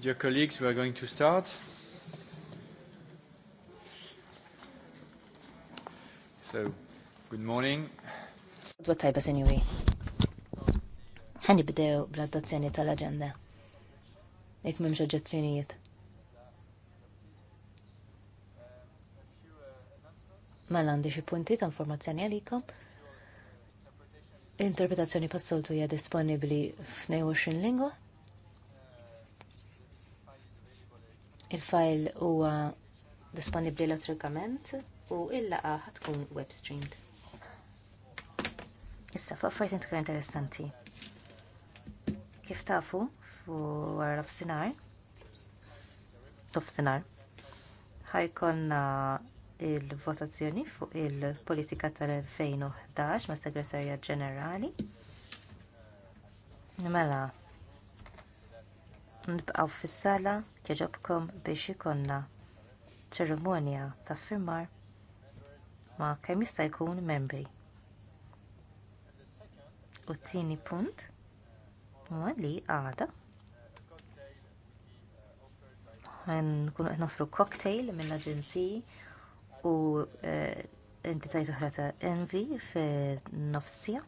Dear colleagues, we are going to start. So, good morning. What type of anyway? Ħani bdew bl-adozzjoni tal-agenda. Ek m'hemmx oġġezzjonijiet. Mal mela, għandi xi punti ta' informazzjoni għalikom. Interpretazzjoni passoltu soltu hija disponibbli f'tnejn lingwa il file huwa disponibbli elettrikament u il-laqa ħatkun web streamed. Issa, fuq affarijiet tkun interessanti. Kif tafu fu wara f'sinar, tof'sinar, ħajkonna il-votazzjoni fuq il-politika tal-2011 mas segretarja ġenerali. Mela, nibqgħu fis-sala kieġobkom biex ikonna ċerimonja ta' firmar ma' kemm jista' jkun membri. U t-tieni punt huwa li għada nkunu qed nofru cocktail mill-aġenziji u e, entitajiet oħra ta' envy fin-nofsija.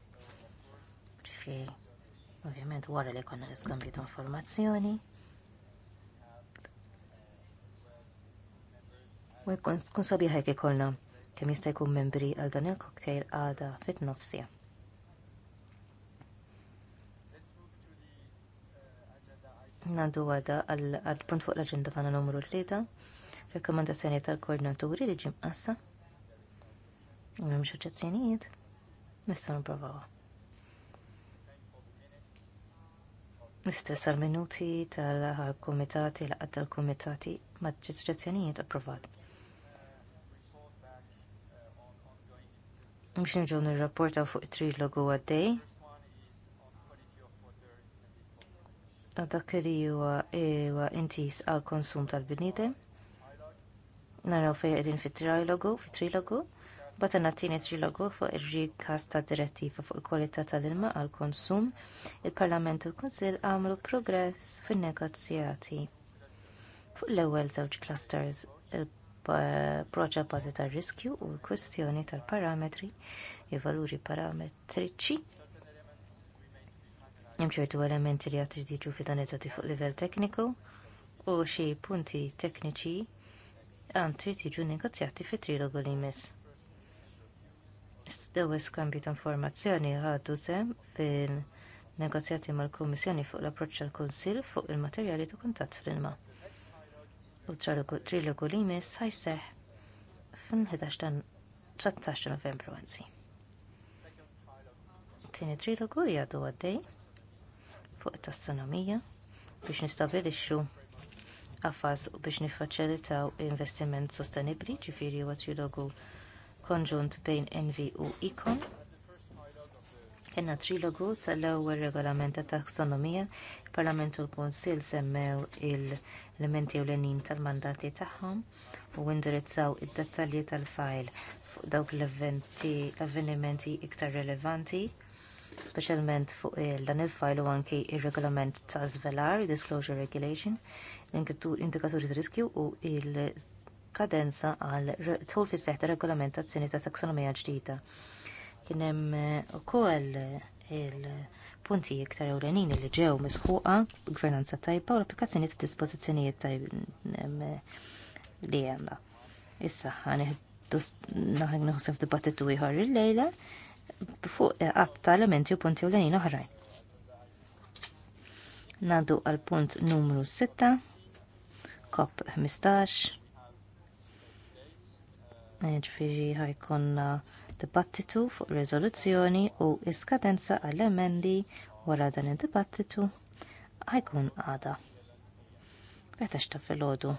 Ġifieri, ovvjament wara li jkollna l-iskambju ta' informazzjoni. u jkun sabiħ hekk ikollna kemm jista' jkun membri għal dan il-cocktail għada fit-nofsija. Nandu għada għal punt fuq l-agenda tagħna numru tlieta, rekomendazzjoni tal-koordinaturi li ġim qassa. M'hemmx oġġezzjonijiet, nista' nipprovawha. l għal-minuti tal-komitati, l-qad tal-komitati, ma' ġezzjonijiet approvat. Mux nġun il-rapporta fuq trilogu għaddej. Dak li huwa intis għal konsum tal-bnidem. Naraw fejn qegħdin fit-trilogu, fit-trilogu. Bata nattini trilogu fuq ir rig kasta direttiva fuq il-kwalità tal-ilma għal konsum, il-Parlament u l-Kunsill għamlu progress fin-negozjati. Fuq l-ewwel żewġ clusters, il proċa bazi tar riskju u l-kwestjoni tal-parametri, il-valuri parametriċi. Hemm ċertu elementi li għad jiġu finalizzati fuq livell tekniku u xi punti tekniċi għand trid jiġu negozjati fit trilogu li jmiss. l iskambju ta' informazzjoni ħadu sem fil-negozjati mal-Kummissjoni fuq l-approċċ għall kunsill fuq il-materjali ta' kuntatt fl-ilma u trilogu li jmiss ħajseħ fl-11 ta' 13 novembru għanzi. Tini trilogu li għadu għaddej fuq tastronomija biex nistabilixxu għaffas u biex niffaċilitaw investiment sostenibli ġifiri huwa trilogu konġunt bejn Envi u ICON. Kenna trilogu tal-ewwel regolament ta' taxonomija, il-Parlament u l-Kunsill semmew il-elementi ewlenin tal-mandati tagħhom u indirizzaw id-dettalji tal-fajl fuq dawk l-avvenimenti iktar rilevanti, speċjalment fuq dan il-fajl u anki r regolament ta' żvelar, Disclosure Regulation, l-indikaturi ta' riskju u il-kadenza għal tħul fis-seħta regolamentazzjoni ta' Taksonomija ġdida. Kien hemm eh, ukoll eh, il-punti iktar ewlenin li ġew misħuqa gvernanza tajba u l-applikazzjoni ta' dispożizzjonijiet eh, li għandna. Issa ħaneħdu naħseb dibattitu ieħor il-lejla fuq qatt ta' elementi u punti ewlenin oħrajn. Nadu għal punt numru 6, COP 15. Ġifiri ħajkonna dibattitu fuq riżoluzzjoni u iskadenza għall emendi wara dan id-dibattitu ħajkun għada. Meta ta' filgħodu.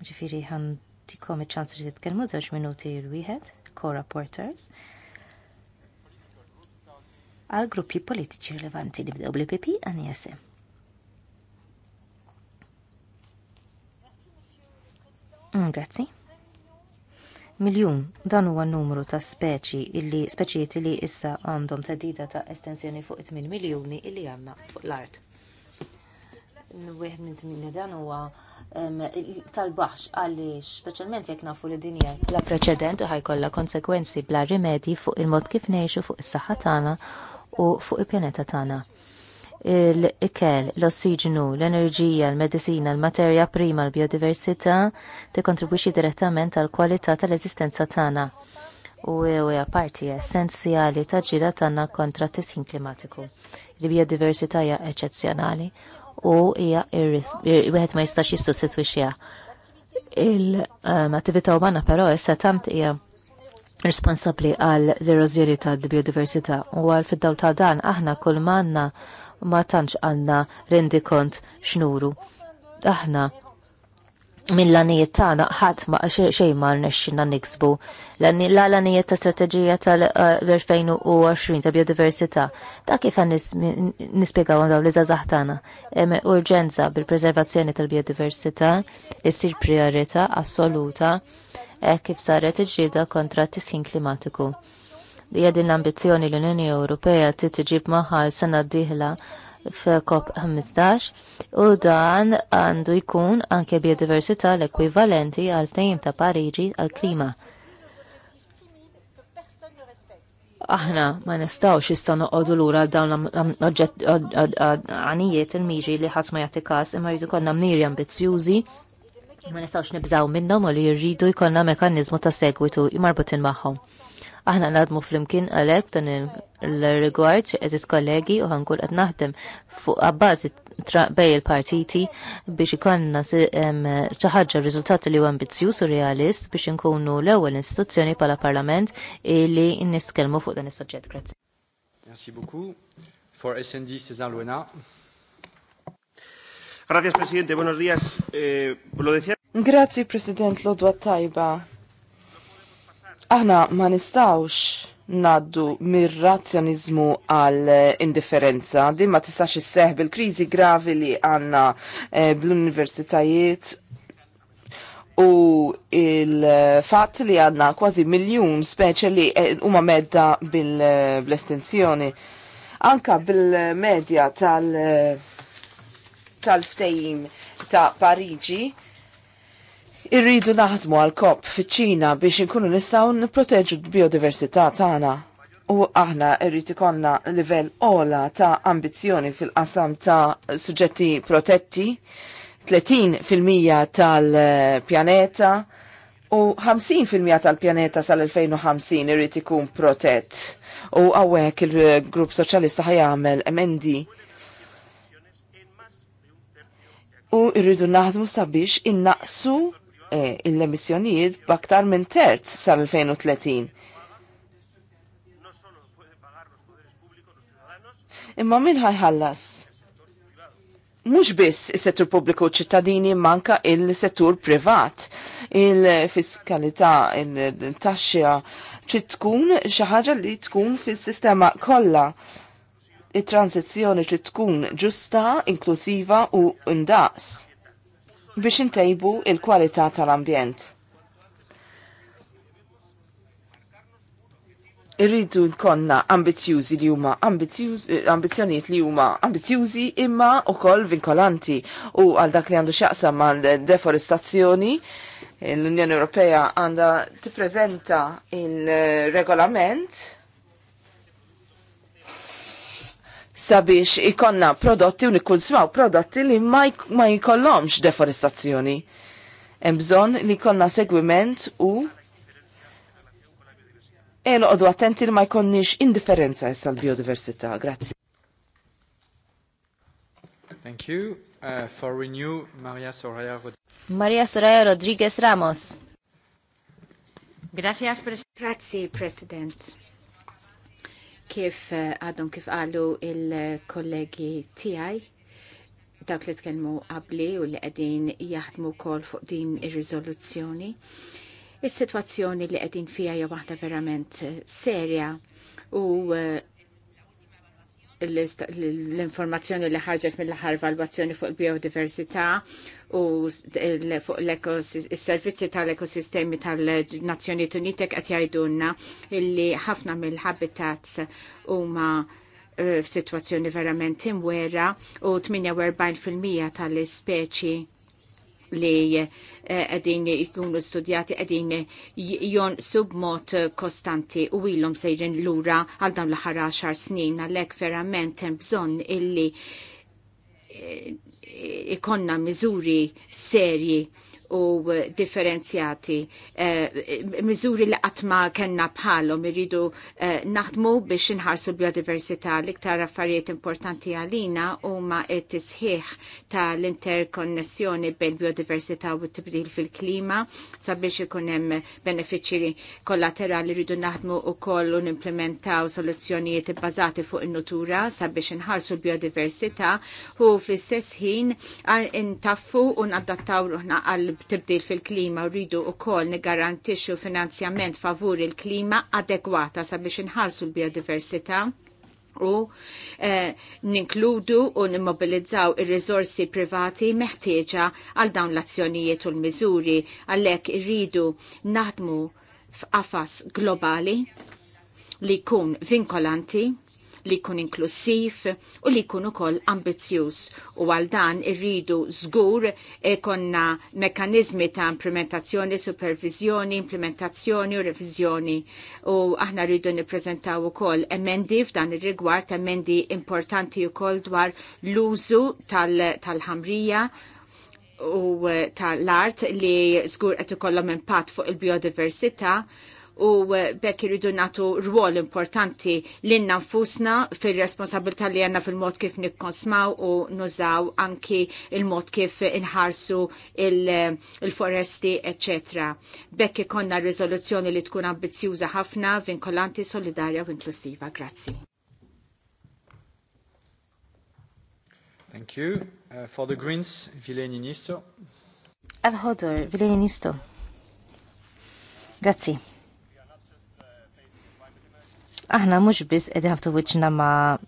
Ġifieri ħandikom iċ-ċans li titkellmu żewġ minuti l wieħed co-rapporters għal gruppi politiċi rilevanti li bdew bl-PP għan jesem. Mm, grazzi miljun dan huwa n-numru ta' speċi illi speċijiet li issa għandhom tedida ta' estensjoni fuq 8 miljuni illi għandna fuq l-art. Wieħed minn dan huwa tal-baħx għaliex speċjalment jekk nafu li dinja la preċedent u ħajkollha konsekwenzi bla rimedji fuq il-mod kif ngħixu fuq is-saħħa tagħna u fuq il-pjaneta tagħna l-ikel, l-ossiġnu, l-enerġija, l-medicina, l-materja prima, l-biodiversità tikkontribwixxi direttament għal kwalità tal-eżistenza tagħna u hija parti essenzjali ta' ġida tagħna kontra t-tisħin klimatiku. Il-biodiversità hija eċezzjonali u hija wieħed ma jistax jissostitwixxiha. Il-attività umana però issa tant hija responsabli għal l-erozjoni tal biodiversità u għal fid dawl ta' dan aħna kull manna ma tantx għandna rendikont xnuru. Aħna mill-lanijiet tagħna ħadd ma xejn ma rnexxinna niksbu. L-lanijiet ta' strateġija tal-2020 ta' biodiversità. Ta' kif għan nispjegaw dawn li żgħażagħ tagħna. Hemm urġenza bil-preservazzjoni tal-biodiversità issir priorità assoluta eh, kif saret iġġieda kontra t-tisħin klimatiku li din l-ambizjoni l-Unjoni Ewropea titġib maħħa sena d-dieħla cop 15 u dan għandu jkun anke biodiversita l-ekwivalenti għal tejm ta' Pariġi għal klima. Aħna ma nistawx issa noqogħdu lura dawn għanijiet il-miġi li ħadd ma jagħti każ imma jridu konna mniri ambizzjużi ma nistawx nibżaw minnhom u li jirridu jkollna mekanizmu ta' segwitu marbutin magħhom. Aħna nadmu fl-imkien għalek dan il-rigward xeqqet kollegi u ħankul għad naħdem fuq għabbażi bej il-partiti biex ikonna ċaħġa rizultat li u ambizjuż u realist biex nkunu l-ewwel istituzzjoni pala parlament li niskelmu fuq dan is-soġġett. Grazzi. Merci beaucoup. For SND César Luena. Gracias, Presidente. Buenos días. Eh, lo decía... Grazie, President Lodwa Tajba. Aħna ma nistawx naddu mir-razzjonizmu għal indifferenza. Din ma tistax isseħ bil-kriżi gravi li għanna eh, bl-universitajiet u il-fat li għanna kważi miljun speċi li eh, huma medda bil eh, estensjoni Anka bil-medja tal- tal-ftejim ta' Pariġi Irridu naħdmu għal kop fiċ-Ċina biex inkunu nistgħu nipproteġu l-biodiversità tagħna. U aħna irrid ikollna livell ola ta' ambizzjoni fil-qasam ta' suġġetti protetti, 30% tal-pjaneta u 50% tal-pjaneta sal-2050 irrid ikun protett. U għawek il-grupp soċjalista ħajamel emendi u irridu naħdmu sabiex innaqsu Eh, l-emissjonijiet b'aktar minn terz sal-2030. Imma min ħajħallas? Mux biss il-settur pubbliku ċittadini manka il-settur privat. Il-fiskalità, il taxxija trid tkun xi ħaġa li tkun fil-sistema kollha it transizjoni trid tkun ġusta, inklusiva u ndaqs biex intejbu il-kwalità tal-ambjent. irridu nkonna ambizjużi li huma ambizjonijiet li huma ambizjużi imma wkoll vinkolanti u għal dak li għandu x'jaqsam mal-deforestazzjoni l-Unjoni Ewropea għandha tippreżenta il-regolament sabiex ikonna prodotti u nikun smaw prodotti li ma, jikollomx jkollhomx deforestazzjoni. Hemm bżonn li jkollna segwiment u E għadu attenti li ma jkonniex indifferenza issa l-biodiversità. Grazzi. Thank you. Uh, for Renew, Maria Soraya Rodriguez. Maria Soraya Rodriguez Ramos. Gracias, pres Grazie, President kif eh, għadhom kif qalu il-kollegi tiegħi dawk li tkellmu qabli u li qegħdin jaħdmu wkoll fuq din ir-riżoluzzjoni. Is-sitwazzjoni li qegħdin fiha hija waħda verament eh, serja u eh, l-informazzjoni li ħarġet mill-aħħar valwazzjoni fuq biodiversità u fuq l-servizzi tal-ekosistemi tal-Nazzjonijiet Uniti qed jgħidulna li ħafna mill-habitats huma eh, f'sitwazzjoni verament imwera u 48% tal-ispeċi li eh, għedin jkunu studjati għedin jon submot kostanti u ilhom sejrin lura għal dawn l ħara 10 snin għalhekk verament hemm bżonn illi eh, ikonna miżuri serji u differenzjati. Mizuri eh, Miżuri li għatma kena bħalhom miridu eh, naħdmu biex inħarsu biodiversità l-iktar affarijiet importanti għalina huma t-tisħiħ tal-interkonnessjoni bejn biodiversità u t-tibdil fil-klima sabiex ikun hemm benefiċċji kollaterali rridu naħdmu wkoll u nimplementaw soluzzjonijiet bbażati fuq in-natura sabiex inħarsu l-biodiversità u fl-istess ħin intaffu u nadattaw ruħna għal tibdil fil-klima u rridu u kol nigarantixu finanzjament favur il-klima adegwata sabiex inħarsu l-biodiversita u eh, ninkludu u nimmobilizzaw ir rizorsi privati meħtieġa għal dawn l-azzjonijiet u l-miżuri għalhekk irridu naħdmu f'qafas globali li jkun vinkolanti li jkun inklusiv u li jkun ukoll ambizzjuż u għal dan irridu żgur ikonna e mekkaniżmi ta' implementazzjoni, supervizjoni, implementazzjoni u revizjoni. u aħna rridu nippreżentaw ukoll emendi f'dan ir-rigward emendi importanti ukoll dwar l-użu tal-ħamrija tal u eh, tal-art li zgur qed ikollhom impatt fuq il-biodiversità u eh, bekk iridu natu rwol importanti l-inna nfusna fil-responsabilta li għanna fil-mod kif nikkonsmaw u nużaw anki il-mod kif inħarsu eh, il-foresti, etc. Bekk ikonna rizoluzzjoni li tkun ambizjuża ħafna, vinkolanti, solidarja u inklusiva. Grazzi. Thank you. Uh, for the Greens, Vileni Nisto. al hodor Vileni Nisto. Grazie. Aħna mhux biss qegħdin ħabtu wiċċna ma'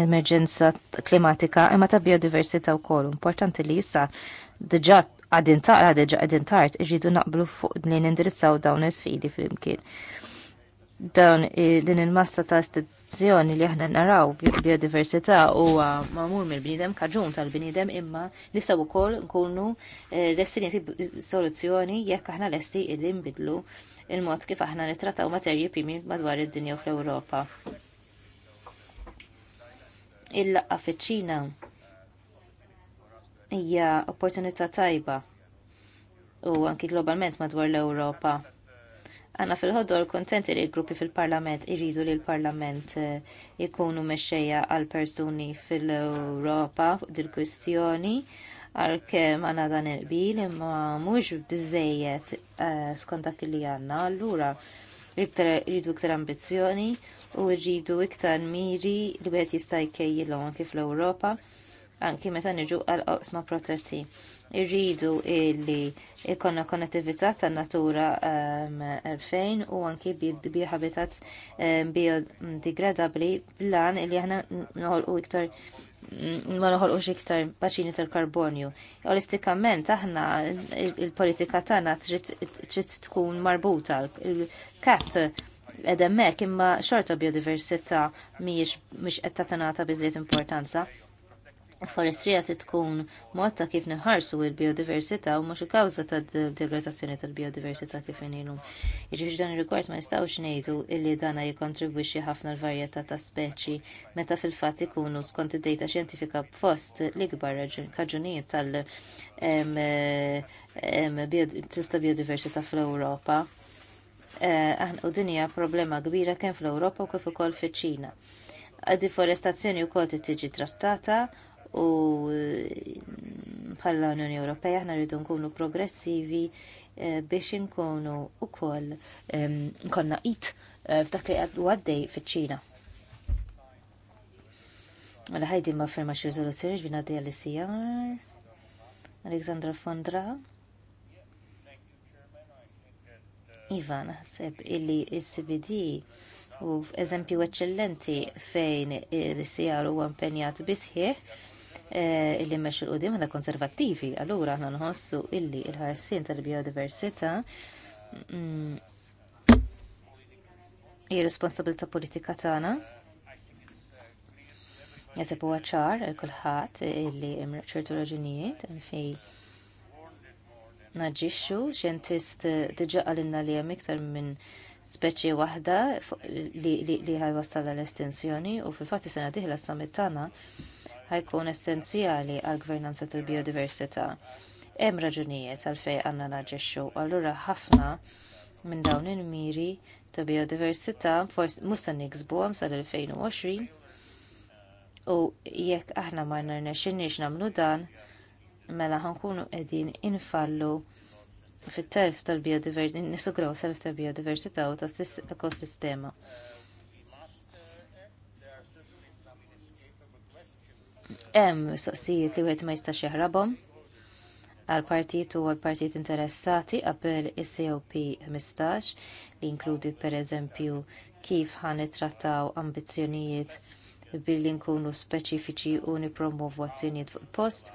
emerġenza klimatika imma ta' biodiversità wkoll. Importanti li issa diġà għadin taqra diġà qegħdin tart iġidu naqblu fuq li nindirizzaw dawn is sfidi flimkien. Dawn din il-massa ta' istituzzjoni li aħna naraw biodiversità huwa mamur mill bniedem kaġun tal bniedem imma nistgħu wkoll nkunu destinati eh, soluzzjoni jekk aħna lesti illi nbidlu il-mod kif aħna nitrataw materji primi madwar id-dinja fl-Ewropa. Il-laqqa fiċ-Ċina hija opportunità tajba u anki globalment madwar l-Ewropa. Għanna fil-ħodor kontenti li l-gruppi fil-parlament iridu li l-parlament eh, ikunu meċċeja għal persuni fil-Europa dil-kwistjoni għalke għana dan il-bil imma mux bizzejiet skont kelli għanna allura rridu iktar ambizjoni u rridu iktar miri li bħet jista' jkejjilhom anki fl-Ewropa anki meta niġu għal-qosma protetti. Irridu illi ikonna konnettività ta' natura 2000 u anki bi-habitats biodegradabbli blan li aħna noħolqu iktar ma noħolqux iktar baċini tal-karbonju. Olistikament, aħna il-politika tagħna trid tkun marbuta l-kap edemmek imma xorta biodiversità mhijiex mhix qed tatanata biżejjed importanza. Forestrija tkun mod ta' kif nħarsu il-biodiversità u mhux il-kawża ta' degradazzjoni tal-biodiversità kif inilhom. Iġiġ jiġifieri dan ir-rigward ma jistgħux ngħidu illi dana jikkontribwixxi ħafna l-varjetà ta' speċi meta fil-fatt ikunu skont id-dejta xjentifika b'fost l-ikbar kaġunijiet tal-biodiversità fl-Ewropa. Eh, u din hija problema kbira kemm fl-Ewropa u kif ukoll fiċ-Ċina. Deforestazzjoni wkoll tiġi trattata u eh, bħala Unjoni Ewropea aħna rridu nkunu progressivi eh, biex inkunu wkoll konna it eh, f'dak li għaddej fiċ-Ċina. Għala mela ħajdi ma ferma xie riżoluzzjoni ġbina għaddej għal-ICR. Aleksandra Fondra. Ivan seb illi il-CBD u eżempju eccellenti fejn il-CR u għampenjat bisħieħ Eh, illi meċ il-qudim għala konservativi. Allura aħna nħossu illi il-ħarsin tal-biodiversita mm, hija responsabilità politika tagħna. Jaseb huwa ċar kulħadd illi hemm raġunijiet fej naġġixxu xjentist eh, diġà għalinna li hemm iktar minn speċi waħda li ħajwassal l-estinzjoni u fil-fatt is-sena diħla s-summit tagħna ħajkun essenzjali għall gvernanza tal-biodiversità. Hemm raġunijiet għalfejn għandna naġixxu, allura ħafna minn dawn il-miri ta' biodiversità forsi mhux se niksbuhom sal-2020 u jekk aħna ma rnexxinniex nagħmlu dan mela ħankunu qegħdin infallu fit-telf tal-biodiversità, nisugraw self biodiversità u tas-ekosistema. hemm mistoqsijiet li wieħed ma jistax jaħrabhom għal partit u għal partit interessati qabel is-COP 15 li inkludi pereżempju kif ħan trattaw ambizzjonijiet billi nkunu speċifiċi u nipromovu azzjonijiet fuq post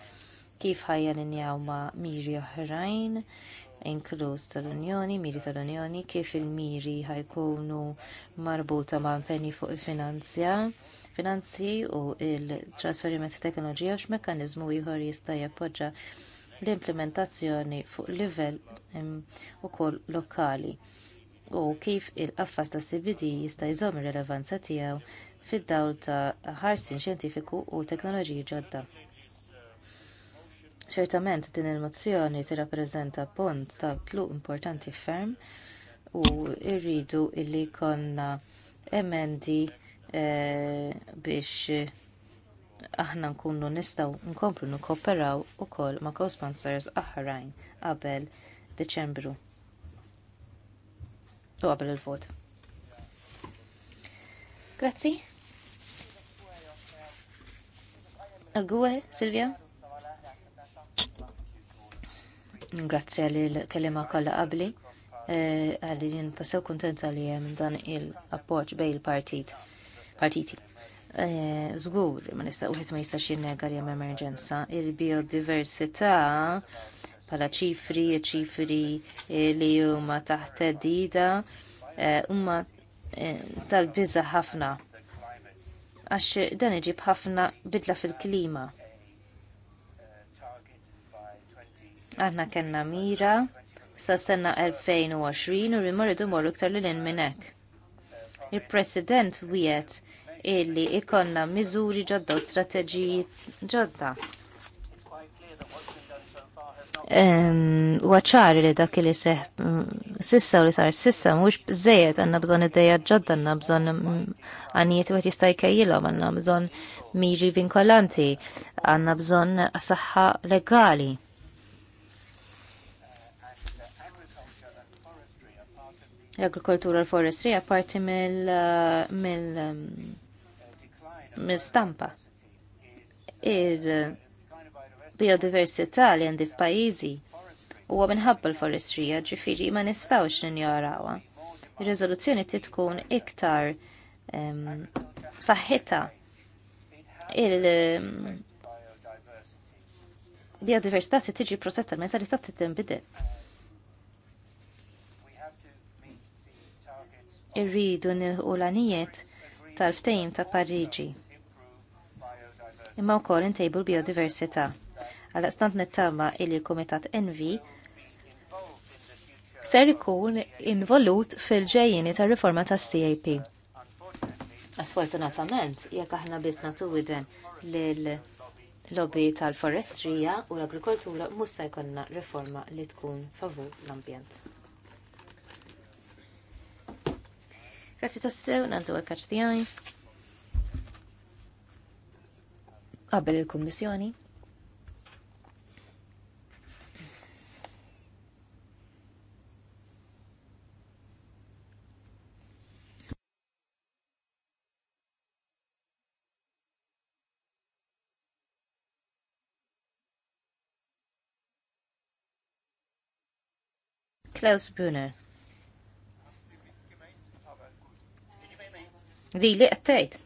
kif ħajjan injaw ma' miri oħrajn inkluż tal-Unjoni, miri tal-Unjoni, kif il-miri ħajkunu marbuta ma' mpenni fuq il-finanzja finanzi u il-trasferiment teknoloġija u x'mekkaniżmu ieħor jista' jappoġġa l-implementazzjoni fuq livell ukoll lokali u kif il-qaffas ta' CBD jista' jżomm ir-relevanza tiegħu fid-dawl ta' ħarsin xjentifiku u teknoloġiji ġodda. Ċertament din il-mozzjoni tirrappreżenta pont ta' tluq importanti ferm u rridu illi jkollna emendi Eh, biex eh, aħna nkunu nistaw nkomplu nkooperaw ukoll ma' co-sponsors aħrajn qabel Deċembru. U qabel il-vot. Grazzi. Għal-gwe, Silvia? Grazzi għal-kelima kolla qabli eh, għalli jintasew kontenta li jem dan il-appoċ bej il-partit partiti. Zgur, eh, ma nista' uħet ma jistax jinnega li hemm emerġenza. Il-biodiversità bħala ċifri, ċifri eh, li huma taħt dida, eh, huma tal-biża ħafna. Għax dan iġib ħafna bidla fil-klima. Aħna kellna mira sa sena 2020 u rimorridu morru iktar lil minn hekk Il-President wiet illi ikonna miżuri ġodda u strateġiji ġodda. ċari li dak li seħ sissa u li sar sissa mux bżejet għanna bżon id ġodda għanna bżon mm, għanijiet u għet jistaj kajilom għanna bżon miri vinkolanti għanna bżon saħħa legali l-agrikoltura l-forestrija parti mill-stampa. Uh, um, il-biodiversità uh, li għandi f'pajjiżi huwa minħabba l-forestrija ġifiri ma nistawx ninjorawha. Ir-riżoluzzjoni tkun iktar um, saħħita il-biodiversità um, tiġi protetta, mentalità t-tembidet. Irridu nilħu l għanijiet tal ftehim ta' Pariġi. Imma wkoll intejbu l-biodiversità. Għal-qstant nittama illi l-Kumitat Envi ser ikun involut fil-ġejjini tar riforma tas CAP. Sfortunatament, jekk aħna biss natu widen lill-lobby tal-forestrija u l-agrikoltura mhux se jkollna riforma li tkun favur l-ambjent. Grazzi tassew, nandu għal-kaċ tijaj. Qabel il-Kommissjoni. Klaus Brunner. li li għattejt.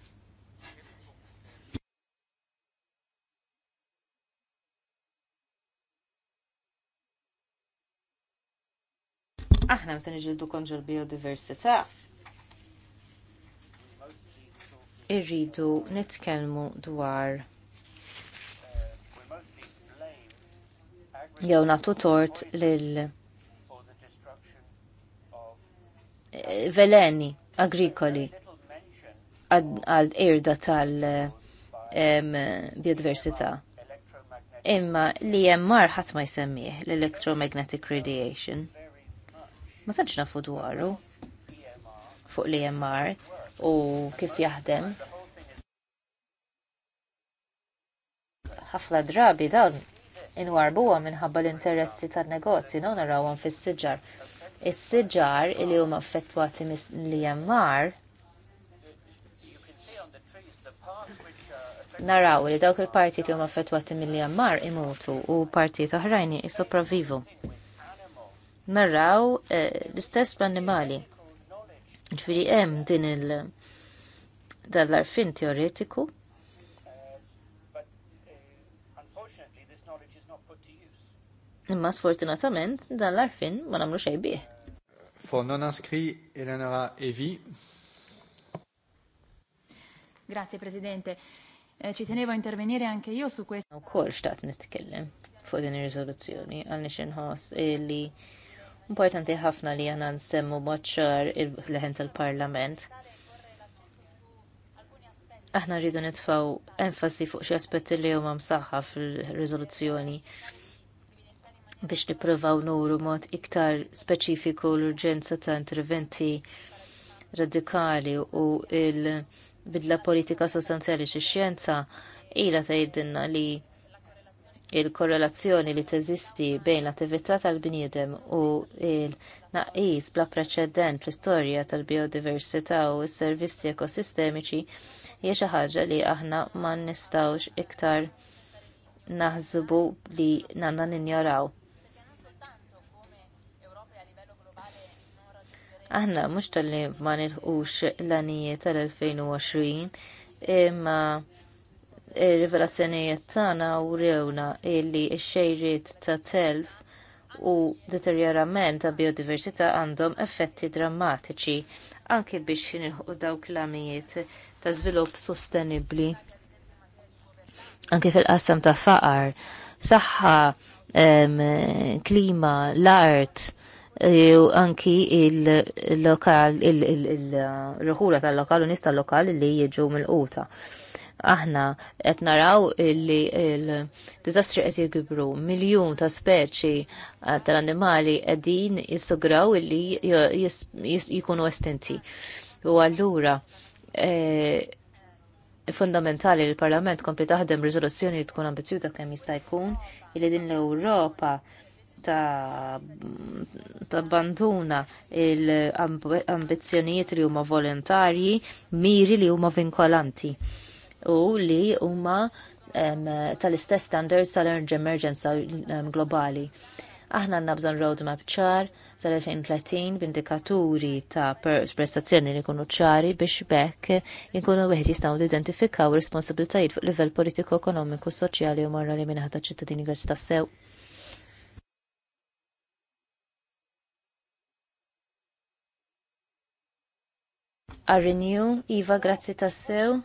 Aħna meta niġildu konġu l-biodiversità. Irridu nitkellmu dwar jew nagħtu tort lil veleni agrikoli għal erda tal-biodiversità. Imma li jemmar ħadd ma jsemmih l-electromagnetic radiation. Ma tantx nafu dwaru fuq li jemmar u kif jaħdem. ħafna drabi dawn inwarbuha minħabba l-interessi tan-negozju non narawhom fis-siġar. Is-siġar li huma affettwati mis-li jemmar naraw li dawk il-partijiet li huma affettwati mill-jammar imutu u partijiet oħrajn jissopravivu. Naraw eh, l-istess bl-annimali. Ġifieri hemm din il- dal-arfin teoretiku. Imma sfortunatament dal-arfin ma nagħmlu xejn bih. For non inscrit Eleonora Evi. Grazie Presidente. Eh, ci tenevo intervenire anche io su questo. U kol xtaqt nitkellem fuq din ir-riżoluzzjoni għaliex inħoss li importanti ħafna li għana nsemmu maċċar il-leħen tal-parlament. Aħna rridu nitfaw enfasi fuq xi aspetti li huma msaħħa fil-riżoluzzjoni biex nippruvaw nuru mod iktar speċifiku l-urġenza ta' interventi radikali u il- bidla politika sostanzjali xi xjenza ilha tgħidilna li il-korrelazzjoni li teżisti bejn l-attività tal-bniedem u il-naqis bla preċedent fl-istorja tal-biodiversità u s-servizzi ekosistemiċi hija xi ħaġa li aħna ma nistgħux iktar naħsbu li nanna ninjoraw. Aħna mhux tal-li ma nilħux l anije tal-2020 imma rivelazzjonijiet tagħna u rewna illi x-xejriet ta' telf u deterjorament ta' biodiversità għandhom effetti drammatiċi anke biex nilħu dawk l-amijiet ta' żvilupp sostenibbli anke fil-qassam ta' faqar, saħħa, klima, l-art, u anki il-lokal, il ruħura tal-lokal, u lokal li jiġu mil quta Aħna qed naraw li l-diżastri qed jikbru miljun ta' speċi tal-annimali qegħdin jissugraw li jkunu estinti. U allura e, fundamentali li l-Parlament kompli taħdem riżoluzzjoni li tkun ambizjuta kemm jista' jkun li din l-Ewropa ta' tabbanduna l-ambizzjonijiet li huma volontarji, miri li huma vinkolanti u li huma tal-istess standards tal-emerġenza globali. Aħna għanna bżon roadmap ċar tal-2030 b'indikaturi ta' prestazzjoni li jkunu ċari biex bekk jkunu wieħed jistgħu identifikaw responsabiltajiet fuq livell politiku, ekonomiku, soċjali u morali minn ħadd ċittadini grazzi tassew. sew. għal-renew, Iva, grazzi tassew.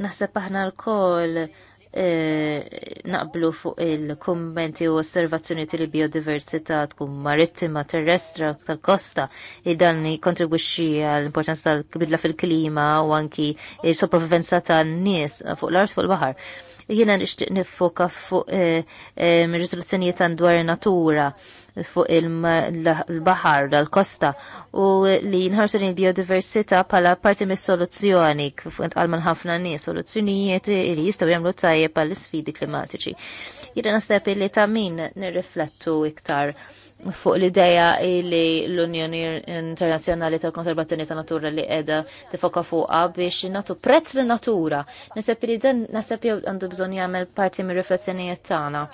Naħseb aħna l-koll eh, naqblu fuq il-kommenti u osservazzjoni li biodiversità tkun marittima, terrestra, tal-kosta, dan kontribwixxi għall-importanza tal-bidla fil-klima u anki il-sopravivenza tan-nies fuq l-art fuq l bahar il baħar Jiena nixtieq nifoka fuq eh, eh, riżoluzzjonijiet għand dwar natura fuq il-baħar dal-kosta u li nħarsu li biodiversità pala parti mis soluzzjoni kif għalman ħafna nies soluzzjonijiet li jistgħu jagħmlu tajjeb għall isfidi klimatiċi. Jira nasab li ta' min nirriflettu iktar fuq l-ideja li l-Unjoni Internazzjonali tal konservazzjoni ta' Natura li edha tifoka fuqa biex natu prezz li natura. Nasab li dan nasab jow għandu bżon jagħmel parti mir riflessjonijiet tagħna.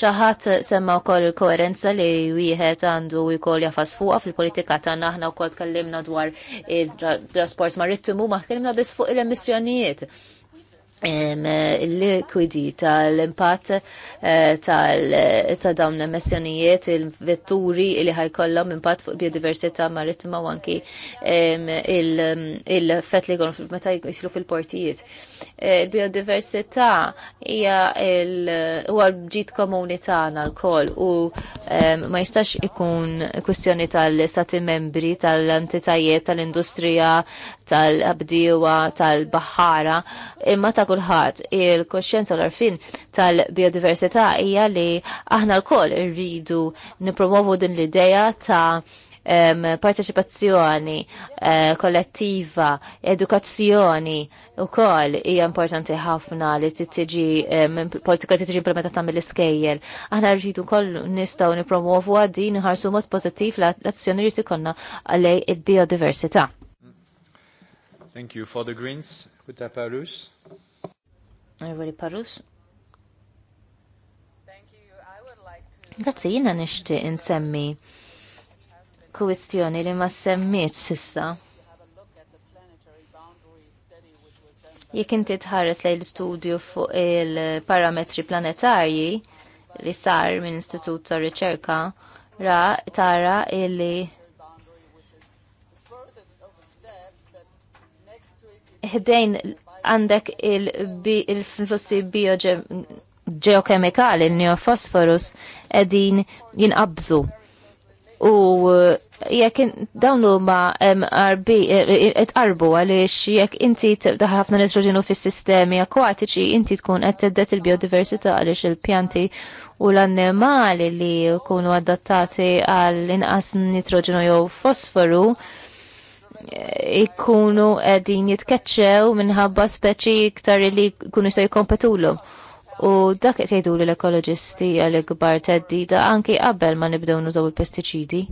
Xaħat ħadd semma wkoll il-koerenza li wieħed għandu jkoll jafas fuqha fil-politika tagħna aħna wkoll tkellimna dwar il-trasport marittimu ma tkellimna biss fuq il-emissjonijiet il-likwidi tal-impatt eh, ta' dawn l-emissjonijiet, il-vetturi li ħajkollhom impatt fuq biodiversità marittima u anki il-fett li jkunu meta jisru fil-portijiet. Il-biodiversità eh, hija huwa l-ġid komuni tagħna l-koll u ma jistax ikun kwistjoni tal-stati membri, tal-entitajiet, tal-industrija, tal abdiwa tal-baħħara imma ta' kulħadd il kosċenza l-arfin tal-biodiversità hija li aħna l-koll rridu nipromovu din l-idea ta' um, partecipazzjoni uh, eh, kollettiva, edukazzjoni u koll hija importanti ħafna li tiġi um, politika tiġi implementata mill-iskejjel. Aħna rridu koll nistgħu nipromovu għaddin ħarsu mod pożittiv l-azzjoni li tikonna għalej il-biodiversità. Thank you. For the Greens, Kuta Parus. Everybody Parus. Grazzi, jina nishti insemmi kwestjoni li ma semmiċ sissa. Jek inti tħares lej l studio fuq il-parametri planetarji li sar minn Istitut ta' Riċerka, ra tara illi ħdejn għandek il-flussi biogeokemikali, il-neofosforus, edin jinqabżu. U jekk dawn huma MRB arbu għaliex jekk inti tibda ħafna nitroġenu fis-sistemi akwatiċi inti tkun qed tibdet il-biodiversità għaliex il-pjanti u l-annimali li jkunu adattati għall inqas nitroġenu jew fosforu ikunu edin jitkeċċew minħabba speċi iktar li kunu jistaj kompetulu. U dak qed l-ekoloġisti għal teddi da anki qabel ma nibdew nużaw il-pestiċidi.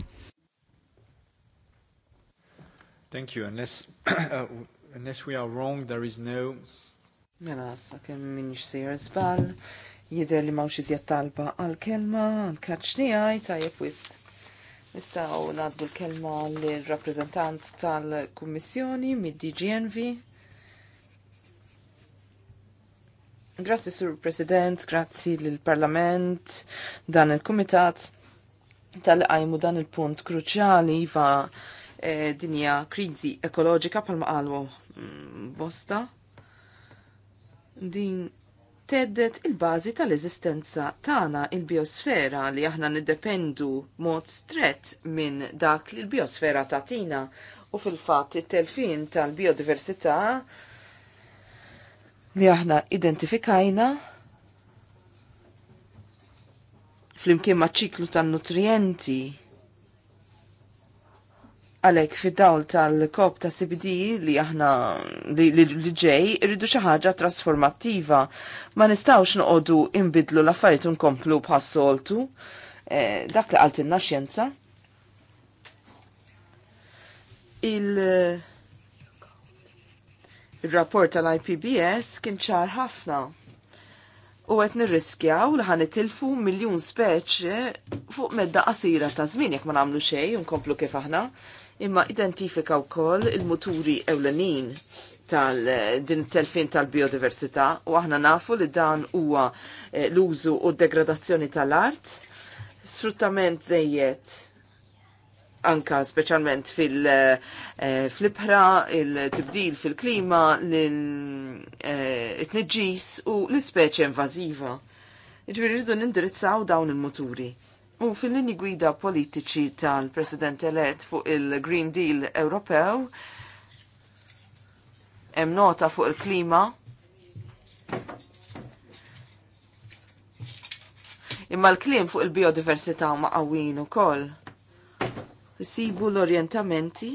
Thank you. Unless uh, unless we are wrong, there is no Mela sa kemm minix sir żball, jidher li mawx iżjed talba għal kelma għal kaċċ tiegħi tajjeb wisq. Nistaw naddu l-kelma l-rappresentant tal-Kummissjoni mid Envy. Grazzi, Sur President, grazzi l-Parlament, dan il-Kumitat tal-qajmu dan il-punt kruċjali va eh, dinja krizi ekoloġika palma qalu mm, bosta. Din teddet il-bażi tal-eżistenza tagħna il-biosfera li aħna niddependu mod strett minn dak li l-biosfera tatina u fil-fatt it-telfin tal-biodiversità li aħna identifikajna fl-imkien ma' ċiklu tan-nutrienti Għalek fid-dawl tal-kop ta' CBD li aħna li ġej rridu xi ħaġa trasformattiva. Ma nistgħux noqogħdu inbidlu l-affarijiet nkomplu bħas-soltu. Eh, dak li qaltilna xjenza. Il- Il-rapport tal-IPBS kien ċar ħafna u għet nirriskjaw li ħan itilfu miljon speċ fuq medda qasira ta' żmien jekk ma nagħmlu xejn unkomplu kif aħna imma identifika wkoll il-muturi ewlenin tal-din telfin tal-biodiversità u aħna nafu li dan huwa eh, l-użu u degradazzjoni tal-art, sfruttament żejjed anka speċjalment fil-ibħra, eh, il-tibdil fil-klima, l-tniġġis eh, u l-ispeċi invażiva. Jiġifieri rridu nindirizzaw dawn il-muturi. U fil-lini gwida politiċi tal-President elett fuq il-Green Deal Ewropew, hemm nota fuq il-klima, imma l-klim fuq il-biodiversità ma qawwin ukoll. Isibu l orjentamenti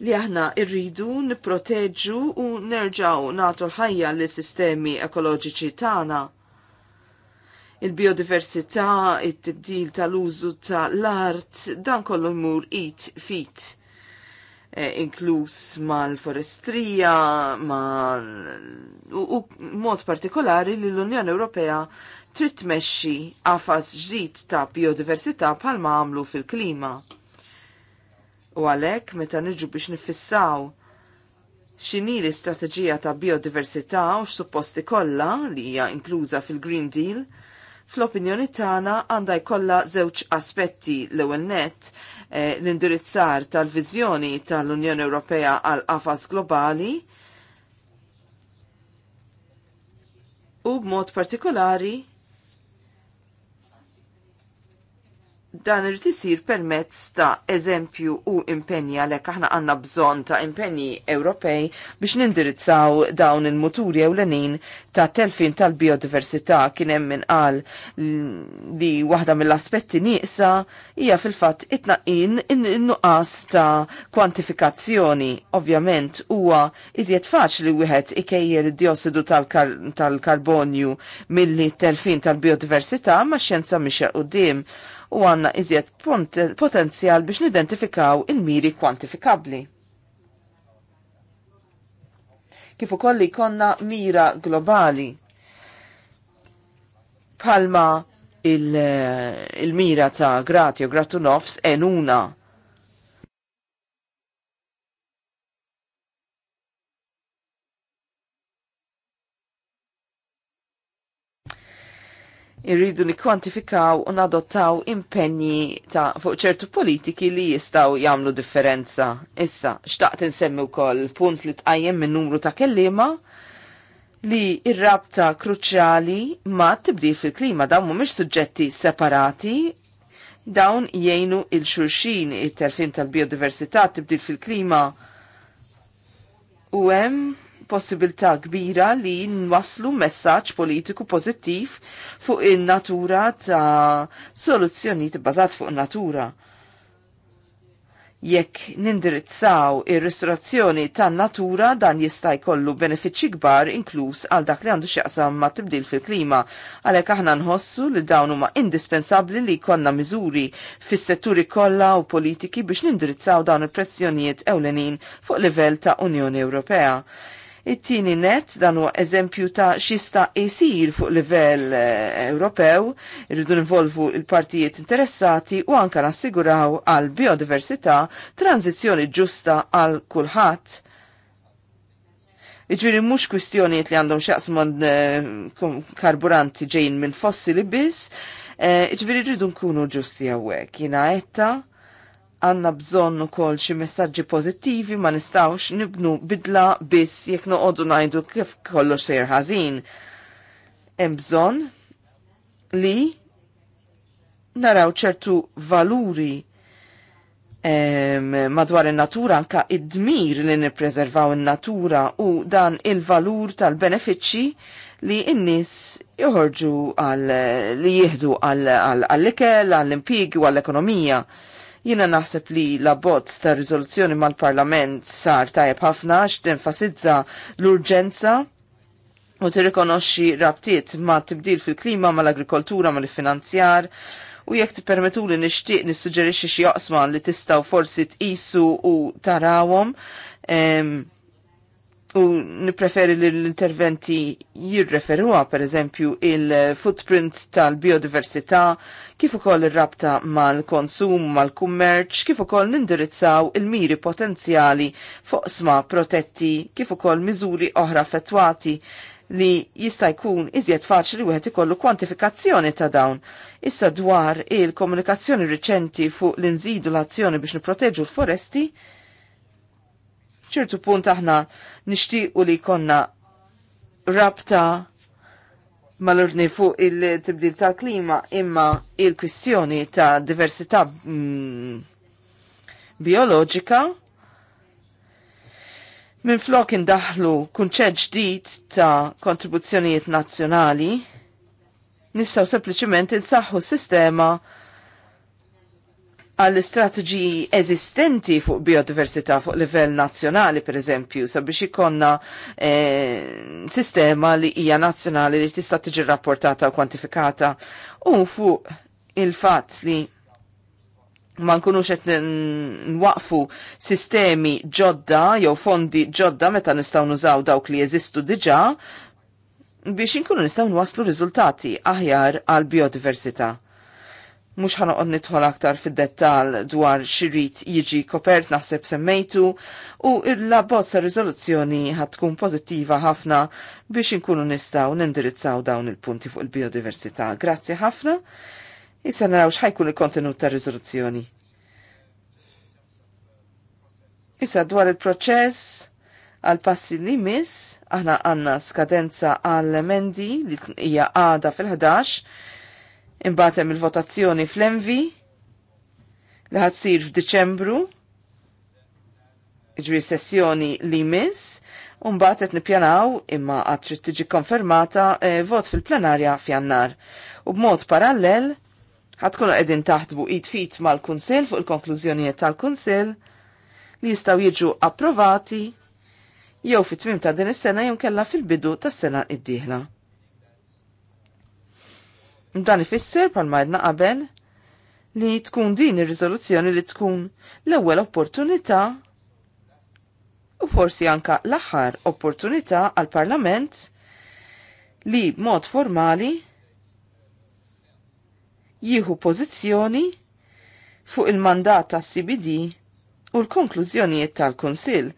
li aħna irridu nipproteġu u nerġaw nagħtu l-ħajja l-sistemi ekoloġiċi tagħna il-biodiversità, it-tibdil tal-użu tal-art, dan kollu jmur it fit. Eh, inkluż mal-forestrija, ma u, mod partikolari li l-Unjoni Ewropea trid tmexxi qafas ġdid ta' biodiversità bħalma għamlu fil-klima. U għalhekk meta niġu biex nifissaw x'inhi l-istrateġija ta' biodiversità u x'supposti kollha li hija inkluża fil-Green Deal, fl-opinjoni tagħna għandha jkollha żewġ aspetti l-ewwel nett eh, l-indirizzar tal-viżjoni tal-Unjoni Ewropea għal qafas globali u b'mod partikolari dan irrid isir permezz ta' eżempju u impenji għalhekk aħna għandna bżonn ta' impenji Ewropej biex nindirizzaw dawn il-muturi ewlenin ta' telfin tal-biodiversità kien hemm min qal li waħda mill-aspetti nieqsa hija fil-fatt itnaqin in-nuqqas ta' kwantifikazzjoni. Ovvjament huwa iżjed faċli wieħed ikejjer id-diossidu tal-karbonju milli telfin tal-biodiversità ma' xjenza mixja qudiem u għanna iżjed potenzjal biex nidentifikaw il-miri kwantifikabli. Kif ukoll li konna mira globali palma il-mira il ta' grati u gratu nofs enuna irridu li kwantifikaw u nadottaw impenji ta' fuq ċertu politiki li jistaw jamlu differenza. Issa, xtaqt insemmi u koll punt li tqajjem minn numru ta' kellima li irrabta kruċjali ma' tibdi fil-klima dawn mhumiex suġġetti separati dawn jgħinu il-xurxin it-terfin tal-biodiversità tibdil fil-klima u hemm possibilità kbira li nwaslu messaġġ politiku pożittiv fuq in-natura ta' soluzzjonijiet bbażat fuq natura. Jekk nindirizzaw ir-ristrazzjoni tan-natura dan jista' jkollu benefiċċji kbar inkluż għal dak li għandu x'jaqsam ma' tibdil fil-klima. Għalhekk aħna nħossu li dawn huma indispensabbli li jkollna miżuri fis-setturi kollha u politiki biex nindirizzaw dawn il-prezzjonijiet ewlenin fuq livell ta' Unjoni Ewropea. It-tieni net dan huwa eżempju ta' xista jsir fuq livell eh, Ewropew, irridu involvu il-partijiet interessati u anka nassiguraw għal biodiversità tranzizzjoni ġusta għal kulħadd. Iġviri mux kwistjoniet li għandhom xaqsman eh, karburanti ġejn minn fossili biss, eh, iġviri rridu nkunu ġusti għawek. Jina etta, għanna bżonn ukoll xi messaġġi pożittivi ma nistgħux nibnu bidla biss jekk noqogħdu ngħidu kif kollox sejr ħażin. Hemm bżonn li naraw ċertu valuri madwar in-natura anka id-dmir li nippreservaw in-natura u dan il-valur tal-benefiċċji li n-nies joħorġu għal li jieħdu għall-ikel, għall-impjiegi u għall-ekonomija. għall ikel għall impjiegi u għall ekonomija Jina naħseb li la bozz ta' rizoluzzjoni mal-Parlament sar tajab ħafna x'tenfasizza l-urġenza u tirrikonoxxi rabtiet ma' tibdil fil-klima mal-agrikoltura mal-finanzjar u jekk tippermetu li nixtieq nissuġġerixxi xi oqsma li tistgħu forsi tqisu u tarawhom. Um, u nipreferi li l-interventi jirreferuha per eżempju il-footprint tal-biodiversità, kif ukoll ir-rabta mal-konsum, mal-kummerċ, kif ukoll nindirizzaw il-miri potenzjali fuq sma protetti, kif ukoll miżuri oħra effettwati li jista' jkun iżjed faċli wieħed ikollu kwantifikazzjoni ta' dawn. Issa dwar il-komunikazzjoni riċenti fuq l-inżidu l-azzjoni biex niproteġu l-foresti, ċertu punt aħna nixtiequ li konna rabta mal-urni fuq il-tibdil tal-klima imma il-kwistjoni ta' diversità mm, bioloġika Minn flok indaħlu kunċed ġdid ta' kontribuzzjonijiet nazzjonali, nistaw sempliciment insaħħu sistema għall strategi eżistenti fuq biodiversità fuq livell nazzjonali, per eżempju, sabiex ikonna eh, sistema li hija nazzjonali li tista' tiġi rapportata u kwantifikata u fuq il-fatt li ma nkunux qed nwaqfu sistemi ġodda jew fondi ġodda meta nistgħu nużaw dawk li jeżistu diġà biex inkunu nistgħu nwaslu riżultati aħjar għal biodiversità mux ħanoqod nidħol aktar fid-dettal dwar xirrit jiġi kopert naħseb semmejtu u illa ta' rizoluzzjoni ħatkun pozittiva ħafna biex inkunu nistaw nindirizzaw dawn il-punti fuq il-biodiversità. Grazzi ħafna. Issa naraw xħajkun il-kontenut ta' rizoluzzjoni. Issa dwar il-proċess għal passi li mis, aħna għanna skadenza għal emendi li hija għada fil-11 Imbatem il-votazzjoni fl-Envi li ħadsir f'Diċembru, ġri sessjoni li miss, mbagħad qed nippjanaw imma qatt trid tiġi konfermata e, vot fil-plenarja f'Jannar. U b'mod parallel ħadkunu qegħdin taħdbu id fit mal kunsell fuq il-konklużjonijiet tal kunsell li jistgħu jiġu approvati jew fit-tmim ta' din is-sena jew kella fil-bidu tas-sena id-dieħla. Dan ifisser pal jedna qabel li tkun din ir-riżoluzzjoni li tkun l-ewwel opportunità u forsi anka l-aħħar opportunità għal Parlament li b'mod formali jieħu pożizzjoni fuq il-mandat tas CBD u l-konklużjonijiet tal-Kunsill.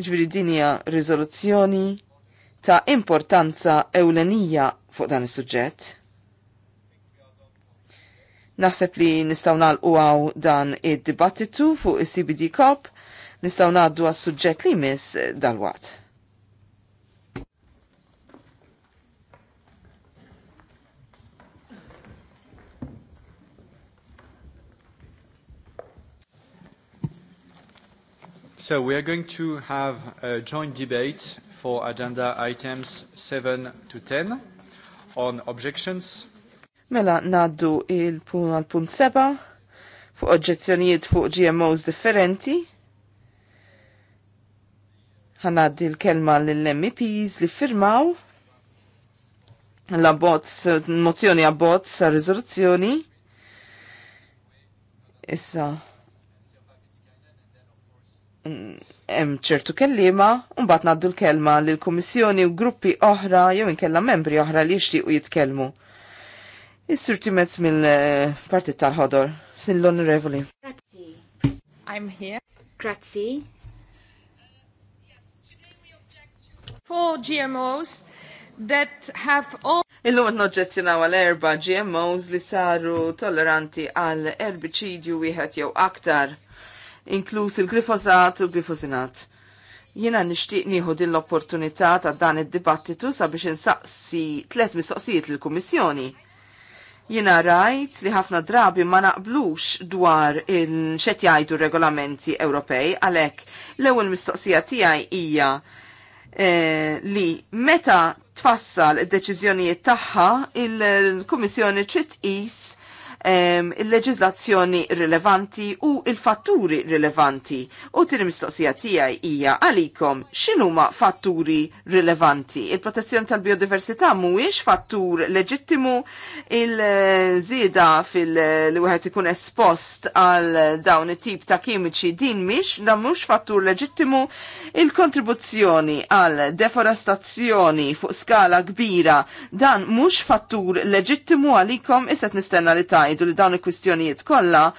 Jiġifieri din hija riżoluzzjoni ta' importanza ewlenija fuq dan is-suġġett. Naħseb li nistaw nalqu għaw dan id-dibattitu fuq is-CBD COP, nistaw naddu għas suġġett li mis dal-wat. So we are going to have a joint debate for agenda items 7 to 10 on objections Mela naddu il-punt għal punt seba fuq oġġezzjonijiet fuq GMOs differenti. Għanaddi l-kelma l-MEPs li firmaw la bots, mozzjoni a bots, a rizoluzzjoni. Issa, hemm ċertu kellima, mbagħad ngħaddu l-kelma lill-Kummissjoni u gruppi oħra jew inkella membri oħra li jixtiequ jitkellmu. Is-Sur Timez mill-Partit eh, tal-Ħodor, sin l-Onorevoli. Grazzi. I'm here. Grazzi. Four GMOs that have all Illum qed noġġezzjonaw għal erba' GMOs li saru tolleranti għal erbiċidju wieħed jew aktar, inkluż il-glifosat u l-glifosinat. Jiena nixtieq nieħu din l-opportunità ta' dan id-dibattitu sabiex insaqsi tliet mistoqsijiet lill-Kummissjoni. Jina rajt li ħafna drabi ma naqblux dwar xet jajdu regolamenti Ewropej, għalek l-ewel mistoqsija tijaj ija eh, li meta tfassal id deċizjoni tagħha il-Kummissjoni trid tqis il-leġizlazzjoni rilevanti u il-fatturi rilevanti. U tini mistoqsija tijaj ija għalikom xinuma fatturi rilevanti. Il-protezzjoni tal-biodiversità mhuwiex fattur leġittimu il zida fil-wieħed ikun espost għal dawn it-tip ta' kimiċi din miex dan mhux fattur leġittimu il-kontribuzzjoni għal deforestazzjoni fuq skala kbira dan mhux fattur leġittimu għalikom iset nistenna li ta' ngħidu li dawn il-kwistjonijiet kollha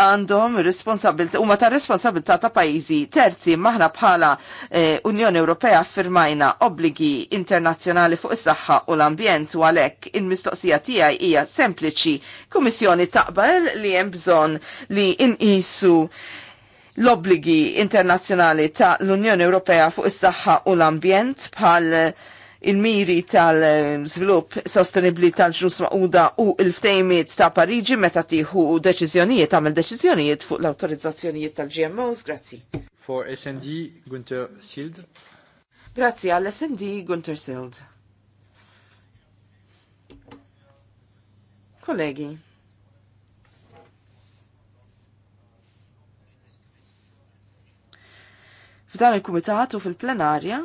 għandhom responsabilta, u ta' responsabilta ta' pajizi terzi maħna bħala eh, Unjoni Ewropea firmajna obbligi internazzjonali fuq is-saħħa u l-ambjent u għalhekk il-mistoqsija tiegħi hija sempliċi. Kummissjoni taqbel li hemm bżonn li inqisu l-obbligi internazzjonali ta' l-Unjoni Ewropea fuq is-saħħa u l-ambjent bħal eh, il-miri tal svilup sostenibli tal ġus maquda u il-ftejmiet ta' Pariġi meta tieħu deċiżjonijiet għamil deċiżjonijiet fuq l-awtorizzazzjonijiet tal-GMOs. Grazzi. For SND Gunter Sild. Grazzi għall snd Gunter Sild. Kollegi, f'dan il-kumitat u fil-plenarja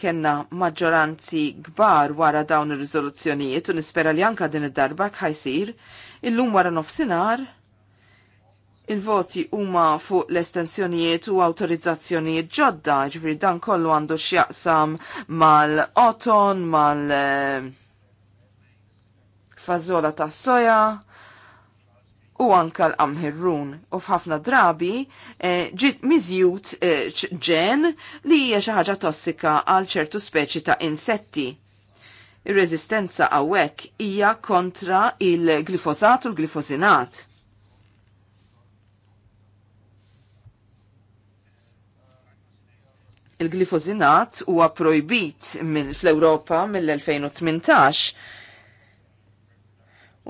kenna maġġoranzi kbar wara dawn ir-riżoluzzjonijiet u nispera li anka din id-darba ħajsir illum wara nofsinhar il-voti huma fuq l-estensjonijiet u autorizzazzjonijiet ġodda, ġifri dan kollu għandu x'jaqsam mal-oton, mal eh, fazzola tas-soja, u anka l-amherrun. U f'ħafna drabi eh, ġit miżjut eh, ġen li hija xi ħaġa tossika għal ċertu speċi ta' insetti. Ir-reżistenza għawek hija kontra il-glifosat u l-glifosinat. Il-glifosinat huwa projbit fl-Ewropa mill-2018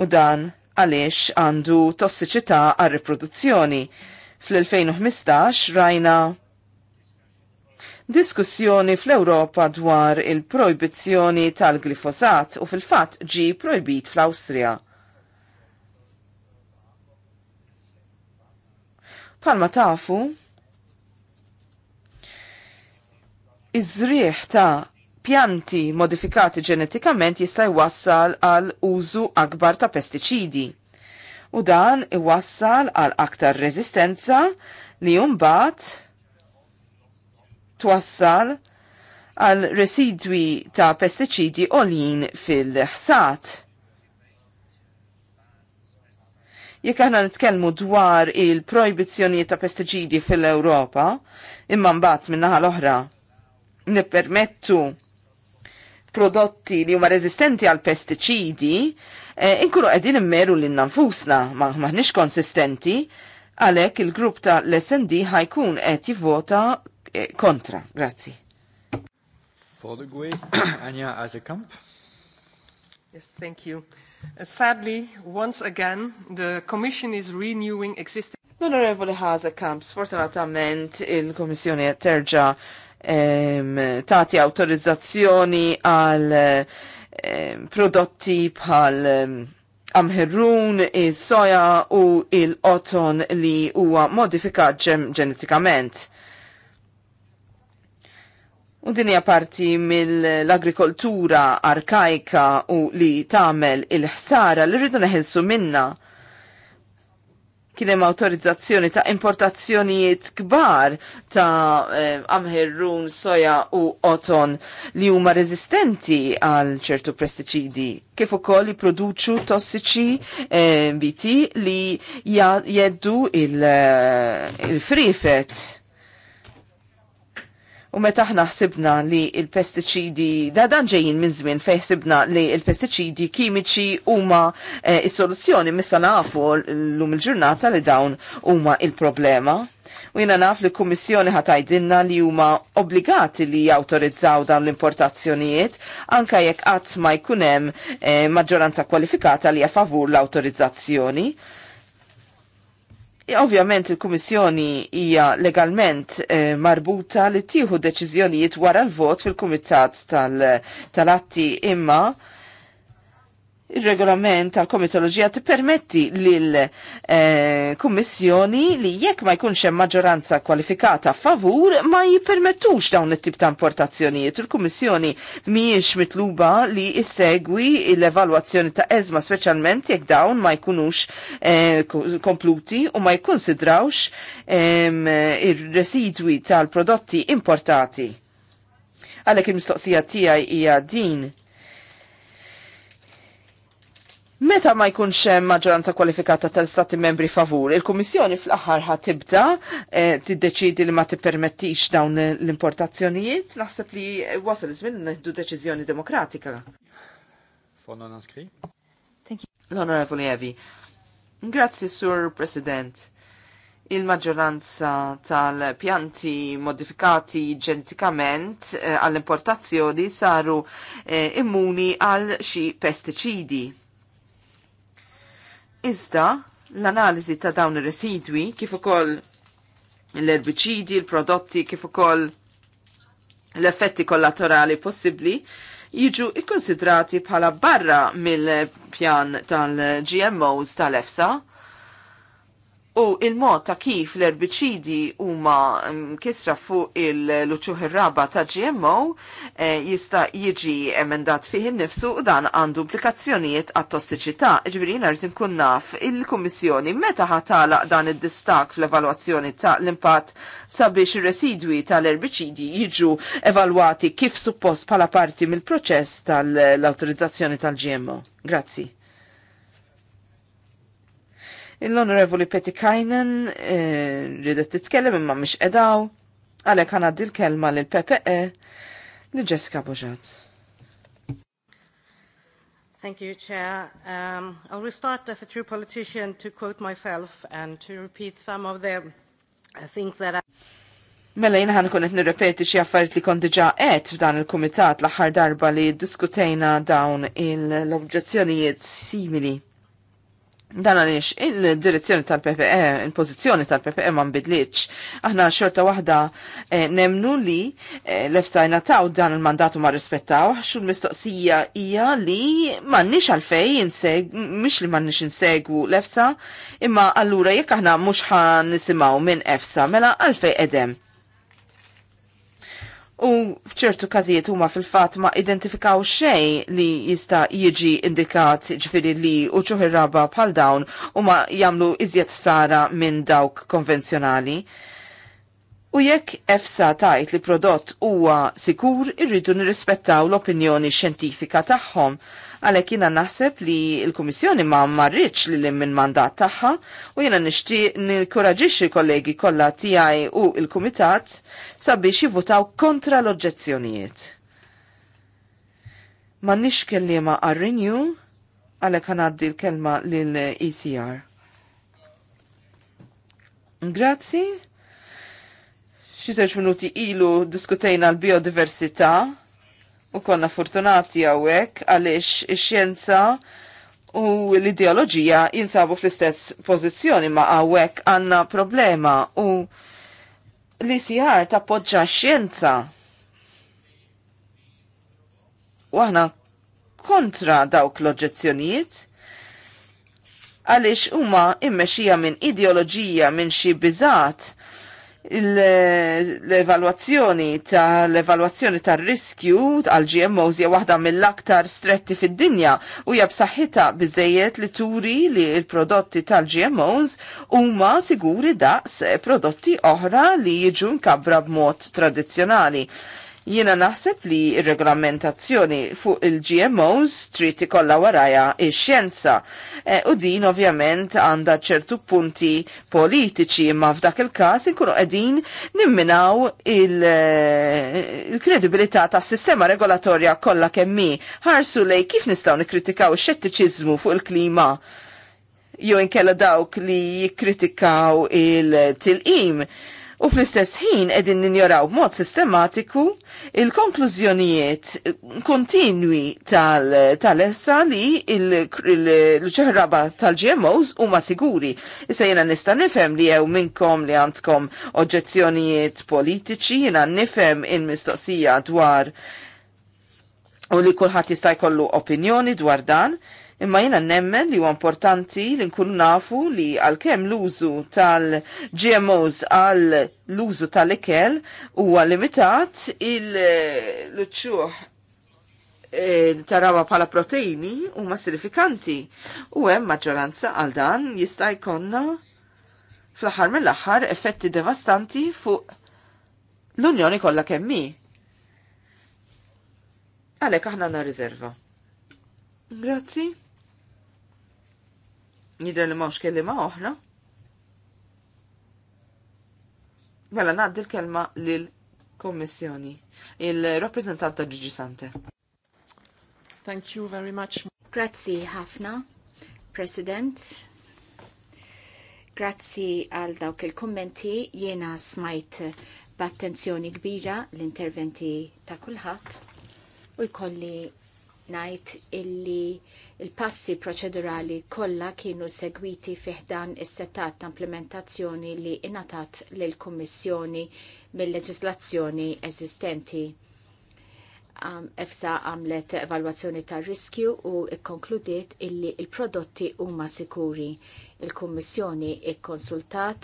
u dan għaliex għandu tossiċità għar riproduzzjoni Fl-2015 rajna diskussjoni fl-Europa dwar il-projbizzjoni tal-glifosat u fil-fat ġi projbit fl-Awstrija. Palma tafu, iż ta' pjanti modifikati ġenetikament jista' jwassal għal użu akbar ta' pestiċidi. U dan iwassal għal aktar rezistenza li jumbat twassal għal residwi ta' pestiċidi olin fil-ħsat. jekk aħna nitkellmu dwar il-projbizzjonijiet ta' pestiċidi fil-Ewropa, imma mbagħad min-naħa l-oħra nippermettu prodotti li huma rezistenti għal pestiċidi, eh, inkunu qegħdin immeru lil nanfusna ma maħniex konsistenti, għalhekk il-grupp ta' l-SND ħajkun qed jivvota eh, kontra. Grazzi. E, Anja Yes, thank you. Uh, sadly, once again, the Commission is renewing existing L-Onorevoli Hazekamp, sfortunatament il kommissjoni terġa' tagħti awtorizzazzjoni għal prodotti bħal amherrun, il-soja u il-oton li huwa modifikat ġenetikament. U din hija parti mill-agrikoltura arkaika u li tagħmel il-ħsara li rridu neħilsu minna kien hemm awtorizzazzjoni ta' importazzjonijiet kbar ta' eh, amherrun, soja u oton li huma rezistenti għal ċertu prestiċidi, kif ukoll produċu tossiċi eh, biti li jeddu il-frifet. Il eh, U meta aħna ħsibna li il-pestiċidi, da dan ġejjin minn żmien fejn ħsibna li il-pestiċidi kimiċi huma eh, is-soluzzjoni mista nafu l-lum il-ġurnata li dawn huma il-problema. U jina naf li kummissjoni ħatajdinna li huma obbligati li jawtorizzaw dawn l-importazzjonijiet anka jekk qatt ma jkun hemm eh, maġġoranza kwalifikata li favur l-awtorizzazzjoni. Ovvjament il-Kummissjoni hija legalment eh, marbuta li tieħu deċiżjonijiet wara l-vot fil-Kumitat tal-Atti tal imma il-regolament tal-komitologija tippermetti lill-Kummissjoni eh, li jekk ma jkunx hemm maġġoranza kwalifikata favur ma jippermettux dawn it-tip ta' importazzjonijiet. Il-Kummissjoni mhijiex mitluba li issegwi l-evalwazzjoni ta' eżma speċjalment jekk dawn ma jkunux eh, kompluti u ma jikkonsidrawx ir-residwi tal-prodotti importati. Għalhekk il-mistoqsija tiegħi hija din Meta ma jkunx hemm maġġoranza kwalifikata tal-Stati membri favur, il-Kummissjoni fl-aħħar ħa tibda eh, tiddeċidi li ma tippermettix dawn l-importazzjonijiet, naħseb li wasal iż-żmien neħdu deċiżjoni demokratika. Fonna naskri. L-Onorevoli Evi. Grazzi, Sur President. Il-maġġoranza tal-pjanti modifikati ġenetikament eh, għall-importazzjoni saru eh, immuni għal xi pestiċidi Iżda l-analiżi ta' dawn ir-residwi kif ukoll l-erbiċidi, l-prodotti kif ukoll l-effetti kollaterali possibbli jiġu ikkonsidrati bħala barra mill-pjan tal-GMOs tal-EFSA U il-mod ta' kif l-erbiċidi huma kisra fuq il-luċuħ raba ta' GMO e, eh, jista' jiġi emendat fih innifsu u dan għandu implikazzjonijiet għat tossiċità Ġifieri rrid inkun naf il-Kummissjoni meta ħatalaq dan id-distak fl-evalwazzjoni ta' l-impatt sabiex ir-residwi tal erbicidi jiġu evalwati kif suppost bħala parti mill-proċess tal-awtorizzazzjoni tal-GMO. Grazzi l-Onorevoli Kajnen eh, ridet titkellem imma mhix edaw, għalhekk għana l-kelma lil PPE e li Jessica Bojad. Thank you, Chair. Um, I will start as a true politician to quote myself and to repeat some of the uh, things that I... Mela jina ħan kunet nirrepeti xie affarijiet li kon diġa qed f'dan il-kumitat l-aħħar darba li diskutejna dawn l-obġezzjonijiet simili. Dan għaliex il-direzzjoni tal-PPE, il-pozizjoni tal-PPE ma nbidlitx. Aħna xorta waħda eh, nemnu li l eh, leftajna taw dan il-mandatu ma rispettaw, xur l-mistoqsija hija li nix għalfej inseg, mish li mannix insegwu lefsa, imma allura jekk aħna mux ħan nisimaw minn efsa, mela għalfej edem. U fċertu każijiet huma fil-fatt ma identifikaw xej li jista' jiġi indikat ġifiri li u raba bħal dawn u ma jagħmlu iżjed sara minn dawk konvenzjonali. U jekk EFSA tajt li prodott huwa sikur, irridu nirrispettaw l-opinjoni xjentifika tagħhom Għalhekk jiena naħseb li l-Kummissjoni ma marriċ li l minn mandat tagħha u jiena nixtieq nirkoraġixxi kollegi kollha tiegħi u l-Kumitat sabiex jivutaw kontra l-oġġezzjonijiet. Ma nix kellima għar-renew għalhekk ħanaddi l-kelma lill-ECR. Grazzi. Xi minuti ilu diskutejna l-biodiversità u konna fortunati għawek għalix ix-xjenza u l-ideologija jinsabu fl-istess pozizjoni ma għawek għanna problema u l-ICR tappoġġa xjenza u aħna kontra dawk l-oġezzjonijiet għalix huma immexija minn ideoloġija minn xi biżat l-evalwazzjoni ta' l evaluazzjoni ta' riskju għal GMOs hija waħda mill-aktar stretti fid-dinja u hija b'saħħitha biżejjed li turi li l-prodotti tal-GMOs huma siguri daqs prodotti oħra li jiġu nkabra b'mod tradizzjonali. Jiena naħseb li regolamentazzjoni fuq il-GMOs trid ikollha waraja ix-xjenza. E, u din ovvjament għandha ċertu punti politiċi ma f'dak il-każ inkunu qegħdin nimminaw eh, il-kredibilità il tas-sistema regolatorja kollha kemm ħarsu lej kif nistgħu nikkritikaw ix-xettiċiżmu fuq il-klima jew inkella dawk li jikkritikaw il-tilqim U fl-istess ħin edin ninjoraw mod sistematiku il-konklużjonijiet kontinwi tal-essa li l-ċeħraba tal-GMOs huma siguri. Issa jena nista' nifhem li jew minnkom li għandkom oġġezzjonijiet politiċi, jena nifhem il-mistoqsija dwar u li kulħadd jista' jkollu opinjoni dwar dan. Imma jina nemmen li huwa importanti li nkunu nafu li għalkemm l-użu tal-GMOs għal l-użu tal-ikel huwa limitat il-ċuħ e, tarawa pala proteini huma sinifikanti u hemm maġġoranza għal dan jista' jkollna fl-aħħar mill-aħħar effetti devastanti fuq l-Unjoni kollha kemm hi. Għalhekk aħna na riserva. Grazzi. Jidher li mawx kelima oħra. Mela ngħaddi l-kelma l kommissjoni. Il-rappresentant ta' Gigi Sante. Thank you very much. Grazzi ħafna, President. Grazzi għal dawk il-kommenti jiena smajt b'attenzjoni kbira l-interventi ta' kulħadd u jkolli ngħid illi Il-passi proċedurali kollha kienu segwiti fiħdan is-settat ta' implementazzjoni li inatat lill-Kummissjoni mill-leġislazzjoni eżistenti. EFSA għamlet evalwazzjoni tar riskju u ikkonkludiet illi il-prodotti huma sikuri. Il-Kummissjoni ikkonsultat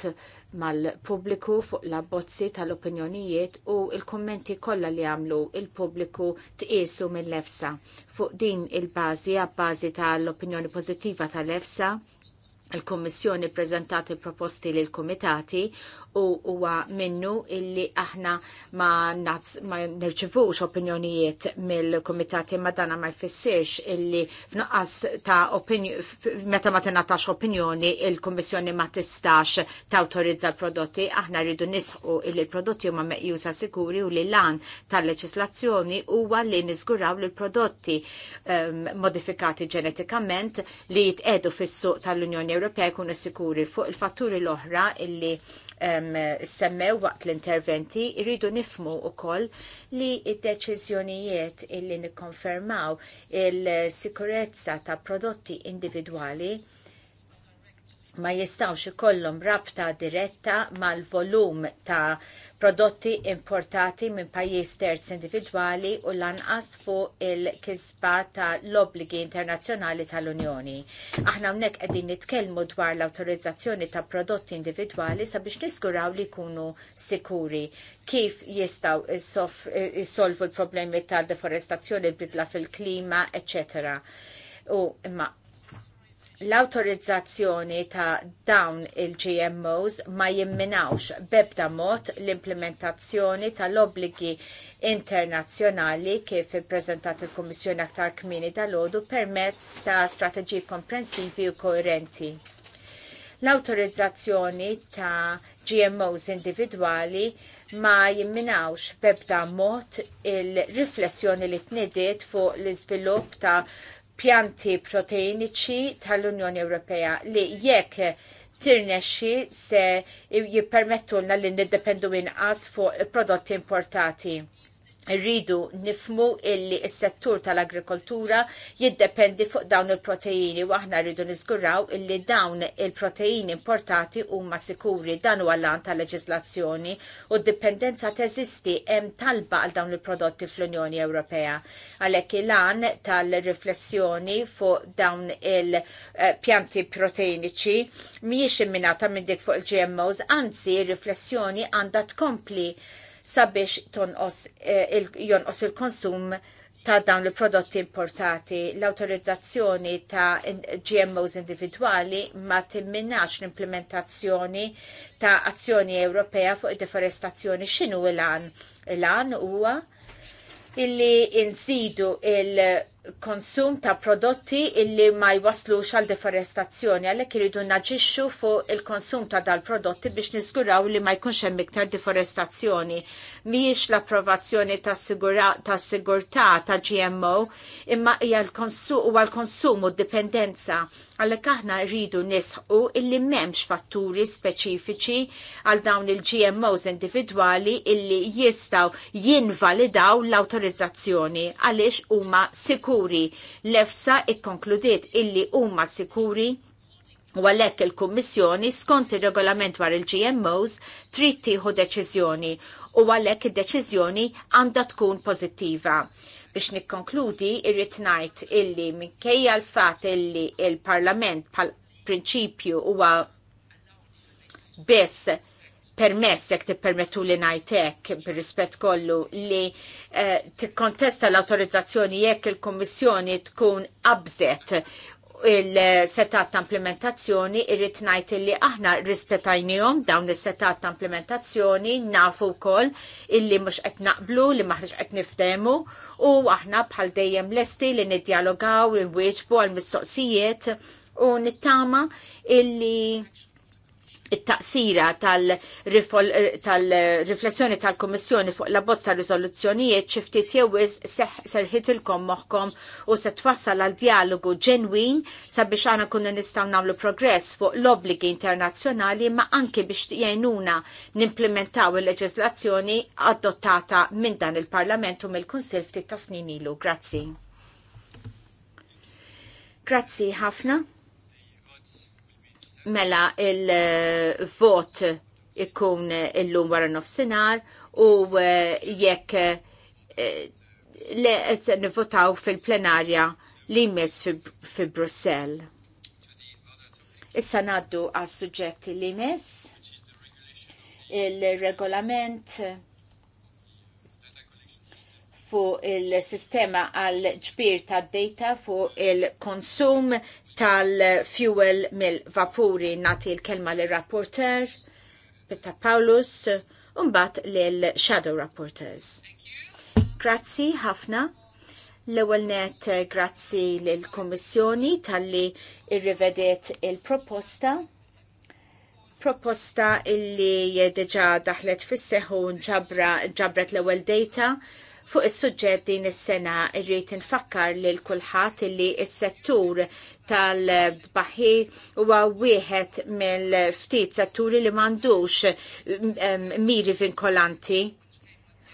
mal-pubbliku fuq l-abbozzi tal-opinjonijiet u l-kummenti kollha li għamlu il-pubbliku tqisu mill-EFSA. Fuq din il-bażi għab-bażi tal-opinjoni pożittiva tal-EFSA, il-Kommissjoni prezentat il-proposti l komitati u huwa minnu illi aħna ma, naz, ma nirċivux opinjonijiet mill-komitati ma dana ma jfissirx illi f'nuqqas ta' opinjoni meta ma tinatax opinjoni il-Kommissjoni ma tistax tawtorizza prodotti aħna rridu nisħu illi l-prodotti huma meqjusa sikuri u li lan tal-leġislazzjoni huwa li niżguraw li l-prodotti um, modifikati ġenetikament li jitqedu fis-suq tal-Unjoni Ewropea jkunu sikuri fuq il-fatturi l-oħra illi semmew waqt l-interventi irridu nifmu u koll li id-deċizjonijiet illi nikkonfermaw il-sikurezza ta' prodotti individuali ma jistawx ikollhom rabta diretta mal-volum ta' prodotti importati minn pajjiż terz individwali u lanqas fuq il-kisba ta' l-obbligi internazzjonali tal-Unjoni. Aħna hawnhekk qegħdin nitkellmu dwar l-awtorizzazzjoni ta' prodotti individwali sabiex niskuraw li jkunu sikuri kif jistgħu jissolvu l-problemi tal-deforestazzjoni, bidla fil-klima, eċċetera u imma l-autorizzazzjoni ta' dawn il-GMOs ma jimminawx bebda mod l-implementazzjoni tal-obligi internazzjonali kif ippreżentat il-Kummissjoni aktar kmini tal ħodu permezz ta' strateġiji komprensivi u koerenti. L-autorizzazzjoni ta' GMOs individwali ma jimminawx bebda mod il-riflessjoni li tnidiet fuq l-iżvilupp ta' pjanti proteiniċi tal-Unjoni Ewropea li jekk tirnexxi se jippermettulna li niddependu inqas fuq prodotti importati rridu nifmu illi s-settur tal-agrikoltura jiddependi fuq dawn il-proteini u aħna rridu nizguraw illi dawn il-proteini importati huma sikuri dan huwa lan tal-leġislazzjoni u d-dipendenza teżisti hemm talba għal dawn il-prodotti fl-Unjoni Ewropea. Għalhekk il-lan tal-riflessjoni fuq dawn il-pjanti eh, proteiniċi mhijiex imminata minn dik fuq il-GMOs, anzi riflessjoni għandha tkompli sabiex tonqos eh, jonqos il-konsum ta' dawn il-prodotti importati, l-autorizzazzjoni ta' GMOs individuali ma timminax l-implementazzjoni ta' azzjoni Ewropea fuq deforestazzjoni x'inhu l-an. L-an huwa illi insidu il- konsum ta' prodotti illi ma jwaslu għal deforestazzjoni għalhekk iridu naġixxu fuq il-konsum ta' dal-prodotti biex niżguraw li ma jkunx hemm iktar deforestazzjoni. Mhijiex l-approvazzjoni tas sigurtà ta' GMO imma hija l-konsum huwa l-konsum u d-dipendenza. Għalhekk aħna rridu nisħu illi m'hemmx fatturi speċifiċi għal dawn il-GMOs individwali illi jistgħu jinvalidaw l-awtorizzazzjoni għaliex huma sikur sikuri. L-EFSA ikkonkludiet illi huma sikuri u għalhekk il-Kummissjoni skont ir-regolament war dwar il-GMOs trid tieħu deċiżjoni u għalhekk id-deċiżjoni għandha tkun pożittiva biex nikkonkludi irrid ngħid illi minkejja l-fatt illi il-Parlament pal prinċipju huwa biss permess jekk permettu li najtek bir-rispett kollu li eh, tikkontesta l-autorizzazzjoni jekk il-Kummissjoni tkun qabżet il-setat ta' implementazzjoni irrit najt li aħna rispetajnijom dawn il-setat ta' implementazzjoni nafu kol illi mux qed naqblu li maħriġ qed niftemu u aħna bħal dejjem lesti li nidjalogaw il-wieġbu għal-mistoqsijiet u nittama illi it-taqsira tal-riflessjoni tal tal-Kommissjoni fuq la bozza rizoluzzjonijiet ċiftit il-kom moħkom u se twassal għal dialogu ġenwin sabiex għana kunna nistaw namlu progress fuq l-obligi internazzjonali ma anki biex jajnuna nimplementaw il leġizlazzjoni adottata minn dan il-Parlament u mill-Kunsil ftit ta' snin ilu. Grazzi. Grazzi ħafna mela il-vot ikun illum wara nofsinhar u eh, jekk eh, le nivotaw fil-plenarja li mis fi, Brussel. Brussell. Issa naddu għal suġġetti li mis il-regolament fuq il-sistema għal ġbir ta' data fuq il-konsum tal-fuel mill-vapuri nati l-kelma l-rapporter Pitta Paulus unbat l-shadow rapporters. Grazzi ħafna. L-ewwel net grazzi l-Kommissjoni tal-li irrivedet il-proposta. Proposta illi deġa daħlet fis-seħu ġabret l-ewwel data Fuq is-suġġett din is-sena irrid infakkar lil kulħadd li s-settur tal-dbaħir huwa wieħed mill-ftit setturi li m'għandux miri vinkolanti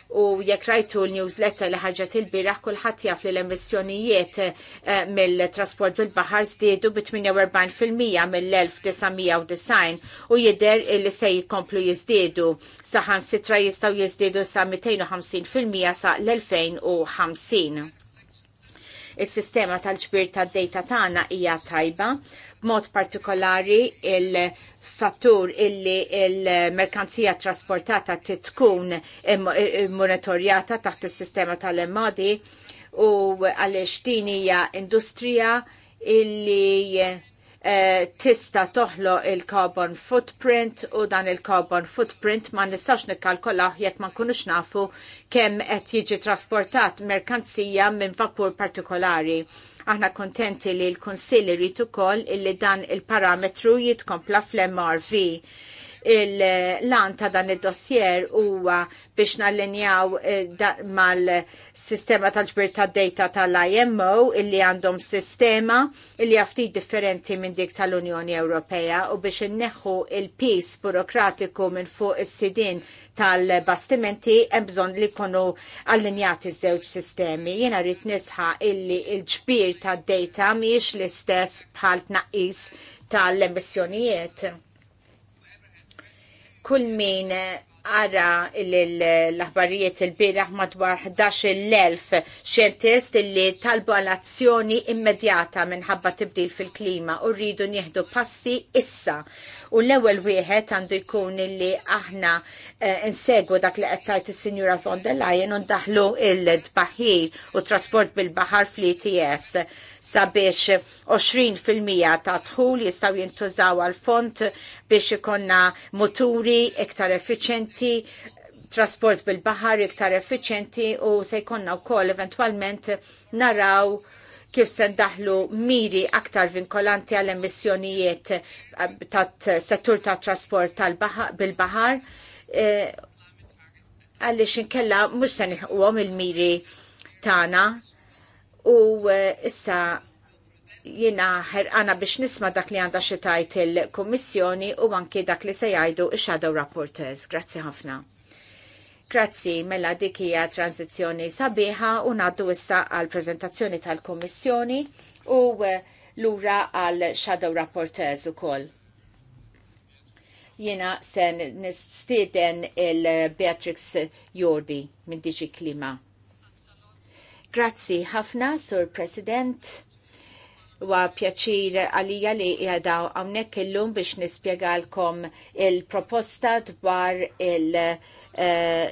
u jekk rajtu l-newsletter li ħarġet il-biraħ kulħadd jaf li l-emissjonijiet eh, mill-trasport bil-baħar żdiedu bi 48% mill-1990 u jidher li se jkomplu jiżdiedu. Saħan sitra jistgħu jiżdiedu sa 250% sa l-2050. Is-sistema tal-ġbir tad-dejta tagħna hija tajba, b'mod partikolari il- fattur illi il-merkanzija trasportata titkun monitorjata taħt il-sistema tal-emmadi u għalix din hija industrija illi eh, tista toħlo il-carbon footprint u dan il-carbon footprint ma nistax nikkalkolaħ jekk ma nkunux nafu kemm qed jiġi trasportat merkanzija minn vapur partikolari. Aħna kontenti li l-Konsilli rritu kol illi dan il-parametru jitkompla fl-MRV il-lan ta' dan id-dossier huwa biex nallinjaw eh, mal-sistema tal-ġbir ta' data tal-IMO illi għandhom sistema illi għafti differenti minn dik tal-Unjoni Ewropea u biex inneħħu il-pis burokratiku minn fuq is-sidin tal-bastimenti hemm bżonn li jkunu allinjati ż-żewġ sistemi. Jena rrit nisħa illi il-ġbir ta' data miex l-istess bħal tnaqqis tal-emissjonijiet Kull min għara l-aħbarijiet il-biraħ madwar 11.000 xjentist li talbu għal-azzjoni immedjata minħabba tibdil fil-klima u rridu nieħdu passi issa. U l-ewwel wieħed għandu jkun li aħna eh, insegwu dak li qed il is-Sinjura von der Leyen ndaħlu il-dbaħir u trasport bil-baħar fl-ETS sabiex 20% ta' dħul jistgħu jintużaw għal font biex ikonna moturi iktar effiċenti trasport bil-bahar iktar effiċenti u se jkollna wkoll eventwalment naraw kif se ndaħlu miri aktar vinkolanti għall emissjonijiet tat settur tat trasport bil-bahar eh, għaliex inkella mhux se il-miri tagħna u eh, issa jina ħerqana biex nisma dak li għanda xitajt il-Kommissjoni u anki dak li se jgħidu il-Shadow Rapporteurs. Grazzi ħafna. Grazzi, mela dik hija sabiħa u ngħaddu issa għal prezentazzjoni tal-Kummissjoni u eh, lura għal Shadow Rapporteurs ukoll. Jiena se nistieden il-Beatrix Jordi minn Diġi Klima. Grazzi ħafna, Sur President. Wa pjaċir għalija li jgħada il illum biex nispiegalkom il-proposta dwar eh,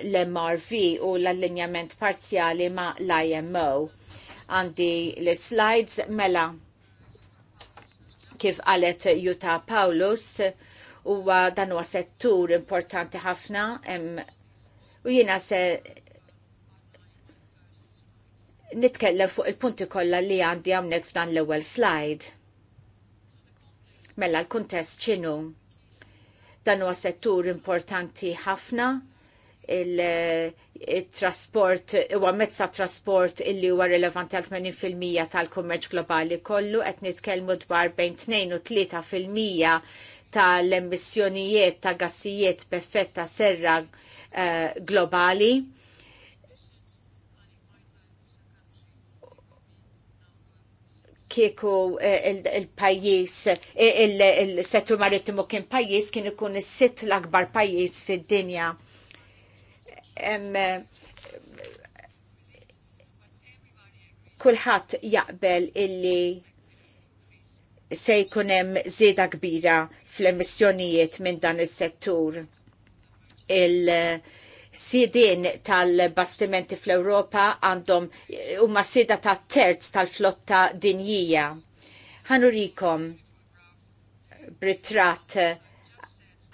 l mrv u l-allinjament parzjali ma' l-IMO. Għandi l-slides mela kif għalet Juta Paulus u dan huwa settur importanti ħafna u jiena se nitkellem fuq il-punti kollha li għandi hawnhekk f'dan l-ewwel slide. Mela l-kuntest ċinu. Dan huwa settur importanti ħafna il-trasport, huwa mezza trasport illi huwa rilevanti għal 80% tal-kummerċ globali kollu, qed nitkellmu dwar bejn 2 u 3% tal-emissjonijiet ta' gassijiet b'effett ta' serra uh, globali kieku eh, il-pajis, eh, il-settur marittimu kien pajis, kien ikun is-sitt l-akbar pajis fid-dinja. Kulħadd jaqbel illi se jkun hemm kbira fl-emissjonijiet minn dan is-settur. il- sidin tal-bastimenti fl-Europa għandhom huma sida ta' terz tal-flotta dinjija. Ħanurikom britrat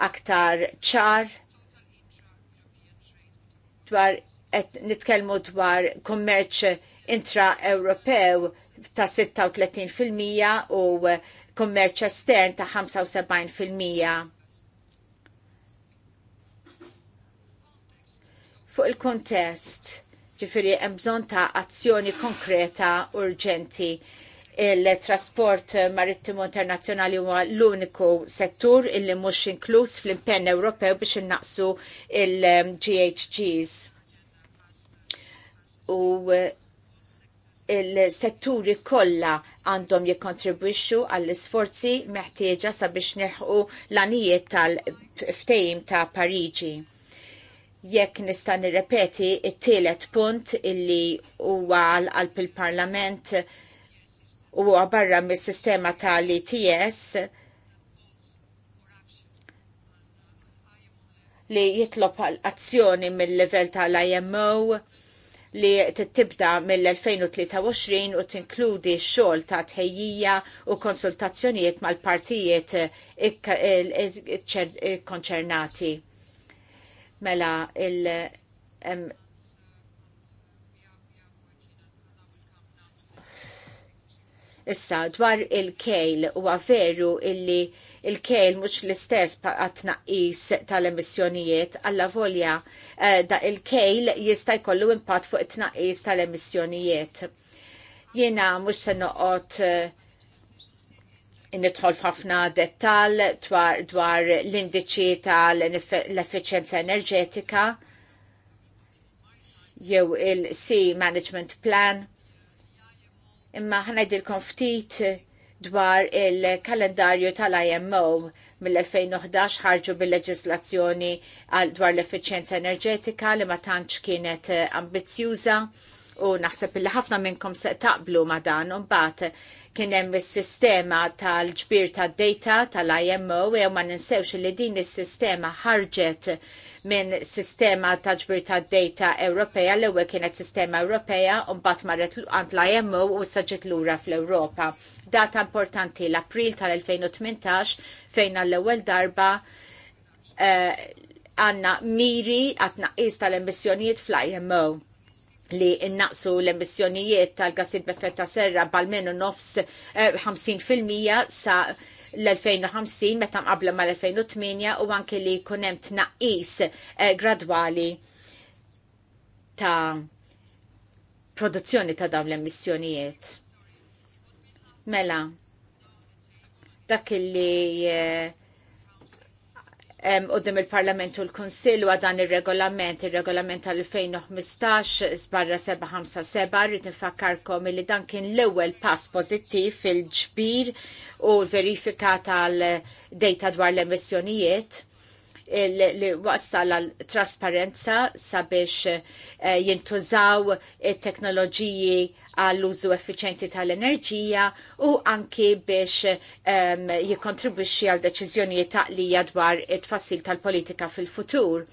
aktar ċar dwar et nitkelmu dwar kummerċ intra-Ewropew ta' 36% u kummerċ estern ta' 75%. fuq il-kontest ġifiri hemm bżonn ta' azzjoni konkreta urġenti il-trasport marittimu internazzjonali huwa l-uniku settur illi mhux inkluż fl-impenn Ewropew biex innaqsu il-GHGs. U il-setturi kollha għandhom jikkontribwixxu għall-isforzi meħtieġa sabiex neħqu l-anijiet tal-ftejim ta' Pariġi jekk nista' nirrepeti it-tielet punt illi huwa għal-qalb il-Parlament huwa barra mis-sistema tal-ITS li jitlob azzjoni mill-level tal-IMO li tibda mill-2023 u tinkludi xogħol ta' tħejjija u konsultazzjonijiet mal-partijiet konċernati. Mela il- Issa, dwar il-kejl huwa veru illi il-kejl mhux l-istess għat-tnaqqis tal-emissjonijiet alla volja eh, da il-kejl jista' jkollu impatt fuq it-tnaqqis tal-emissjonijiet. Jiena mhux se noqgħod eh, nidħol f'ħafna dettal dwar l-indiċi tal-efficienza enerġetika jew il-Sea Management Plan. Imma ħanajdilkom ftit dwar il-kalendarju tal-IMO mill-2011 ħarġu bil-leġislazzjoni dwar l-efficienza enerġetika li ma tantx kienet ambizzjuża u naħseb li ħafna minnkom se taqblu ma dan u mbagħad Kien hemm is-sistema tal-ġbir tad-data tal-IMO jew ma ninsewx li din is-sistema ħarġet minn sistema ta' ġbir ta' data Ewropea l ewwel kienet sistema Ewropea u mbagħad marret għand l-IMO u saġġet lura fl-Ewropa. Data importanti l-April tal-2018 fejn għall-ewwel darba eh, għandna uh, miri għat tnaqqis tal-emissjonijiet fl-IMO li innaqsu l-emissjonijiet tal-gassid b'effett ta' serra bal-menu nofs 50% eh, sa' l-2050 meta qabla mal-2008 u anke li kunem tnaqqis eh, gradwali ta' produzzjoni ta' dawn l-emissjonijiet. Mela, dak li eh, qoddim il-Parlament u l-Konsil u għadan il-regolament, il-regolament tal-2015 sbarra 757, fakkarkom il li dan kien l-ewel pass pozittiv fil-ġbir u l-verifika tal-data dwar l-emissjonijiet li wassal għal trasparenza sabiex eh, jintużaw teknoloġiji għall użu effiċenti tal-enerġija u anki biex um, jikontribwixxi għal deċiżjonijiet taqlija dwar it-tfassil tal-politika fil-futur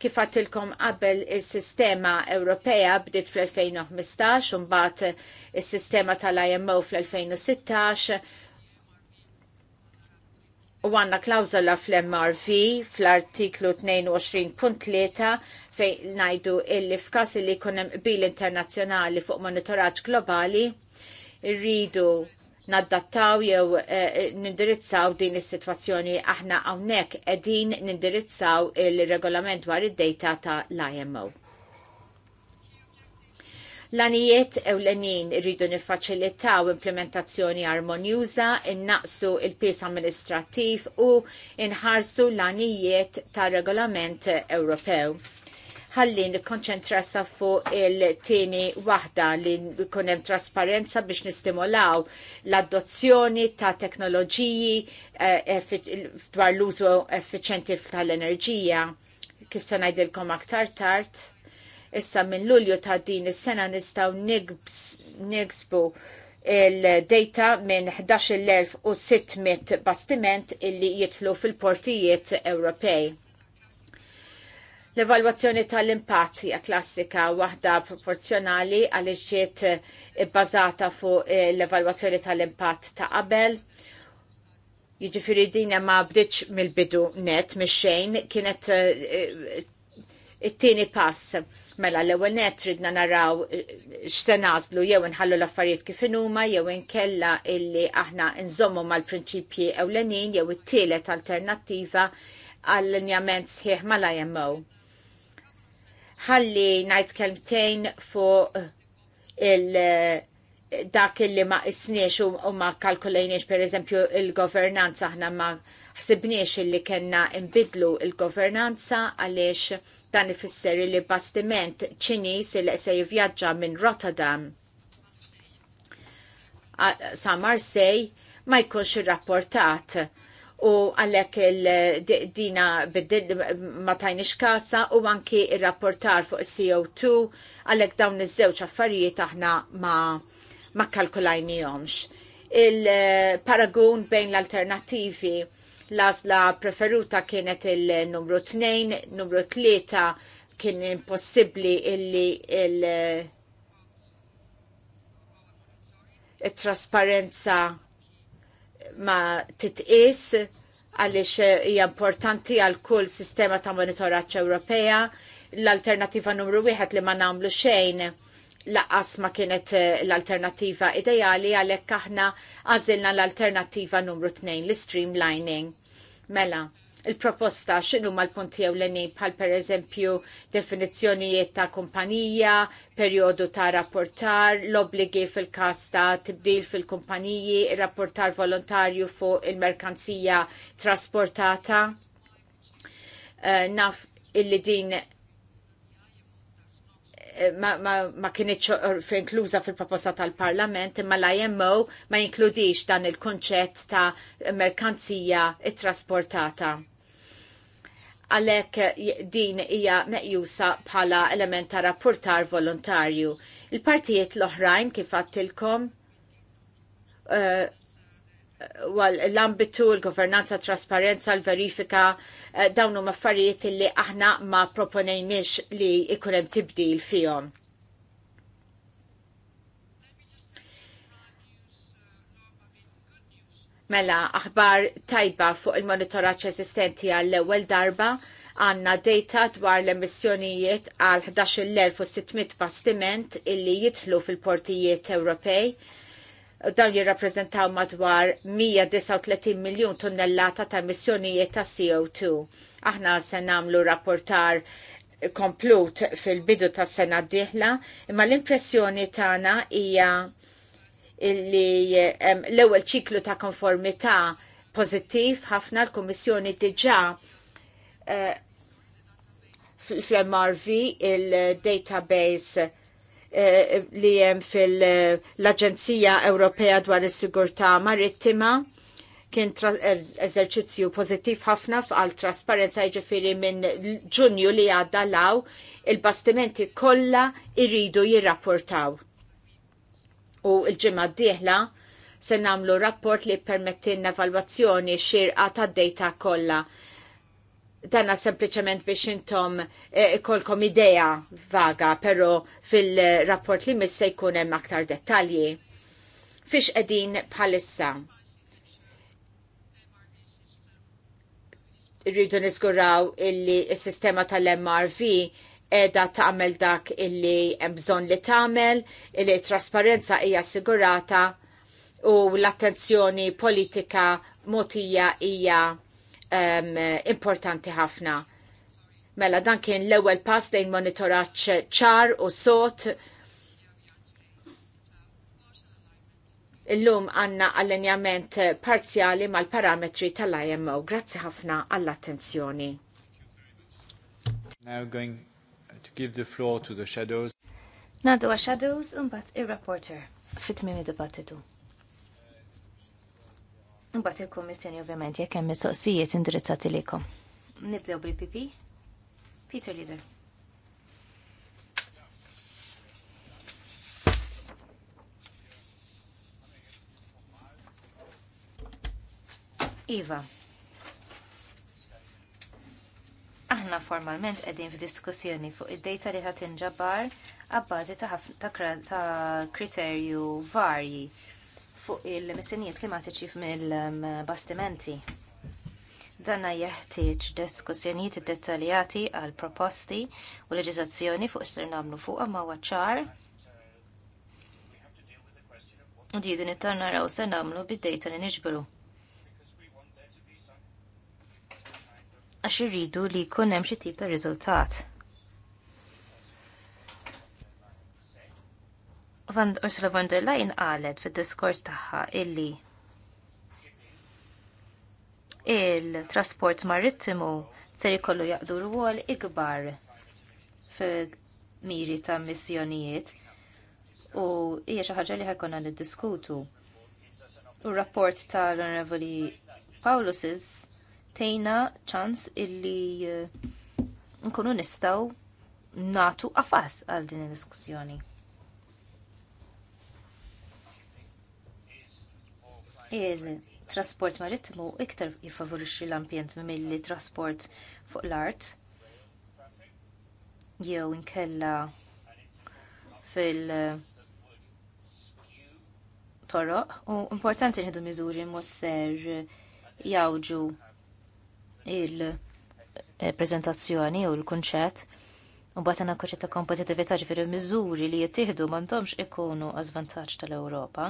kif għattilkom qabel il-sistema Ewropea bdiet fl-2015 un bat il-sistema tal-IMO fl-2016 U għanna klawzola fl-MRV fl-artiklu 22.3 fej najdu illi f'kas li kunem bil internazzjonali fuq monitoraġġ globali rridu naddattaw jew eh, nindirizzaw din is-sitwazzjoni aħna hawnhekk qegħdin nindirizzaw il-regolament dwar id-data ta' l-IMO. L-anijiet ewlenin rridu nifaċilitaw implementazzjoni armonjuża, innaqsu il-pis amministrattiv u inħarsu l-anijiet ta' regolament Ewropew. Ħalli nikkonċentra sa fuq il-tieni waħda li jkun hemm trasparenza biex nistimolaw l-adozzjoni ta' teknoloġiji eh, dwar l-użu effiċenti tal-enerġija. Kif se ngħidilkom aktar tard? Issa minn Lulju ta' din is-sena nistgħu nigsbu il-data minn 11,600 bastiment illi jidħlu fil-portijiet Ewropej. L-evalwazzjoni tal-impatt hija klassika waħda proporzjonali għal ġiet bbażata fuq l-evalwazzjoni tal-impatt ta' qabel. Jiġifieri din ma bdiċ mill-bidu net mix-xejn kienet eh, eh, it-tieni pass Mela l-ewwel net ridna naraw eh, x'se nażlu jew inħallu l-affarijiet kif inhuma jew inkella illi aħna nżommu mal-prinċipji ewlenin jew it-tielet alternattiva għall-linjament sħiħ mal-IMO. Ħalli ngħid kelmtejn fuq eh, il- eh, dak li ma isniex u ma kalkulejniex per eżempju il-governanza aħna ma ħsibniex illi kena imbidlu il-governanza għaliex Dan ifisser li bastiment ċinis il se jivvjaġġa minn Rotterdam sa Marsej ma jkunx irrapportat u għalhekk il-dina ma tajnix kasa u anki il-rapportar fuq CO2 għalhekk dawn iż-żewġ affarijiet aħna ma, ma kalkulajnijomx. Il-paragun eh, bejn l-alternativi L-azla preferuta kienet il-numru 2, numru 3 kien impossibli illi il- trasparenza ma titqis għaliex hija importanti għal kull sistema ta' monitoraġġ Ewropea. L-alternativa numru wieħed li ma nagħmlu xejn laqqas ma kienet l-alternativa ideali għalhekk aħna għażilna l-alternativa numru tnejn l-streamlining. Mela, il-proposta xinu ma l-punti ewleni bħal per eżempju definizjonijiet ta' kumpanija, periodu ta' rapportar, l-obligi fil-kas ta' tibdil fil-kumpaniji, rapportar volontarju fuq il-merkanzija trasportata. Uh, naf illi din ma, ma, ma kienieċ inkluża fil-proposta tal-Parlament imma l-IMO ma jinkludix dan il-konċett ta' merkanzija ittrasportata għalek din hija meqjusa bħala element ta' rapportar volontarju. Il-partijiet l-oħrajn kif għattilkom uh, l-ambitu, l-governanza, trasparenza, l-verifika, eh, dawn huma affarijiet li aħna ma proponejniex li ikunem hemm tibdil fihom. Mela, aħbar tajba fuq il-monitoraċ esistenti għall-ewwel darba għanna data dwar l-emissjonijiet għal 11.600 bastiment illi jidħlu fil-portijiet Ewropej dawn jirrappreżentaw madwar 139 miljun tonnellata ta' emissjonijiet ta' CO2. Aħna se nagħmlu rapportar komplut fil-bidu tas sena d diħla, imma l-impressjoni tagħna hija li l-ewwel ċiklu ta' konformità pożittiv ħafna l-Kummissjoni diġà eh, fl-MRV il-database Eh, li hemm fil-Aġenzija Ewropea dwar is-Sigurtà Marittima kien eżerċizzju pozittiv ħafna għal trasparenza ġifiri minn ġunju li għadda law il-bastimenti kollha iridu jirrapportaw. U l-ġimgħa d-dieħla se nagħmlu rapport li permettin evalwazzjoni xirqa tad-dejta kollha Tanna sempliciment biex intom eh, ikolkom idea vaga, pero fil-rapport li missa se jkun hemm aktar dettalji. Fix qegħdin bħalissa. Rridu niżguraw illi s-sistema tal-MRV edha tamel dak illi hemm bżonn li tagħmel, illi trasparenza hija sigurata, u l-attenzjoni politika motija hija um, importanti ħafna. Mela dan kien l-ewwel pass lejn monitoraġġ ċar u sot illum għanna allenjament parzjali mal-parametri tal-IMO. Grazzi ħafna għall-attenzjoni. Now going to give the floor to the shadows. Nadu għax shadows un bat il-rapporter fit-tmimi dibattitu. Mbagħad il-Kummissjoni ovvjament jekk hemm mistoqsijiet indirizzati lilkom. Nibdew bil-PP. Peter Leader. Iva. Aħna formalment qegħdin f'diskussjoni fuq id-dejta li ħadd inġabar għabbażi ta, kriterju varji fuq il-missinijiet klimatiċi mill-bastimenti. Um, Danna jeħtieġ diskussjonijiet dettaljati għal proposti u leġiżazzjoni fuq is ser nagħmlu fuq ma huwa ċar. U di din it naraw se nagħmlu bid-dejta li niġbru. Għax irridu li jkun hemm xi tip ta' riżultat. Van Ursula von der Leyen qalet fid-diskors tagħha illi il-trasport marittimu ser jkollu jaqdu rwol ikbar fil-miri ta' missjonijiet u hija xi ħaġa li ħajkonna niddiskutu. U rapport tal-Onorevoli Paulusis tejna ċans illi eh, nkunu nistaw natu qafas għal din id-diskussjoni. il-trasport marittimu iktar jifavorixxi l-ambjent milli trasport fuq l-art jew inkella fil- toroq u importanti nħedu miżuri ser jawġu il-prezentazzjoni eh, u l-kunċett u batana ta' kompetitivita ġifiri miżuri li jittihdu mandomx ikunu għazvantaċ tal-Europa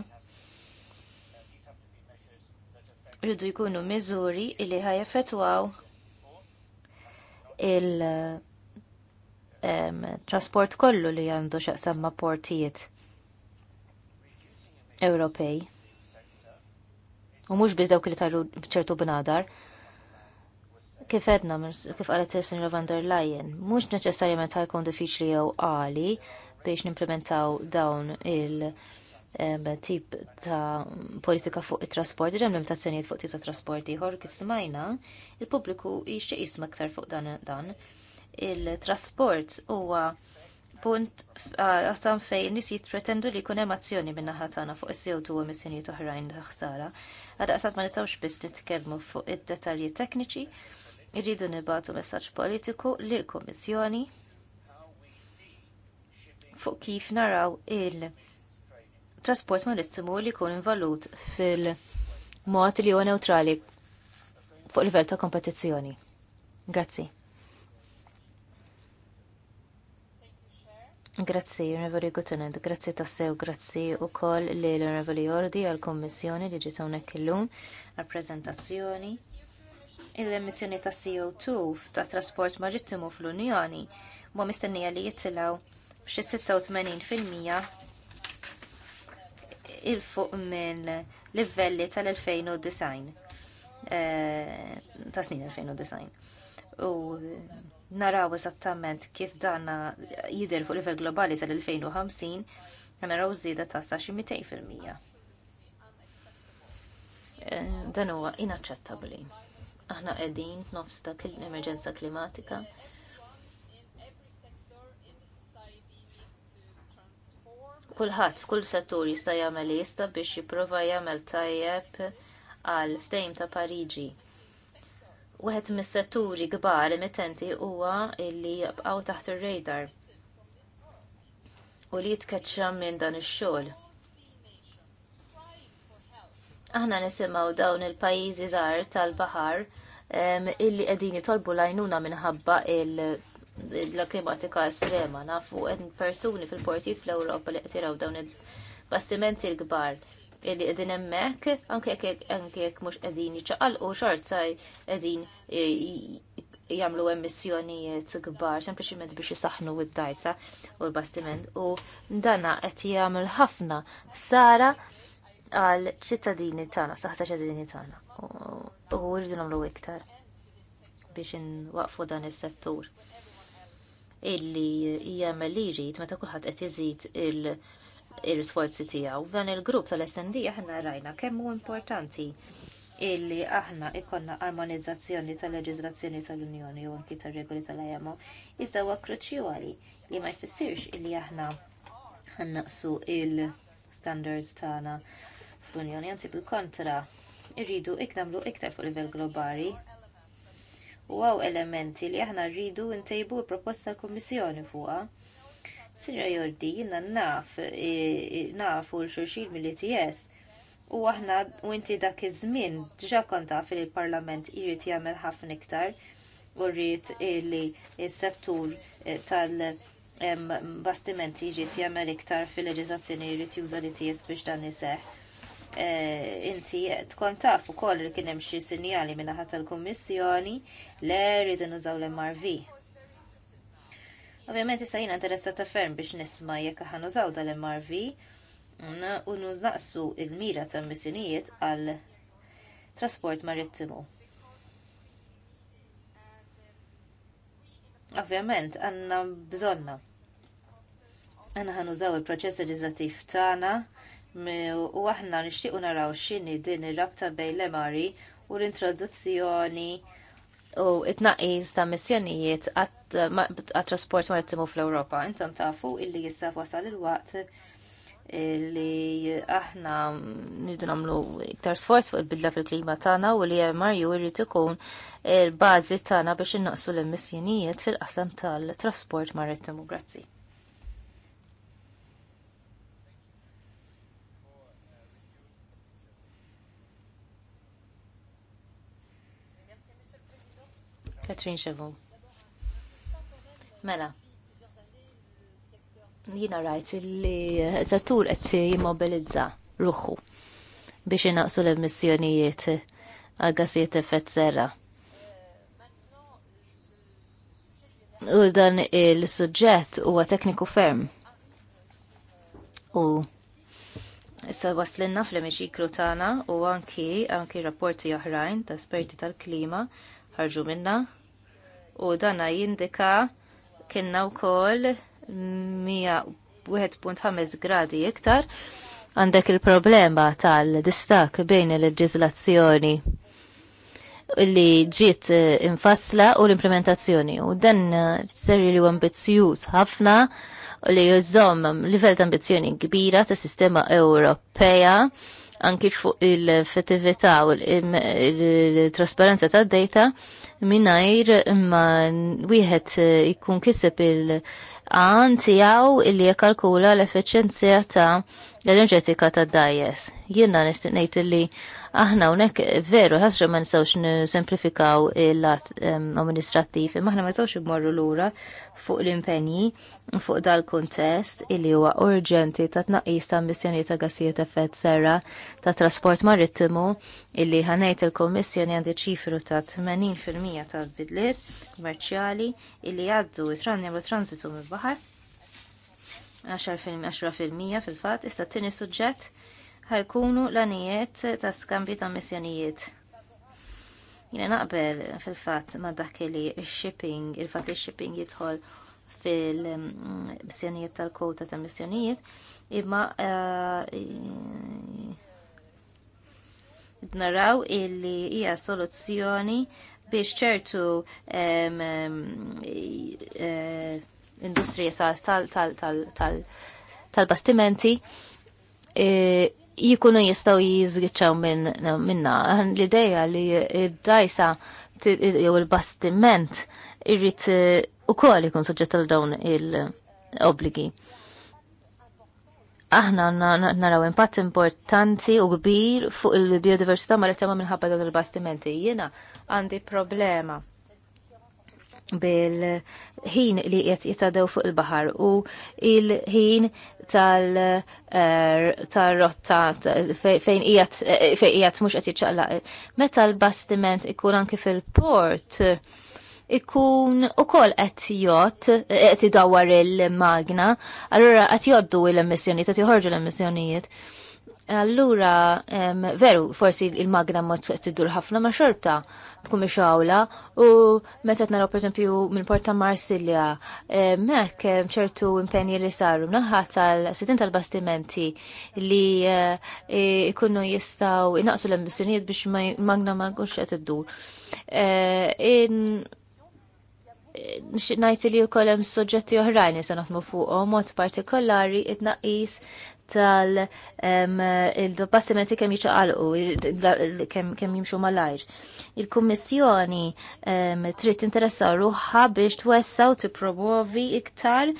rridu jkunu miżuri li ħajeffettwaw il-trasport kollu li għandu xaqsam ma' portijiet Ewropej. U mhux biss dawk li tarru bċertu bnadar. Kif edna, kif għalet il-Sinjora van der Leyen, mhux neċessarjament ħajkun diffiċli jew għali biex nimplementaw dawn il- tip ta' politika fuq it-trasport, ġem limitazzjonijiet fuq tip ta' trasport ieħor kif smajna, il-pubbliku jixtieq jisma' aktar fuq dan dan. Il-trasport huwa punt għasam fej nis jitpretendu li jkun hemm azzjoni ħatana naħa tagħna fuq is-CO2 uħrajn oħrajn ħsara. għasat ma nistgħux biss nitkellmu fuq id-detalji tekniċi, irridu nibatu messaġġ politiku li kummissjoni fuq kif naraw il- trasport marittimu li jkun involut fil-mod li huwa neutrali fuq livell ta' kompetizzjoni. Grazzi. Grazzi, Onorevoli Gutenend, grazzi tassew, grazzi u koll li l-Onorevoli Ordi għal-Kommissjoni li ġiet hawnhekk illum għal prezentazzjoni Il-emissjoni ta' CO2 ta' trasport marittimu fl-Unjoni ma' mistennija li jittilaw b'xi 86% il-fuq minn livelli tal-2009 eh, ta' snin 2009 u naraw eżattament kif danna jidher fuq livell globali tal-2050 naraw zida ta' sa' xi 200%. Eh, dan huwa inaċċettabbli. Aħna qegħdin nofs dak l-emerġenza klimatika kulħadd f'kull settur jista' jagħmel li jista' biex jipprova jagħmel tajjeb għal ftehim ta' Pariġi. Wieħed mis-setturi kbar emittenti huwa li jibqgħu taħt ir-radar u li jitkeċċa minn dan ix-xogħol aħna nisimgħu dawn il pajjiżi żgħar tal-baħar illi qegħdin jitolbu lajnuna minħabba il- la klimatika estrema nafu għedin persuni fil-portijiet fl-Ewropa li qed jaraw dawn il-bastimenti l-kbar li qegħdin hemmhekk anke jekk mhux qegħdin jiċċaqalqu xort saj qegħdin jagħmlu emissjonijiet kbar sempliċement biex isaħnu id-dajsa u l-bastiment u dana qed jagħmel ħafna sara għal ċittadini tagħna, saħta ċittadini tagħna. U rridu nagħmlu iktar biex nwaqfu dan is-settur illi jagħmel li jrid meta kulħadd qed iżid il-sforzi tiegħu. Dan il-grupp tal-SND aħna rajna kemm hu importanti illi aħna ikonna armonizzazzjoni tal-leġiżlazzjoni tal-Unjoni u anki tar-regoli tal emo iżda huwa kruċjali li ma jfissirx illi aħna ħannaqsu il-standards tagħna fl-Unjoni, anzi bil-kontra irridu iknamlu iktar fuq livell globali u għaw elementi li aħna rridu ntejbu proposta l kummissjoni fuqha. Sinja Jordi, jina naf, nafu l xulxin mill-ITS u aħna u inti dak iż-żmien diġà konta fil-Parlament irid jagħmel ħafna iktar u rrid li s-settur eh, tal- bastimenti jrid jagħmel iktar fil-leġiżazzjoni jrid juża li e ties biex dan iseħħ. Eh, inti tkun taf ukoll li kien hemm xi sinjali minn naħa tal-Kummissjoni le rridu nużaw l-MRV. Ovvjament issa jiena ta' ferm biex nisma' jekk ħan użaw dal-MRV u nuznaqsu il-mira ta' missinijiet għal trasport marittimu. Ovvjament għandna bżonna. Għanna ħanużaw il-proċess leġislattiv tagħna u aħna nixtiequ naraw x'inhi din ir-rabta bejn l-emari u l-introduzzjoni u it-naqis ta' missjonijiet għat-trasport marittimu fl-Ewropa. Intom tafu illi issa wasal il-waqt li aħna nridu nagħmlu iktar sforz fuq il-bidla fil-klima tagħna u li marju jrid ikun il-bażi tagħna biex innaqsu l-emissjonijiet fil-qasam tal-trasport marittimu. Grazzi. Katrin Chevon. Mela, jina rajt li tatur qed jimmobilizza ruħu biex inaqsu l-emissjonijiet għal gassijiet effett serra. U dan il-suġġett huwa tekniku ferm. U issa waslinna fl-emiċiklu tagħna u anki anki rapporti oħrajn ta' esperti tal-klima ħarġu minna u dana jindika kienna wkoll 101.5 gradi iktar għandek il-problema tal-distak bejn il-leġizlazzjoni li ġiet eh, infassla u l-implementazzjoni u dan eh, serri li ambizzjuż ħafna li jżomm livell ta' ambizzjoni kbira ta' sistema Ewropea anki fuq il-fettività u l-trasparenza ta' data minnajr ma wieħed eh, ikun kiseb il-għan tijaw illi jekalkula l-efficienzja ta' l-enerġetika ta' dajes. Jiena nistiqnejt illi aħna unek veru ħasra ma nistawx n-semplifikaw il-lat amministrattiv, imma aħna ma nistawx l lura fuq l-impenji fuq dal-kontest li huwa urġenti ta' tnaqis ta' missjoni ta' gassijiet effett serra ta' trasport marittimu illi ħanejt il-Kommissjoni għandi ċifru ta' 80% tal-bidliet il-li għaddu jitranni u transitu mill-baħar 10% fil-fat, issa t-tini suġġett ħajkunu l-anijiet ta' skambju ta' missjonijiet. Jina naqbel fil-fat ma' dakke li shipping, il-fat li shipping jidħol fil-missjonijiet tal-kota ta' missjonijiet, imma eh, naraw illi hija soluzzjoni biex ċertu eh, industrija tal-bastimenti eh, jikunu jistaw jizgħiċaw minna. L-ideja li id-dajsa jew il-bastiment irrit eh, u koll ikun soġġett għal dawn il-obligi. Aħna naraw impatt importanti u kbir fuq il-biodiversità ma tema minħabba dawn il-bastimenti. Jena għandi problema bil-ħin li qed jitadew fuq il-baħar u il-ħin tal-rotta eh, eh, fejn qiegħed mhux qed jiċċaqlaq. Meta l-bastiment ikun anki fil-port ikun u kol qed jott, qed idawwar il-magna, allura qed jgħoddu l-emissjonijiet, qed joħorġu l-emissjonijiet. l emissjonijiet Allura, veru, forsi il-magna ma t-tiddur ħafna ma xorta tkun xawla u meta t-naraw per esempio minn Porta Marsilja, mek ċertu impenji li saru mnaħat tal-sitin tal-bastimenti li e, e jistaw inaqsu l-emissjonijiet biex magna ma kunx qed iddur. E, Najti li u kolem soġġetti oħrajn se naħdmu fuqom, mod partikolari id naqis tal il-bastimenti kemm jiċaqalqu, kemm jimxu malajr. Il-Kummissjoni trid interessaw ruħħa biex twessaw tippromovi iktar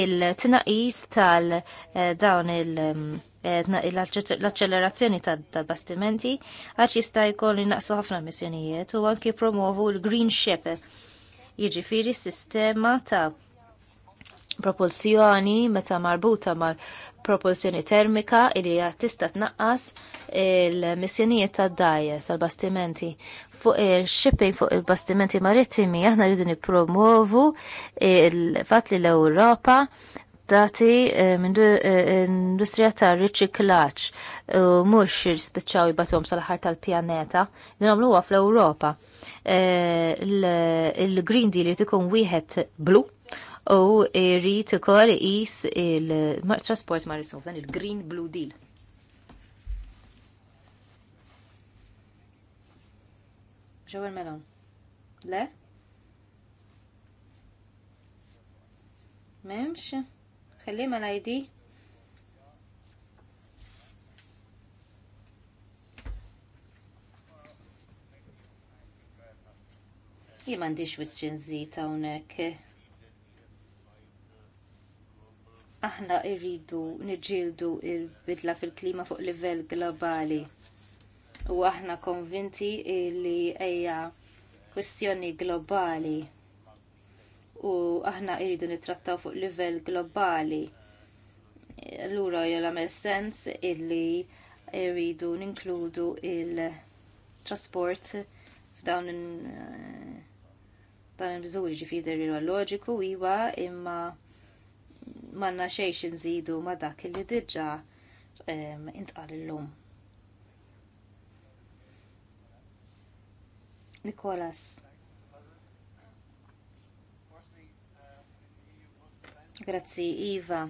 il-tnaqis tal-dawn eh, il- eh, l-accelerazzjoni tal-bastimenti għax jista' li naqsu ħafna missjonijiet u anki promovu l-Green Ship jiġifieri sistema ta' propulsjoni meta marbuta mal propulsjoni termika li tista tnaqqas il-missjonijiet ta' dajja sal-bastimenti. Fuq il-shipping, fuq il-bastimenti marittimi, aħna rridu nipromovu il-fat li l-Europa dati eh, eh, industrija ta' riċiklaċ, mux spiċċaw jibatom sal-ħar tal-pjaneta, din għamluwa fl europa eh, Il-Green Deal jtikun wieħed blu, u rrit ukoll is il-trasport ma' maritim dan il-Green Blue Deal. Ġew il melon. Le? Memx? Xelli ma' ID? Jien m'għandix wisċin zita hawnhekk. aħna irridu niġġieldu il-bidla fil-klima fuq livell globali. U aħna konvinti li hija kwestjoni globali. U aħna irridu nittrattaw fuq livell globali. Allura jgħamil sens illi irridu ninkludu il-trasport f'dawn eh, dan il-bżuri ġifider il-loġiku iwa imma manna xejx nżidu ma dak li diġa intqal illum. Nikolas. Grazzi, Iva.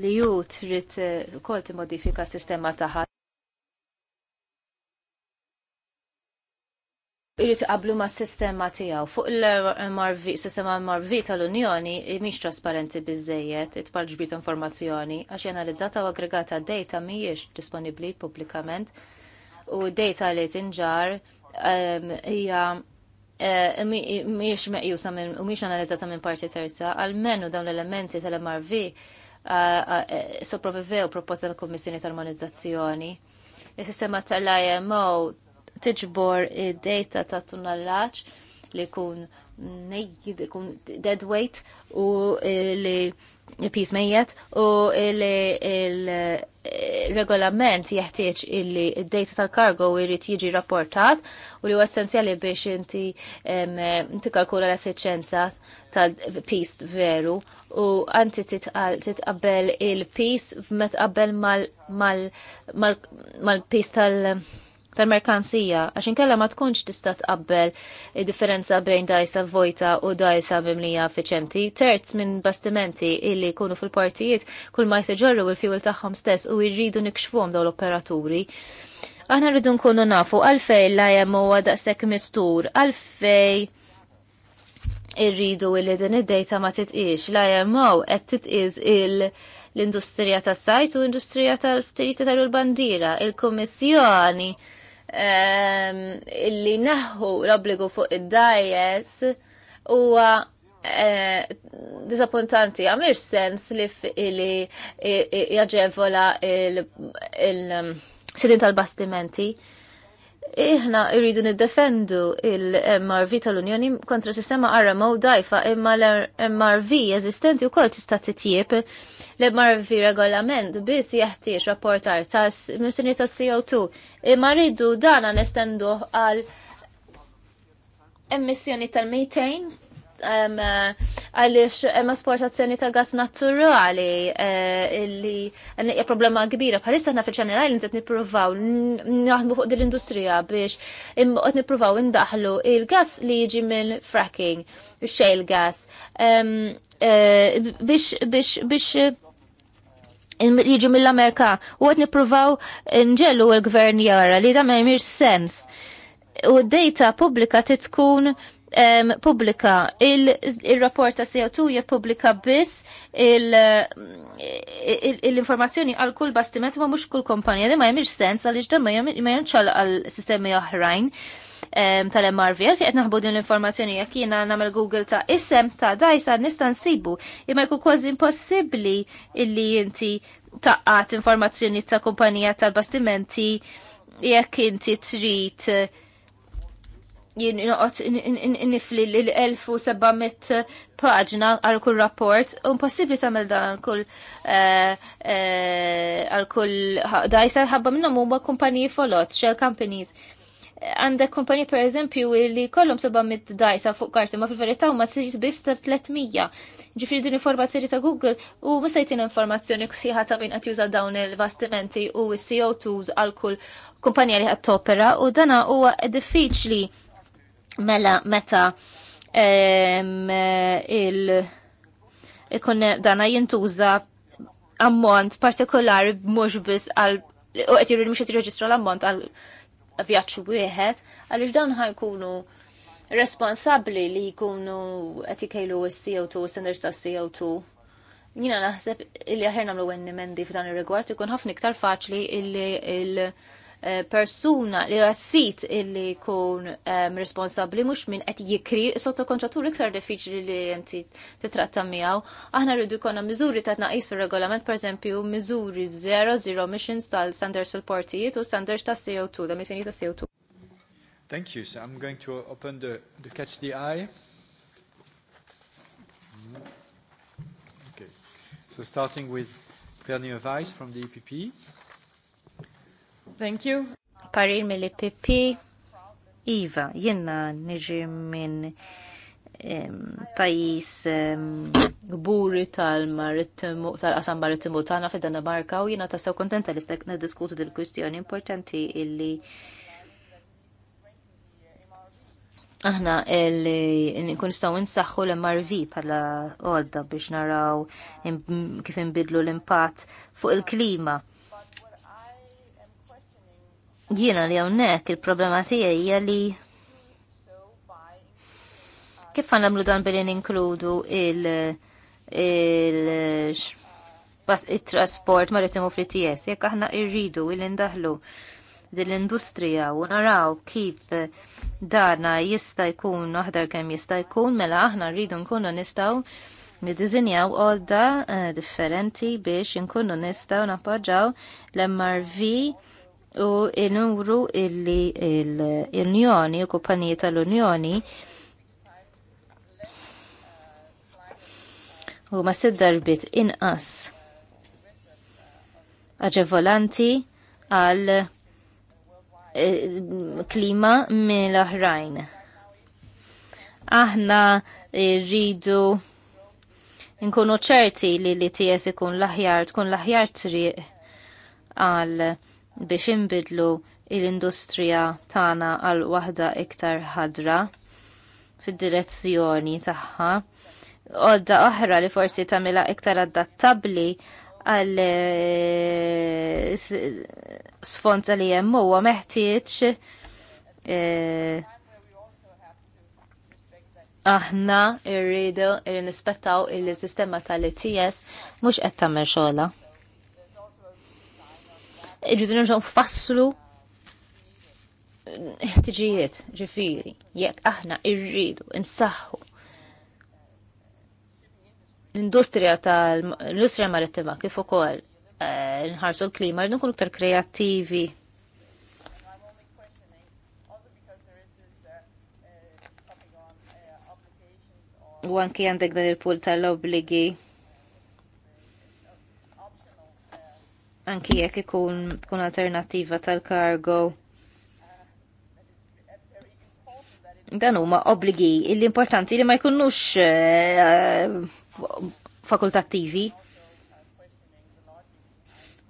Li ju trid eh, kol timodifika s sistema taħat irrit qablu ma' sistema tijaw. Fuq il-MRV, sistema MRV tal-Unjoni, miex trasparenti bizzejiet, itpal ġbit informazzjoni, għax analizzata u aggregata data miex disponibli publikament, u data li tinġar ehm, hija eh, miex meqjusa u miex analizzata minn parti terza, għal-menu dawn l-elementi tal-MRV eh, eh, sopravvivew proposta tal-Kommissjoni tal-Armonizzazzjoni. Il-sistema tal-IMO tiġbor id-data ta' tunnellaġġ li kun nejjid kun dead weight u li pis mejjet u li il-regolament eh, jeħtieġ illi id-data tal-kargo jrid jiġi rapportat u li huwa essenzjali biex inti tikalkula l-effiċenza tal-pis veru u anti titqabbel il-pis meta qabbel mal-pis tal- tal-merkanzija, għax inkella ma tkunx tista' tqabbel differenza bejn dajsa vojta u dajsa mimlija fiċenti. Terz minn bastimenti illi jkunu fil-partijiet kull ma jteġorru il-fiwil tagħhom stess u jridu nikxfuhom dawn l-operaturi. Aħna rridu nkunu nafu għalfej l-IMO huwa daqshekk mistur, għalfej irridu illi din id-dejta ma titqix, l imo qed titqiż il- l-industrija tas sajt u l-industrija tal-ftirita tal-bandira, il-kommissjoni illi neħu l-obbligu fuq id-dajes huwa eh, disappuntanti għamir sens li jaġevola il-sidin tal-bastimenti. Iħna irridu niddefendu il-MRV tal-Unjoni kontra sistema RMO dajfa imma l-MRV eżistenti u kol tista' titjib l-MRV regolament biss jeħtieġ rapportar tas emissjoni ta' CO2 imma rridu dana nestendu għal emissjoni tal-mejtejn Eh, għaliex hemm esportazzjoni ta' gas naturali eh, li hija problema kbira. Bħalissa aħna fil-Channel Islands qed nippruvaw naħdmu fuq din l-industrija biex qed nippruvaw indaħlu il-gas li jiġi minn fracking, shale gas, eh, biex biex jiġu mill-Amerika u għed nippruvaw nġellu l-gvern jara li da ma jmirx sens u data pubblika titkun um, publika. Il-rapport il ta' CO2 publika biss l-informazzjoni għal kull bastiment ma' mux kull kompanija. li ma' jemix sens għal iġda ma' jemix għal sistemi oħrajn um, tal-MRVL fi naħbu din l-informazzjoni jek jina namel Google ta' isem ta' dajsa nista' nsibu. Imma jkun kważi impossibbli illi inti taqqat informazzjoni ta' kumpanija tal-bastimenti jekk inti trid jien nifli l-1700 eh, paġna għal kull rapport, un possibli tamel dan għal kull eh, eh, għal kull dajsa ħabba minnom huma kumpaniji folot, shell companies. Għandek kumpaniji per eżempju li kollum 700 dajsa fuq karti ma fil-verità huma siġit biss ta' 300. Ġifri din informazzjoni ta' Google u ma sejtin informazzjoni kusieħa ta' min qed juża dawn il vastimenti u s-CO2s għal kull kumpanija li ħadd topera u dana huwa diffiċli mela meta il ikun dana jintuża ammont partikolari mhux biss għal u qed jiridu mhux qed jirreġistra l-ammont għal vjaġġ wieħed għaliex dan ħajkunu responsabbli li jkunu qed ikejlu s-CO2 standards ta' CO2 jina naħseb illi aħjar namlu mendi f'dan ir-rigward ikun ħafna iktar faċli illi l- il Eh, persuna li għassit illi kun um, responsabli mux minn qed jikri sotto kontratur iktar diffiċli li jenti titratta miaw Aħna rridu konna mizuri ta' naqis fir-regolament per pereżempju mizuri zero zero emissions tal-standards fil-portijiet u standards ta' CO2, da' misjoni ta' CO2. Thank you. So I'm going to open the, the catch the eye. Mm-hmm. Okay. So starting with Bernie Weiss from the EPP. Thank you. Parir mill-PP. Iva, jenna niġi minn pajis gburi tal-marittimu, tal-qasam maritimu tagħna fi Danimarka u jiena tassew kontenta li stek diskutu dil-kwistjoni importanti illi aħna li nkun staw nsaħħu l-MRV bħala għodda biex naraw kif inbidlu l-impatt fuq il-klima Jiena li hawnhekk il-problema tiegħi hija li kif għanamlu dan billi ninkludu il- il- il-trasport maritimu fl-ITS, jekk aħna irridu il-indaħlu dil-industrija u naraw kif darna jista' jkun aħdar kemm jista' jkun, mela aħna rridu nkunu nistgħu nidizinjaw għodda eh, differenti biex nkunu nistgħu nappoġġaw l-MRV u inuru illi l-Unjoni, l kumpanija tal-Unjoni u ma darbit inqas aġevolanti għal eh, klima mill-oħrajn. Aħna rridu nkunu ċerti li li tijes ikun l-aħjar, tkun l-aħjar triq għal biex inbidlu l-industrija tagħna għal waħda iktar ħadra fid-direzzjoni tagħha. Għodda oħra li forsi tagħmilha iktar adattabbli għal eh, sfond li hemm huwa meħtieġ eh, aħna irridu irrispettaw il-sistema tal its mhux qed tagħmel xogħla ġidu nerġaw nfasslu ħtiġijiet ġifiri, jek aħna irridu, insaħħu. L-industrija tal-industrija marittima kif ukoll eh, nħarsu l-klima, rridu nkunu ktar kreativi, U anki għandek dan il-pull tal-obligi anki jekk ikun tkun alternattiva tal-kargo. Dan huma obbligi l-importanti li ma jkunux eh, fakultattivi.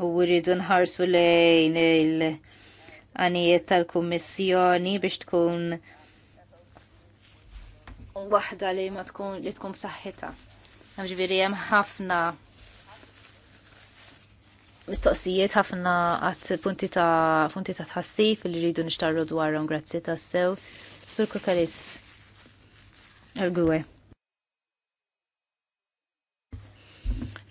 U rridu nħarsu lejn il-għanijiet tal-kummissjoni biex tkun waħda li ma tkun li tkun b'saħħitha. Ġifieri hemm ħafna mistoqsijiet ħafna għat punti ta' punti ta' tħassif li rridu nixtarru dwarhom grazzi ta' sew. Sur Kukalis, għal-gwe.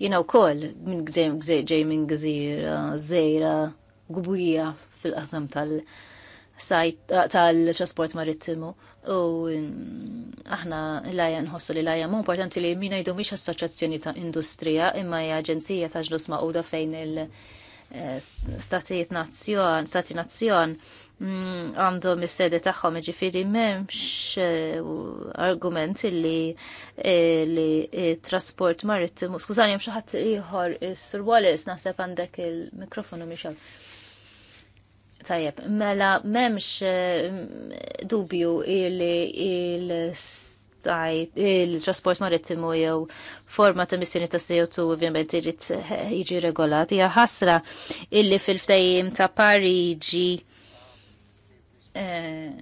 Jina u kol, minn gżej minn gżira, zejra, eh, gubija fil-qasam tal- sajt tal-trasport marittimu u mm, aħna lajja nħossu li lajja mu importanti li mina jdu miex assoċazzjoni ta' industrija imma hija aġenzija ta' ġlus maquda fejn il- eh, stati nazzjon, stati nazzjon mm, għandhom is-sede tagħhom iġifieri m'hemmx eh, argument li eh, trasport marittimu. Skużani hemm xi ħadd ieħor is-Sur Wallace naħseb għandek il-mikrofonu mhix Tajjeb, mela memx eh, dubju il-trasport il marittimu jew forma ta' missjoni ta' CO2 ovvjament irid eh, jiġi regolat hija ħasra illi fil-ftehim ta' Pariġi eh,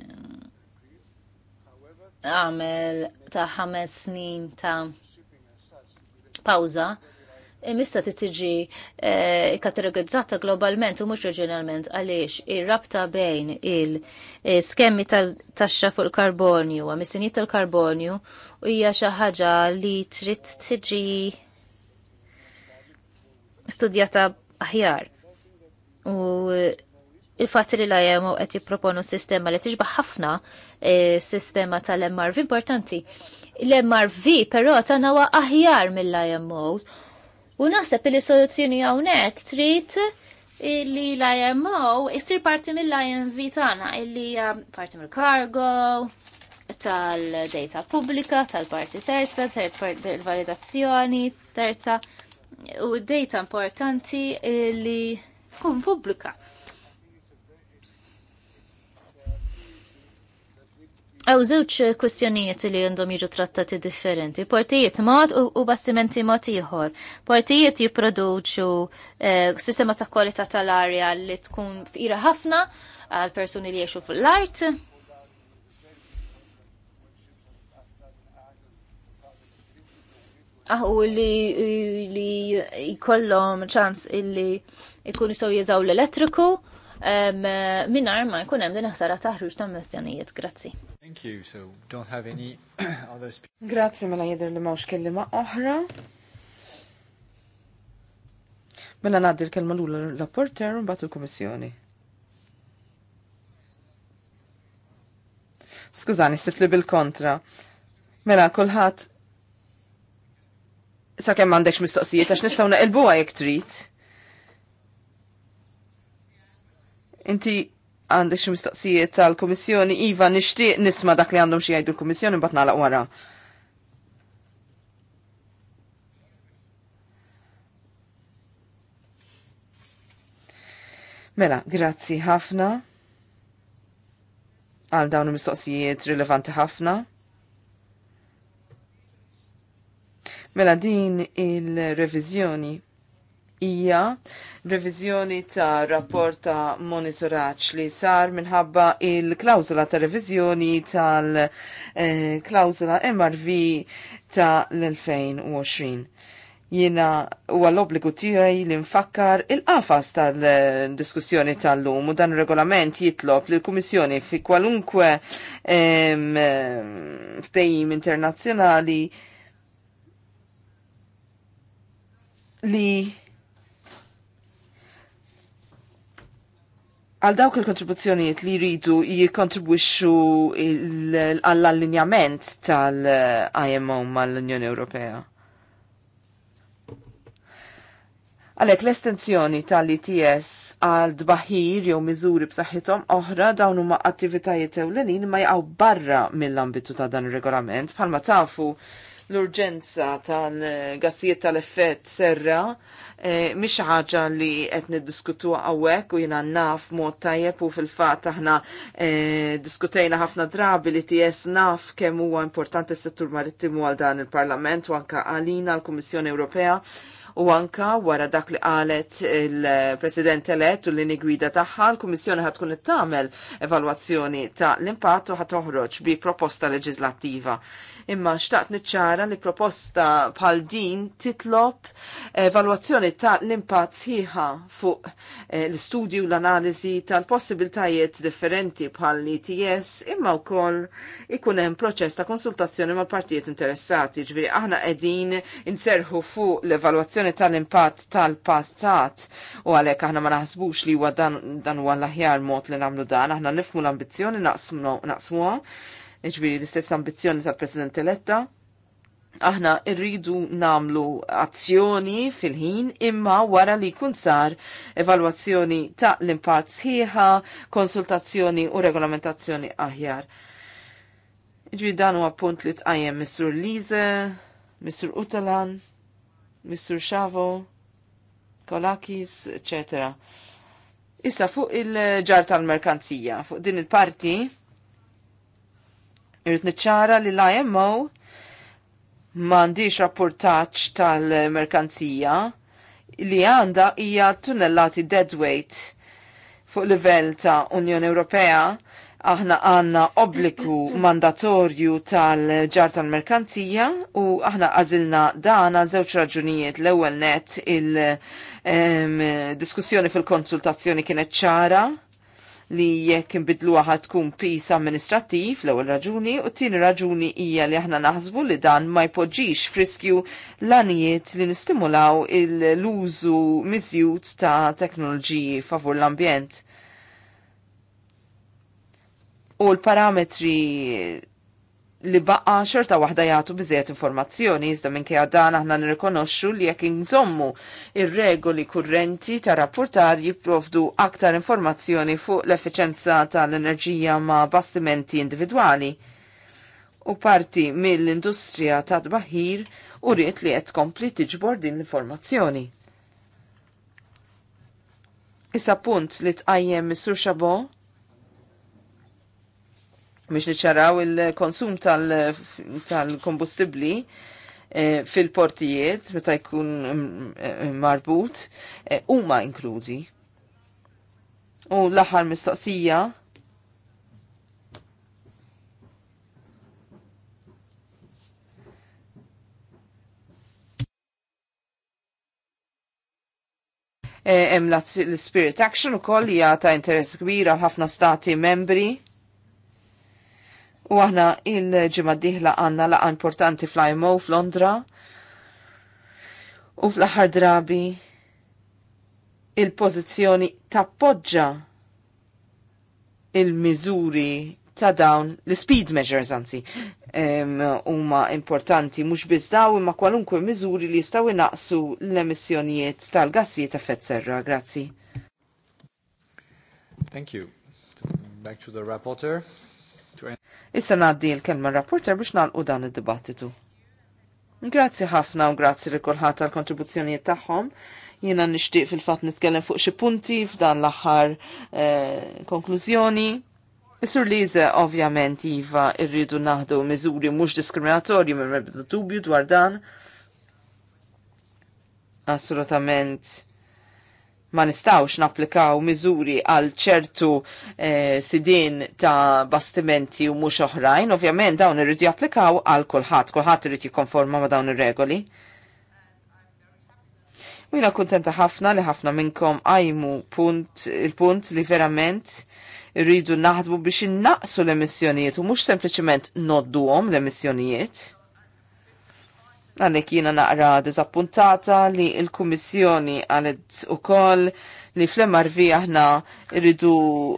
għamel ta' ħames snin ta' pawza E, mista tiġi e, kategorizzata globalment u mhux reġionalment għaliex il rabta e, bejn il-skemmi tal-taxxa fuq il-karbonju u tal-karbonju hija xi ħaġa li trid tiġi studjata aħjar. U il-fatt li l u qed jipproponu sistema li tiġba ħafna sistema tal-MRV importanti. L-MRV però tanawa aħjar mill-IMO U naħseb li soluzzjoni hawnhekk trid li l-IMO issir parti mill-IMV tagħna illi hija parti mill-cargo, tal-data pubblika, tal-parti terza, tal-validazzjoni terza u d-data importanti li tkun pubblika. Għaw zewċ kustjonijiet li għandhom jiġu trattati differenti. Partijiet mod u, bastimenti mod ieħor. Partijiet jipproduċu eh, sistema ta' kwalità tal-arja li tkun f'ira ħafna għal persuni li jiexu fl-art. Ah, u li, li jkollhom ċans illi jkun jistgħu jeżaw l-elettriku Eh, minna ma jkun hemm din ħsara taħruġ ta' messjonijiet. Grazzi. Thank you, so don't have any other Grazzi mela jidher li mawx kellima oħra. Mela ngħaddi l-kelma lula l-rapporter u mbagħad il-Kummissjoni. Skużani, sifli bil-kontra. Mela kulħadd sa kemm m'għandekx mistoqsijiet għax nistgħu naqilbuha jekk trid. Inti għandi xi mistoqsijiet tal-Kummissjoni, Iva nixtieq nisma' dak li għandhom xi jgħidu l-Kummissjoni mbagħad nagħlaq wara. Mela, grazzi ħafna għal dawn il-mistoqsijiet rilevanti ħafna. Mela din il-reviżjoni hija reviżjoni ta' rapport ta' li sar minħabba il-klawzula ta' revizjoni tal-klawzula eh, MRV ta' l-2020. Jiena u għall-obligu tiegħi li nfakkar il-qafas tal-diskussjoni tal-lum u dan regolament jitlob li l-Kummissjoni fi kwalunkwe ftehim internazzjonali li għal dawk il-kontribuzzjonijiet li jridu jikontribwixxu għall-allinjament tal-IMO mal-Unjoni Ewropea. Għalek l-estenzjoni tal-ITS għal dbaħir jew miżuri b'saħħithom oħra dawn huma attivitajiet ewlenin ma jaqgħu barra mill-ambitu ta' dan ir-regolament bħalma tafu l-urġenza tal-gassijiet tal-effett serra E, eh, mish ħaġa li qed niddiskutu għawek u jina naf mod tajjeb u fil-fatt aħna e, diskutejna ħafna drabi li ties naf kemm huwa importanti s-settur marittimu għal dan il-Parlament u anka għalina l-Kummissjoni Ewropea U anka wara dak li qalet il-President elett u l-lini gwida tagħha, l-Kummissjoni ħad tkun tagħmel evalwazzjoni ta' l-impatt u ħat toħroġ bi proposta leġislattiva. Imma xtaqt niċċara li proposta bħal din titlob evalwazzjoni ta' l-impatt sħiħa fuq eh, l-studju l-analiżi tal-possibiltajiet differenti bħal l-ITS imma wkoll ikun hemm proċess ta' konsultazzjoni mal-partijiet interessati. ġviri aħna qegħdin inserħu fuq l-evalwazzjoni l tal-impatt tal-passat u għalhekk aħna ma naħsbux li huwa dan huwa l-aħjar mod li nagħmlu dan, aħna nifmu l-ambizzjoni naqsmuha, iġbiri l-istess ambizzjoni tal-President eletta. Aħna rridu namlu azzjoni fil-ħin imma wara li kun sar evalwazzjoni ta' l-impatt sħiħa, konsultazzjoni u regolamentazzjoni aħjar. Ġi dan huwa punt li tqajjem Mr. Lize, Mr. Utalan, Mr. Xavo, Kolakis, etc. Issa fuq il-ġar tal-merkanzija, fuq din il-parti, irrit niċċara li l-IMO mandiġ rapportaċ tal-merkanzija li għanda hija tunnellati deadweight fuq livell ta' Unjoni Ewropea aħna għanna obbliku mandatorju tal-ġar tal-merkanzija u aħna għazilna dana zewċ raġunijiet l ewwel net il-diskussjoni fil-konsultazzjoni kienet ċara li jekk nbidluha ħad tkun pis amministrattiv l-ewwel raġuni u t-tieni raġuni hija li aħna naħsbu li dan ma jpoġġix friskju l-anijiet li nistimulaw l-użu mizjut ta' teknoloġiji favur l-ambjent u l-parametri li baqa xorta waħda jagħtu bizziet informazzjoni iżda kja dan aħna nirrikonoxxu li jekk inżommu ir-regoli kurrenti ta' rapportar jipprovdu aktar informazzjoni fuq l-effiċenza tal-enerġija ma' bastimenti individwali. U parti mill-industrija ta' tbaħir u rrit li qed tkompli tiġbor din l-informazzjoni. Issa punt li tqajjem Mr. Chabot biex niċċaraw il-konsum tal-kombustibli tal kombustibli eh, fil portijiet meta jkun mm, mm, marbut eh, huma inklużi. U l-aħħar mistoqsija eh, hemm l-Spirit Action ukoll hija ta' interess kbir għal ħafna stati membri U aħna il-ġimma diħla għanna laqa importanti fl-IMO fl-Londra. U fl-aħħar drabi il-pozizjoni tappoġġa il-miżuri ta' dawn l-speed measures anzi huma importanti mhux biss daw imma kwalunkwe miżuri li jistgħu naqsu l-emissjonijiet tal-gassijiet effett serra. Grazzi. Thank you. Back to the rapporteur. Issa naddi l-kelma rapporter biex nalqu dan id-dibattitu. Grazzi ħafna u grazzi li kulħadd tal kontribuzzjonijiet tagħhom. Jiena nixtieq fil-fatt nitkellem fuq xi punti f'dan l-aħħar eh, konklużjoni. Isur Lize, ovvjament, Iva, irridu naħdu miżuri mhux diskriminatorji minn rebdu dubju dwar dan. Assolutament ma nistawx napplikaw miżuri għal ċertu eh, sidin ta' bastimenti u mhux oħrajn, ovvjament dawn irridu japplikaw għal kulħadd, kulħadd irid jikkonforma ma' dawn ir-regoli. U kuntenta ħafna li ħafna minnkom għajmu punt, il-punt li verament irridu naħdbu biex innaqsu l-emissjonijiet u mhux sempliċement nodduhom l-emissjonijiet. Għalek jina naqra dizappuntata li il-Kummissjoni għalet u koll li fl vi aħna rridu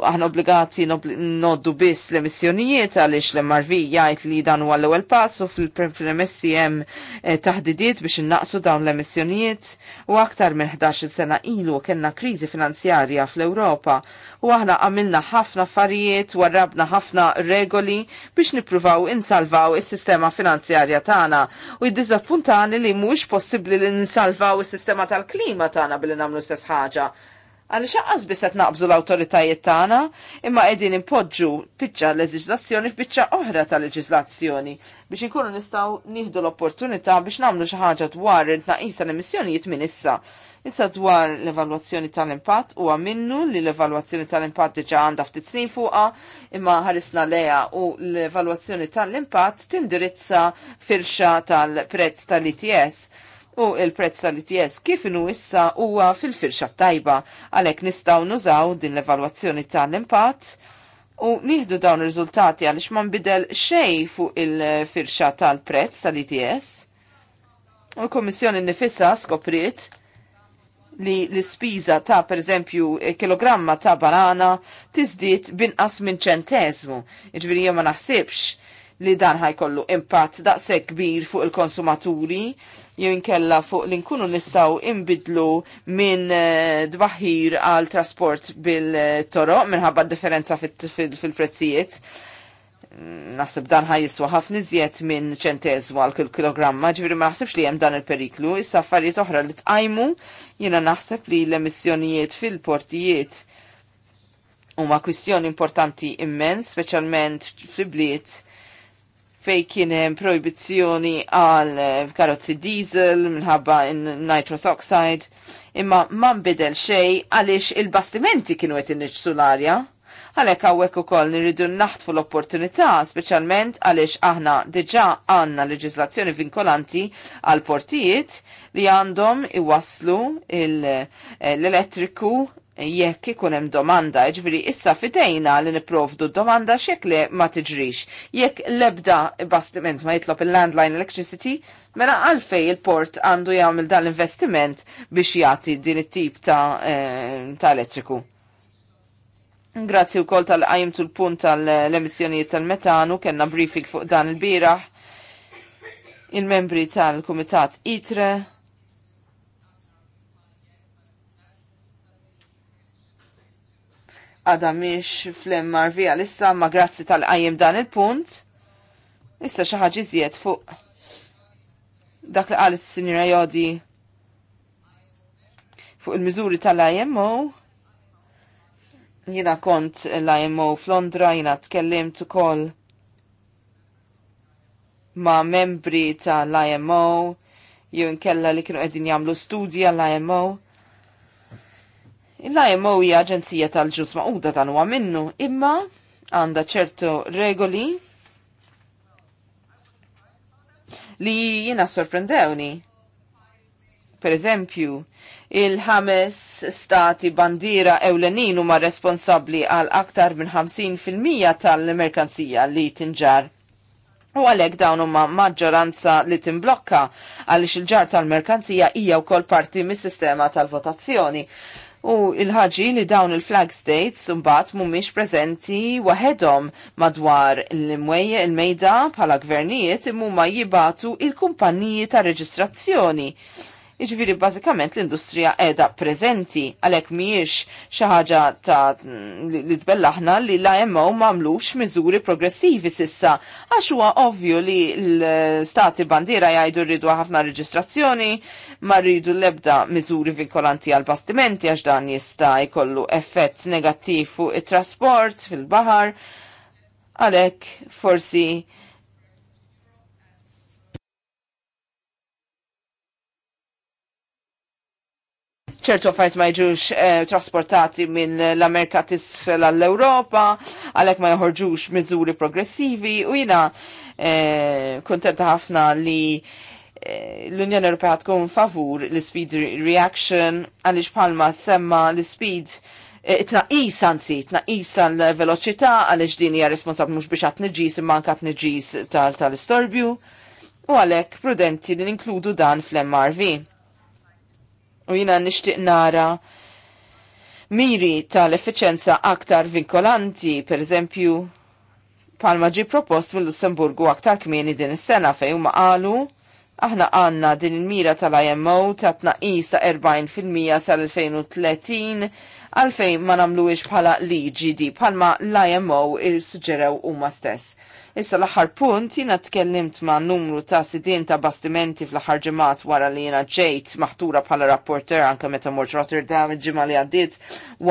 aħna obbligati noddu biss l-emissjonijiet għaliex l vi jgħid li dan huwa l-ewwel pass u fil-premessi hemm eh, taħdidiet biex innaqsu dawn l-emissjonijiet u aktar minn 11 sena ilu kellna kriżi finanzjarja fl-Ewropa u aħna għamilna ħafna affarijiet warrabna ħafna regoli biex nippruvaw insalvaw is-sistema finanzjarja tagħna u jiddiżappuntani li mhuwiex possibbli li nsalvaw is-sistema tal-klima tagħna billi nagħmlu stess ħaġa Għaliex xaqqas biss qed naqbżu l-awtoritajiet tagħna, imma qegħdin impoġġu biċċa leġiżlazzjoni f'biċċa oħra ta' leġiżlazzjoni biex inkunu nistgħu nieħdu l-opportunità biex nagħmlu xi ħaġa dwar it-tnaqqis tal-emissjonijiet minn issa. Issa dwar l-evalwazzjoni tal-impatt huwa minnu li l-evalwazzjoni tal-impatt diġà għandha ftit snin fuqha, imma ħarisna leja u l-evalwazzjoni tal-impatt tindirizza firxa tal-prezz tal-ITS u il-prezz tal-ITS kif inu issa huwa fil-firxa tajba għalhekk nistgħu nużaw din l-evalwazzjoni tal-impatt u nieħdu dawn ir-riżultati għaliex ma nbidel xejn fuq il-firxa tal-prezz tal-ITS. U l-Kommissjoni nifissa skopriet li l-ispiża ta' pereżempju e, kilogramma ta' banana tiżdied binqas minn ċentesmu. Jiġifieri ma naħsibx li dan ħajkollu impatt daqshekk kbir fuq il-konsumaturi jew inkella fuq li nkunu nistaw imbidlu minn eh, dbaħir għal trasport bil-toro minħabba differenza fil-prezzijiet. Mm, Nasib dan ħajiswa ħafna iżjed minn ċentez għal kull kilogramma, ġifiri ma naħsibx li hemm dan il-periklu, issa affarijiet oħra li tqajmu jiena naħseb li l-emissjonijiet fil-portijiet huma kwistjoni importanti immens, speċjalment fil-bliet fej kien hemm proibizzjoni għal karozzi diesel minħabba nitrous oxide, imma ma nbidel xej għaliex il-bastimenti kienu qed inniġsu l-arja. Għalhekk hawnhekk ukoll nirridu naħtfu l-opportunità speċjalment għaliex aħna diġà għandna leġiżlazzjoni vinkolanti għal portijiet li għandhom iwasslu eh, l-elettriku jekk ikun hemm domanda, ġifieri issa fidejna li nipprovdu domanda xekle ma tiġrix. Jekk l-ebda bastiment ma jitlob il-landline electricity, mela għalfej il-port għandu jagħmel dan l-investiment biex jagħti din it-tip ta', eh, ta elettriku. Grazzi u tal-qajmtu l-punt tal-emissjonijiet tal-metanu, kena briefing fuq dan il-biraħ, il-membri tal-Kumitat ITRE, għada miex fl-MRV għalissa ma grazzi tal-qajjem dan il-punt. Issa xaħġi zjed fuq dak li għalet s-sinjura jodi fuq il-mizuri tal-IMO. Jina kont l-IMO f'Londra, jina tkellimt ukoll ma' membri tal-IMO, jew kella li kienu qegħdin jagħmlu studi għall imo Il-IMO hija aġenzija tal-ġus maquda dan huwa minnu, imma għandha ċertu regoli li jiena sorprendewni. Per eżempju, il-ħames stati bandira ewlenin huma responsabbli għal aktar minn 50% tal-merkanzija li tinġar. U għalek dawn huma maġġoranza li timblokka għaliex il-ġar tal-merkanzija hija wkoll parti mis-sistema tal-votazzjoni. U il-ħaġi li dawn il-flag states mbagħad mhumiex preżenti waħedhom madwar l imwejje il-mejda bħala gvernijiet imma jibatu il-kumpaniji ta' reġistrazzjoni Iġviri bażikament l-industrija edha prezenti, għalhekk mhijiex xi ħaġa ta' li tbellaħna li la MO m'amlux miżuri progressivi sissa għax huwa ovvju li l-stati bandiera jgħidu rridu ħafna reġistrazzjoni, ma rridu l-ebda miżuri vinkolanti għal bastimenti għax dan jista' jkollu effett negattiv fuq it-trasport fil-baħar. Għalhekk forsi ċertu affarijiet ma jiġux eh, trasportati minn l-Amerika tisfel għall-Ewropa, għalhekk ma joħorġux miżuri progressivi u jiena eh, kuntenta ħafna li eh, l-Unjoni Ewropea tkun favur l-speed reaction għaliex bħalma semma l-speed eh, tnaqis anzi, tnaqis tal-veloċità għaliex din hija responsabbli mhux biex għat-tniġis imma anke għat-tniġis tal-istorbju. u għalhekk prudenti li ninkludu dan fl-MRV U jina nishtiq nara miri tal-effiċenza aktar vinkolanti, per eżempju, palma ġi propost mill-Lussemburgu aktar kmieni din is-sena fejn huma qalu aħna għanna din il-mira tal-IMO ta' tnaqis ta' 40% sal-2030 għalfejn ma namluwix bħala liġi di bħalma l-IMO il-suġġeraw huma stess. Issa l-aħħar punt jiena tkellimt ma' numru ta' sidin ta' bastimenti fl-aħħar ġimgħat wara li jiena ġejt maħtura bħala rapporter anke meta mort Rotterdam il-ġimgħa li għaddiet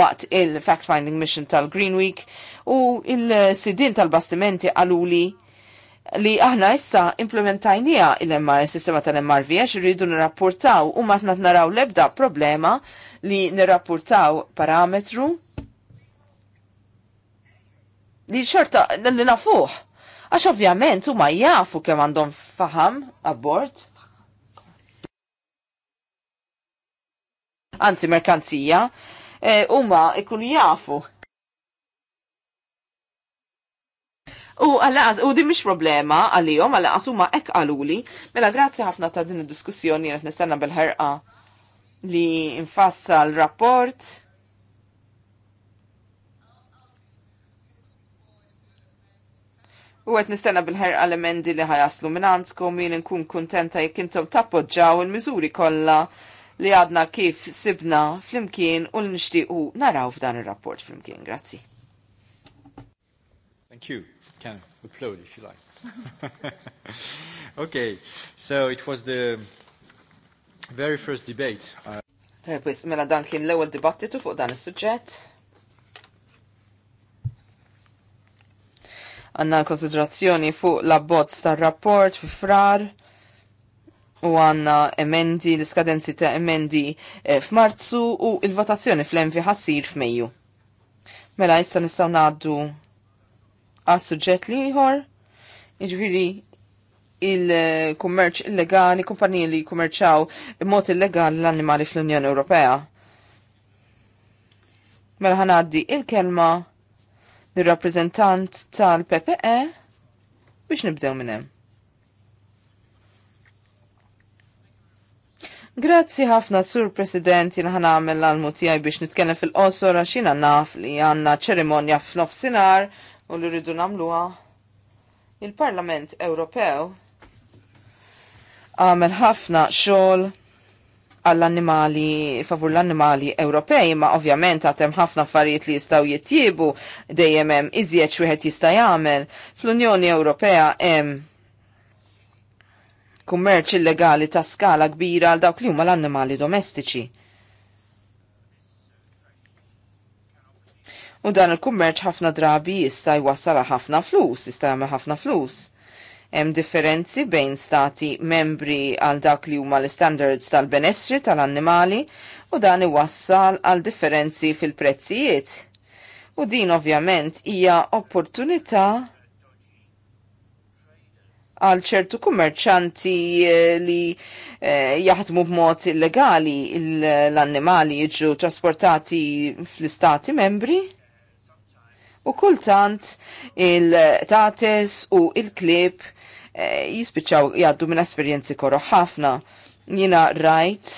waqt il-fact-finding mission tal-Green Week u il-sidin tal-bastimenti għaluli li aħna issa implementajnija il-MR, sistema tal mrvx għax rridu nirrapportaw u maħna naraw lebda problema li nirrapportaw parametru li xorta li nafuħ. Għax ovvjament huma jafu kemm għandhom faham abbord. Anzi merkanzija, e, huma e, ikun jafu. U għallaqas, u din mish problema għal-jom, għallaqas u ma ek għaluli, mela grazzi ħafna ta' din il-diskussjoni għet nistanna bil-ħerqa li infassa l-rapport. U għet nistenna bil ħer għal emendi li ħajaslu minn għandkom jien nkun kontenta jekk intom tappoġġaw il-miżuri kollha li għadna kif sibna flimkien u l-nishtiqu naraw f'dan il-rapport flimkien. Grazzi. Thank you. Can applaud if you like. okay, so it was the very first debate. Uh, Tajb, mela dan kien l ewel dibattitu fuq dan il-sujġet. għanna l-konsiderazzjoni fuq l-abbozz tar-rapport fi frar u għanna emendi, l-skadenzi ta' emendi eh, f'Marzu u il-votazzjoni fl-envi ħassir f'Mejju. Mela issa nistaw naddu għas suġġett liħor, iġviri il-kummerċ illegali, kumpaniji li kummerċaw mod illegali l-annimali fl-Unjoni Ewropea. Mela ħanaddi il-kelma l-rappresentant tal-PPE biex nibdew minn hemm. Grazzi ħafna, Sur President, jina ħana għamil għal-mutijaj biex nitkellem fil-qosor għax jina naf li għanna ċerimonja sinar u li rridu namluha. Il-Parlament Ewropew għamil ħafna xogħol għall-annimali, favur l-annimali Ewropej, ma ovvjament għatem ħafna affarijiet li jistaw jittjibu, dejjem hemm iżjed xwieħed jista' jagħmel. Fl-Unjoni Ewropea hemm kummerċ illegali ta' skala kbira għal dawk li huma l-annimali domestiċi. U dan il-kummerċ ħafna drabi jista' jwassal ħafna flus, jista' jagħmel ħafna flus. Hemm differenzi bejn stati membri għal dak li huma l-standards tal-benessri tal-annimali u dan iwassal għal differenzi fil-prezzijiet. U din ovvjament hija opportunità għal ċertu kummerċanti eh, li eh, jaħdmu b'mod illegali l-annimali jiġu trasportati fl-istati membri. U kultant il-tates u il-klib Eh, jispiċaw jaddu minn esperjenzi koro ħafna. Jina rajt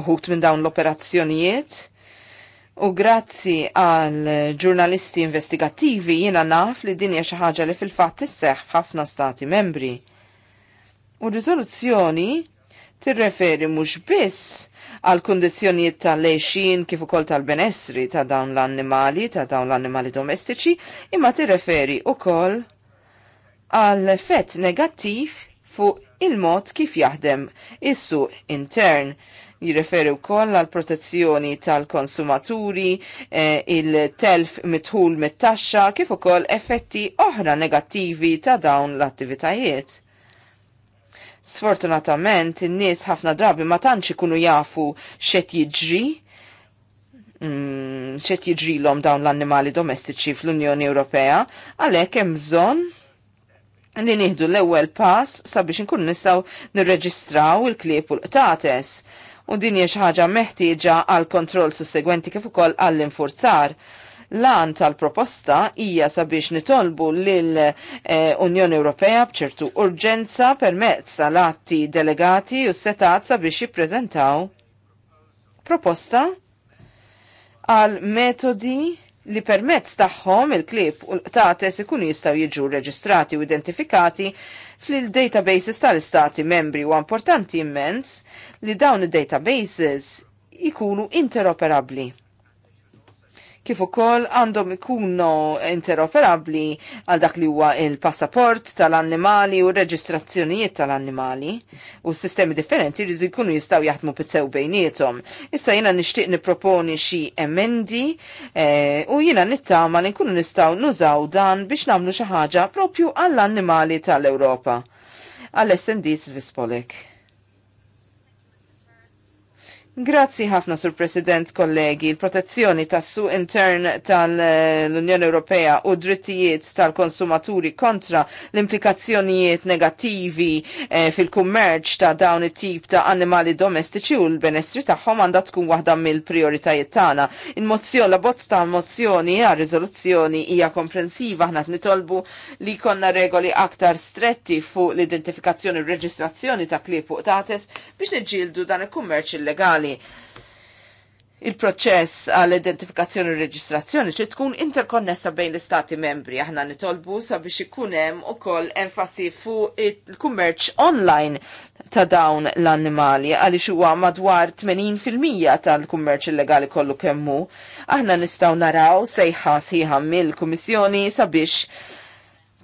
uħut minn dawn l-operazzjonijiet u grazzi għal ġurnalisti investigativi jina naf li dinja xaħġa li fil-fat tisseħ f'ħafna stati membri. U rizoluzzjoni tirreferi mhux biss għal kundizzjonijiet tal-lejxin kif ukoll tal-benessri ta' dawn l-annimali, ta' dawn l-annimali domestiċi, imma tirreferi ukoll għal effett negattiv fuq il-mod kif jaħdem is-suq intern jirreferi wkoll għal protezzjoni tal-konsumaturi, eh, il-telf mitħul mit-taxxa, kif ukoll effetti oħra negattivi ta' dawn l-attivitajiet. Sfortunatament, in-nies ħafna drabi ma tantx ikunu jafu xet jiġri mm, jiġrilhom dawn l-annimali domestiċi fl-Unjoni Ewropea, għalhekk hemm bżonn li nieħdu l-ewwel pass sabiex inkunu nistgħu nirreġistraw il-klieb u l-qtates. U din hija xi ħaġa meħtieġa għal kontroll sussegwenti kif ukoll għall-infurzar. Lan tal-proposta hija sabiex nitolbu lill eh, Unjoni Ewropea bċertu urġenza permezz tal-atti delegati u setat sabiex jippreżentaw proposta għal metodi li permezz tagħhom il-klib u l-qtates ikunu jistgħu jiġu reġistrati u identifikati fil-databases tal-istati membri u importanti immens li dawn id-databases ikunu interoperabbli kif ukoll għandhom ikunu interoperabbli għal dak li huwa il-passaport tal-annimali u reġistrazzjonijiet tal-annimali u sistemi differenti jridu jkunu jistgħu jaħdmu pizzew bejniethom. Issa jiena nixtieq nipproponi xi emendi e, u jiena nittama li nkunu nistgħu nużaw dan biex nagħmlu xi ħaġa propju għall-annimali tal-Ewropa. għal snd Svispolek. Grazzi ħafna sur President kollegi, il-protezzjoni tas su intern tal-Unjoni Ewropea u drittijiet tal-konsumaturi kontra l-implikazzjonijiet negativi eh, fil-kummerċ ta' dawn it-tip ta' animali domestiċi u l ta' tagħhom għandha tkun waħda mill-prioritajiet tagħna. il mozzjon la bozz ta' mozzjoni għal riżoluzzjoni hija komprensiva aħna nitolbu li konna regoli aktar stretti fuq l-identifikazzjoni u r reġistrazzjoni ta' u ta' biex niġġieldu dan il-kummerċ illegali nazzjonali il-proċess għall identifikazzjoni u reġistrazzjoni li tkun interkonnessa bejn l-istati membri. Aħna nitolbu sabiex ikun hemm ukoll enfasi fuq il-kummerċ online ta' dawn l-annimali għaliex huwa madwar 80% tal-kummerċ illegali kollu kemmu. Aħna nistgħu naraw sejħa sħiħa mill-Kummissjoni sabiex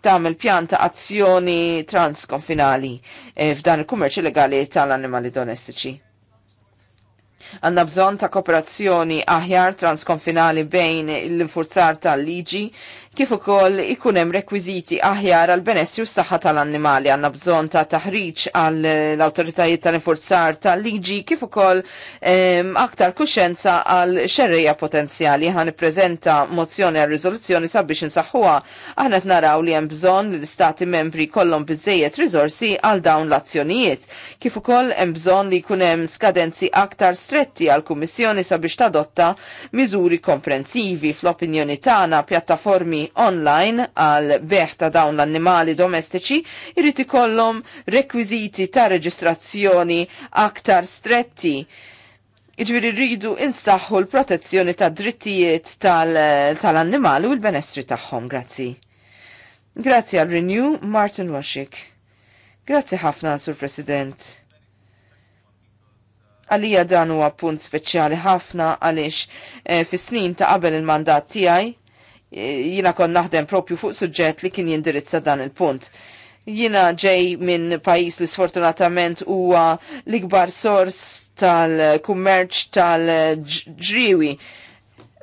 tagħmel pjan ta' azzjoni transkonfinali eh, f'dan il-kummerċ illegali tal-annimali domestiċi Għanna bżon ta' kooperazzjoni aħjar transkonfinali bejn l-infurzar tal-liġi kif ukoll ikun hemm rekwiżiti aħjar għal benessri u s-saħħa tal-annimali għandna bżonn ta' taħriġ għall awtoritajiet tal-infurzar tal-liġi kif ukoll aktar kuxenza għal xerreja potenzjali ħan ippreżenta mozzjoni għal riżoluzzjoni sabiex insaħħuha aħna qed naraw li hemm bżonn li l-istati membri kollhom biżejjed riżorsi għal dawn l-azzjonijiet. Kif ukoll hemm bżonn li jkun hemm skadenzi aktar stretti għal kummissjoni sabiex tadotta miżuri komprensivi fl-opinjoni tagħna pjattaformi online għal beħ ta' dawn l-annimali domestiċi irrit ikollhom rekwiżiti ta' reġistrazzjoni aktar stretti. Iġviri rridu insaħħu l-protezzjoni ta' drittijiet tal-annimali tal u l-benessri tagħhom, grazzi. Grazzi għal Renew, Martin Washik. Grazzi ħafna, Sur President għalija dan huwa punt speċjali ħafna għaliex eh, fis-snin ta' qabel il-mandat tiegħi jina kon naħdem propju fuq suġġett li kien jindirizza dan il-punt. Jina ġej minn pajis li sfortunatament huwa l-ikbar sors tal-kummerċ tal-ġriwi. tal kummerċ tal ġriwi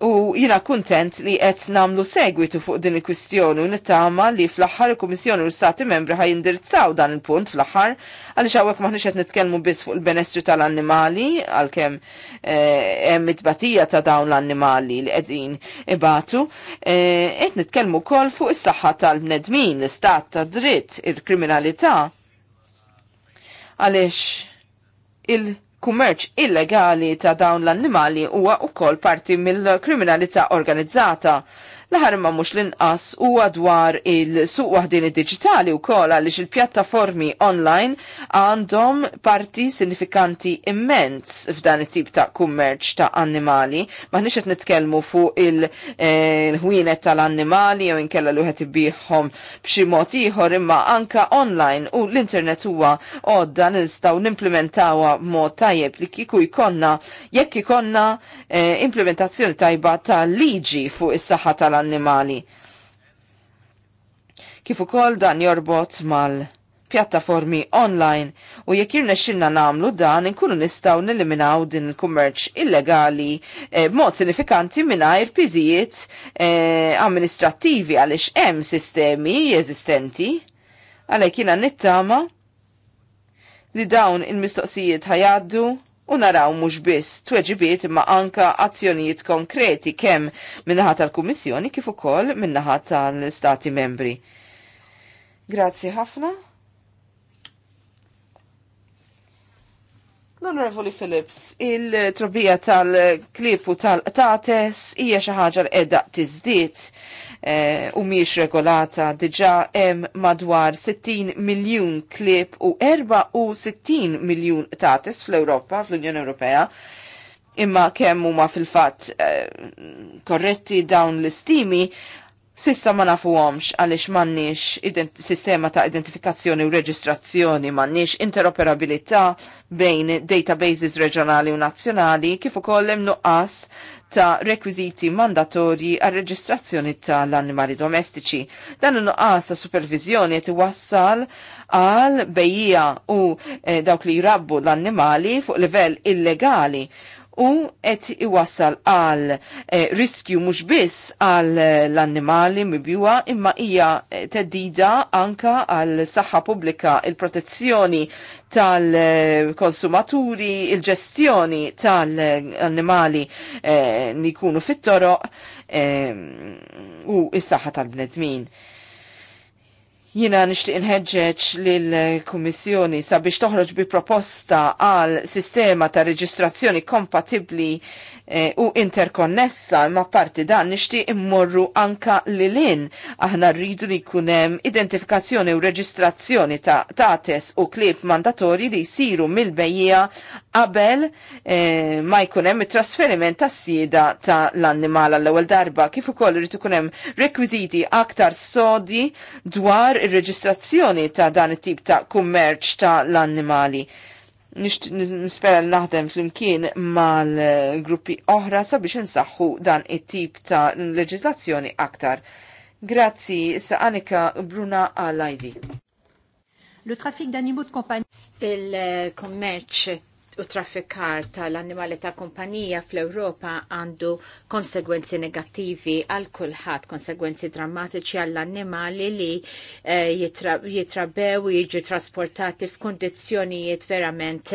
U jina kuntent li qed namlu segwitu fuq din il-kwistjoni u nittama li fl-aħħar il-Kummissjoni u l-Stati membri ħaj indirizzaw dan il-punt fl-aħħar għaliex hawnhekk maħniex qed nitkellmu biss fuq il benestri tal-annimali għalkemm eh, hemm it tbatija ta' dawn l-annimali li qegħdin ibatu, eh, qed nitkellmu wkoll fuq is-saħħa tal-bnedmin, l-istat ta' dritt, il-kriminalità. Għaliex il-, -kriminalità, kummerċ illegali ta' dawn l-annimali huwa wkoll parti mill-kriminalità organizzata l ma mux l-inqas u dwar il-suq waħdin digitali u kol għalix il-pjattaformi online għandhom parti sinifikanti immens f'dan it-tip ta' kummerċ ta' annimali. Maħni xet nitkelmu fuq eh, il-ħwienet tal-annimali jew inkella li wieħed ibbiħħom b'xi mod ieħor imma anka online u l-internet huwa għodda nistgħu implementawa mod tajjeb li kiku jkonna jekk jkonna eh, implementazzjoni tajba tal-liġi fuq is-saħħa tal tal-annimali. Kif ukoll dan jorbot mal pjattaformi online u jekk irnexxilna nagħmlu dan inkunu nistgħu nilliminaw din il-kummerċ illegali eh, b'mod sinifikanti mingħajr piżijiet eh, amministrattivi għaliex hemm sistemi eżistenti għalhekk jiena nittama li dawn il-mistoqsijiet ħajaddu u naraw mhux biss tweġibiet imma anka azzjonijiet konkreti kemm min-naħa tal-Kummissjoni kif ukoll min-naħa tal-Stati membri. Grazzi ħafna. L-Onorevoli Phillips, il-trobija tal-klipu tal-tates hija xi ħaġa l-qedda tiżdied Eh, u miex regolata diġa hemm madwar 60 miljun klip u 64 miljun tatis fl-Europa, fl-Unjoni Ewropea. Imma kemm huma fil-fatt eh, korretti dawn l-istimi, Sissa ma nafuhomx għaliex m'għandniex sistema ta' identifikazzjoni u reġistrazzjoni m'għandniex interoperabilità bejn databases reġjonali u nazzjonali kif ukoll hemm nuqqas ta' rekwiziti mandatorji għal reġistrazzjoni tal-annimali domestiċi. Dan il-nuqqas ta' supervizjoni għet wassal għal bejjija u eh, dawk li jrabbu l-annimali fuq livell illegali u qed iwassal għal eh, riskju mhux biss għal l-annimali mibjua imma hija eh, teddida anka għal saħħa pubblika il-protezzjoni tal-konsumaturi, il-ġestjoni tal-annimali eh, nikunu fit-toroq eh, u is-saħħa tal-bnedmin. Jina nishtiq nħedġeċ lill-Kummissjoni sabiex toħroġ bi proposta għal sistema ta' reġistrazzjoni kompatibli E, u interkonnessa ma parti dan nixtieq immorru anka lilin. Aħna rridu li kunem identifikazzjoni u reġistrazzjoni ta' tates u klieb mandatori li jsiru mill-bejja qabel ma e, ma jkunem it-trasferiment tas sieda ta' l-annimal għall ewwel darba kif ukoll rrid ikun hemm rekwiżiti aktar sodi dwar ir-reġistrazzjoni ta' dan it-tip ta' kummerċ ta' l-annimali nispera naħdem fl-imkien mal-gruppi oħra sabiex insaħħu dan it-tip ta' leġislazzjoni aktar. Grazzi, sa' Annika Bruna għal-ID. Le traffic d'animaux de compagnie. Il-kommerċ u traffikar tal-annimali ta' kumpanija fl-Ewropa għandu konsegwenzi negattivi għal kulħadd, konsegwenzi drammatiċi għall-annimali li eh, jitrabew u jiġu trasportati f'kundizzjonijiet verament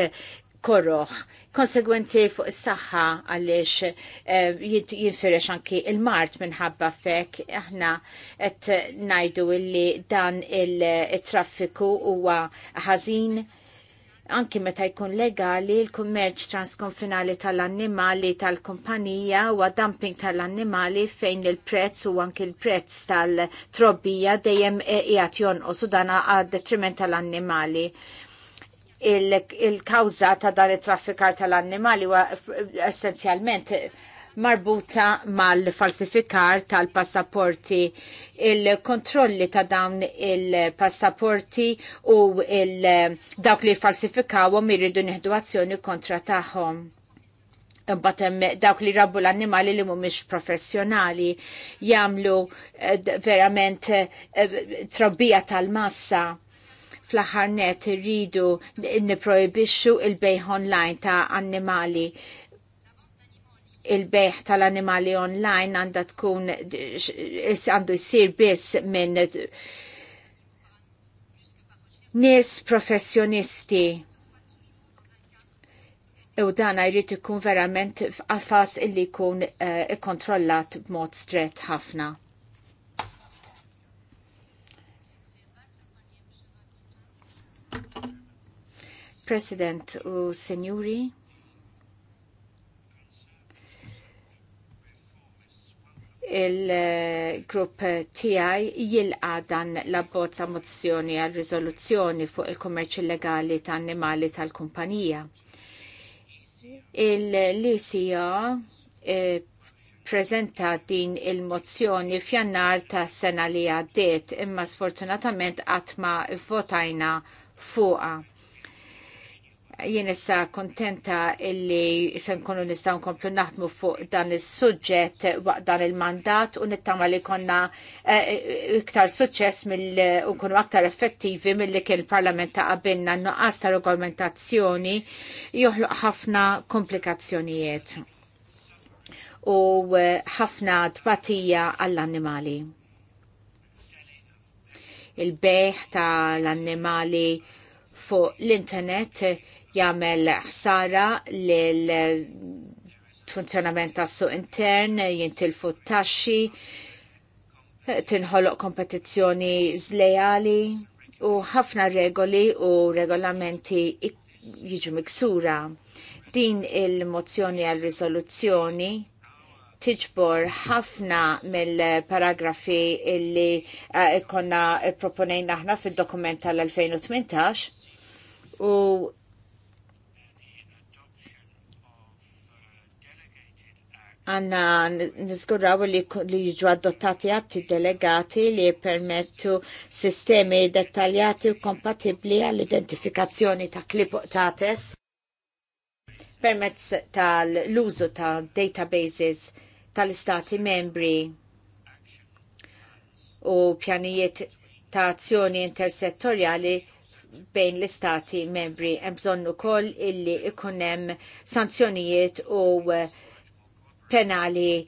korroħ. Konsegwenzi fuq is-saħħa għaliex eh, jinfirex anki il-mart minħabba fek aħna qed ngħidu illi dan il-traffiku huwa ħażin anki meta jkun legali l-kummerċ transkonfinali tal-annimali tal-kumpanija u dumping tal-annimali fejn il-prezz u anki il-prezz tal-trobbija dejjem e- qiegħed jonqos u dan għad detriment tal-annimali il-kawza ta' dan it-traffikar tal-annimali huwa essenzjalment marbuta mal-falsifikar tal-passaporti. Il-kontrolli ta' dawn il-passaporti u il dawk li falsifikawhom irridu nieħdu azzjoni kontra tagħhom batem dawk li rabbu l-annimali li mumiex professjonali jamlu verament trobbija tal-massa fl-ħarnet irridu niprojbixxu il-bejħ online ta' annimali il-beħ tal-animali online għandha tkun għandu jsir biss minn nies professjonisti u dan jrid ikun verament f'qafas illi jkun uh, ikkontrollat b'mod stret ħafna. President u Senjuri. il-grupp TI jilqa dan l-abbozza mozzjoni għal riżoluzzjoni fuq il-kummerċ illegali ta' annimali tal-kumpanija. Il-LCA eh, prezenta din il-mozzjoni f'jannar ta' sena li għaddiet imma sfortunatament qatt ma votajna fuqa jien issa kontenta illi se nkunu nistgħu nkomplu naħdmu fuq dan is-suġġett waqt dan il-mandat u nittama li konna eh, eh, iktar suċċess mill nkunu aktar effettivi milli kien il-Parlament ta' qabilna nuqqas ta' regolamentazzjoni joħloq ħafna komplikazzjonijiet u eh, ħafna tbatija għall-annimali. Il-beħ tal-annimali fuq l-internet jagħmel ħsara lil funzjonament tas-suq intern, jintilfu t-taxxi, tinħoloq kompetizzjoni zlejali u ħafna regoli u regolamenti jiġu miksura. Din il-mozzjoni għal riżoluzzjoni tiġbor ħafna mill-paragrafi illi uh, konna eh, proponejna aħna fil-dokument tal-2018 u għanna nizgurraw li, li jġu adottati atti delegati li permettu sistemi dettaljati u kompatibli għall-identifikazzjoni ta' klipotates taqtes permezz tal-użu ta' databases tal-istati membri u pjanijiet ta' azzjoni intersettorjali bejn l-istati membri. Hemm bżonn ukoll illi ikun hemm sanzjonijiet u uh, penali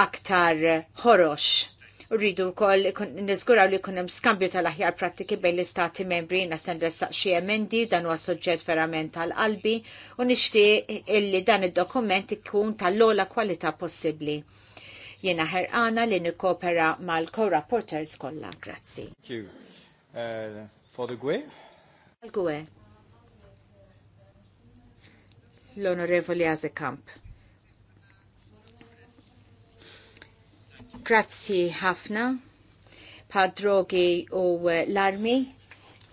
aktar ħorox rridu wkoll niżguraw li jkun hemm skambju tal-aħjar prattiki bejn l-istati membri nasen ressaq xi emendi dan huwa suġġett verament tal-qalbi u nixtieq illi dan id-dokument ikun tal-ogħla kwalità possibbli. Jiena ħerqana li nikkopera mal-co-rapporters kollha. Grazzi. Thank you. Uh, for the gwe? al e. L-Onorevoli Azekamp. Grazzi ħafna. padrogi u eh, l-armi,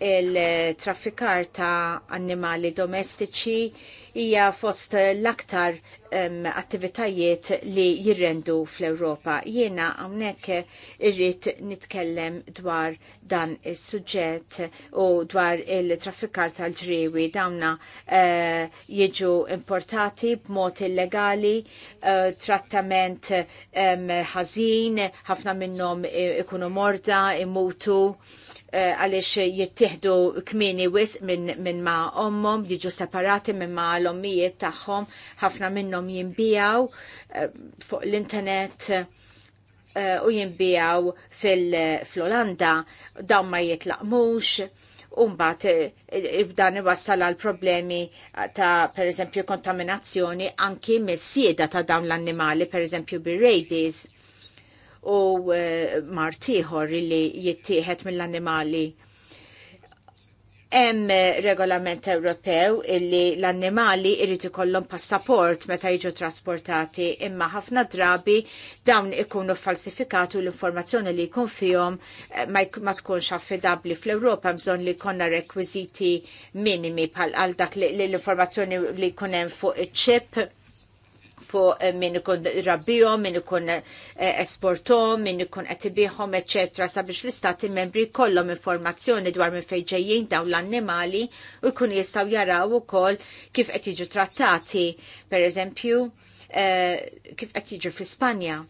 il-traffikar ta' animali domestiċi, hija fost l-aktar attivitajiet li jirrendu fl-Ewropa. Jiena hawnhekk irrid nitkellem dwar dan is-suġġett u dwar il-traffikar tal-ġriewi dawna eh, jiġu importati b'mod illegali, eh, trattament ħażin, ħafna minnhom eh, ikunu morda, imutu Eh, għaliex jittieħdu kmini wis minn ma ommom, jiġu separati minn ma l-ommijiet tagħhom, ħafna minnhom jinbijaw eh, fuq l-internet eh, u jinbijaw fil-Olanda, dawn ma jitlaqmux. Umbat, dan iwassal għal problemi ta' per eżempju kontaminazzjoni anki mis-sieda ta' dawn l-annimali, per eżempju bir-rabies u e, martiħor li jittieħed mill-annimali. Hemm e, regolament Ewropew illi l-annimali irid ikollhom passaport meta jiġu trasportati imma ħafna drabi dawn ikunu falsifikati u l-informazzjoni li jkun fihom e, ma tkunx affidabbli fl-Ewropa bżonn li jkollna rekwiżiti minimi bħal għal dak l-informazzjoni li jkun hemm fuq iċ-ċip Fu eh, min ikun rabbihom, min ikun eh, esportom, min ikun qed etc. eċetera, sabiex l-istati membri kollom informazzjoni dwar minn fejn ġejjin dawn l-annimali u jkun jistgħu jaraw ukoll kif qed jiġu trattati, pereżempju eh, kif qed jiġu fi Spanja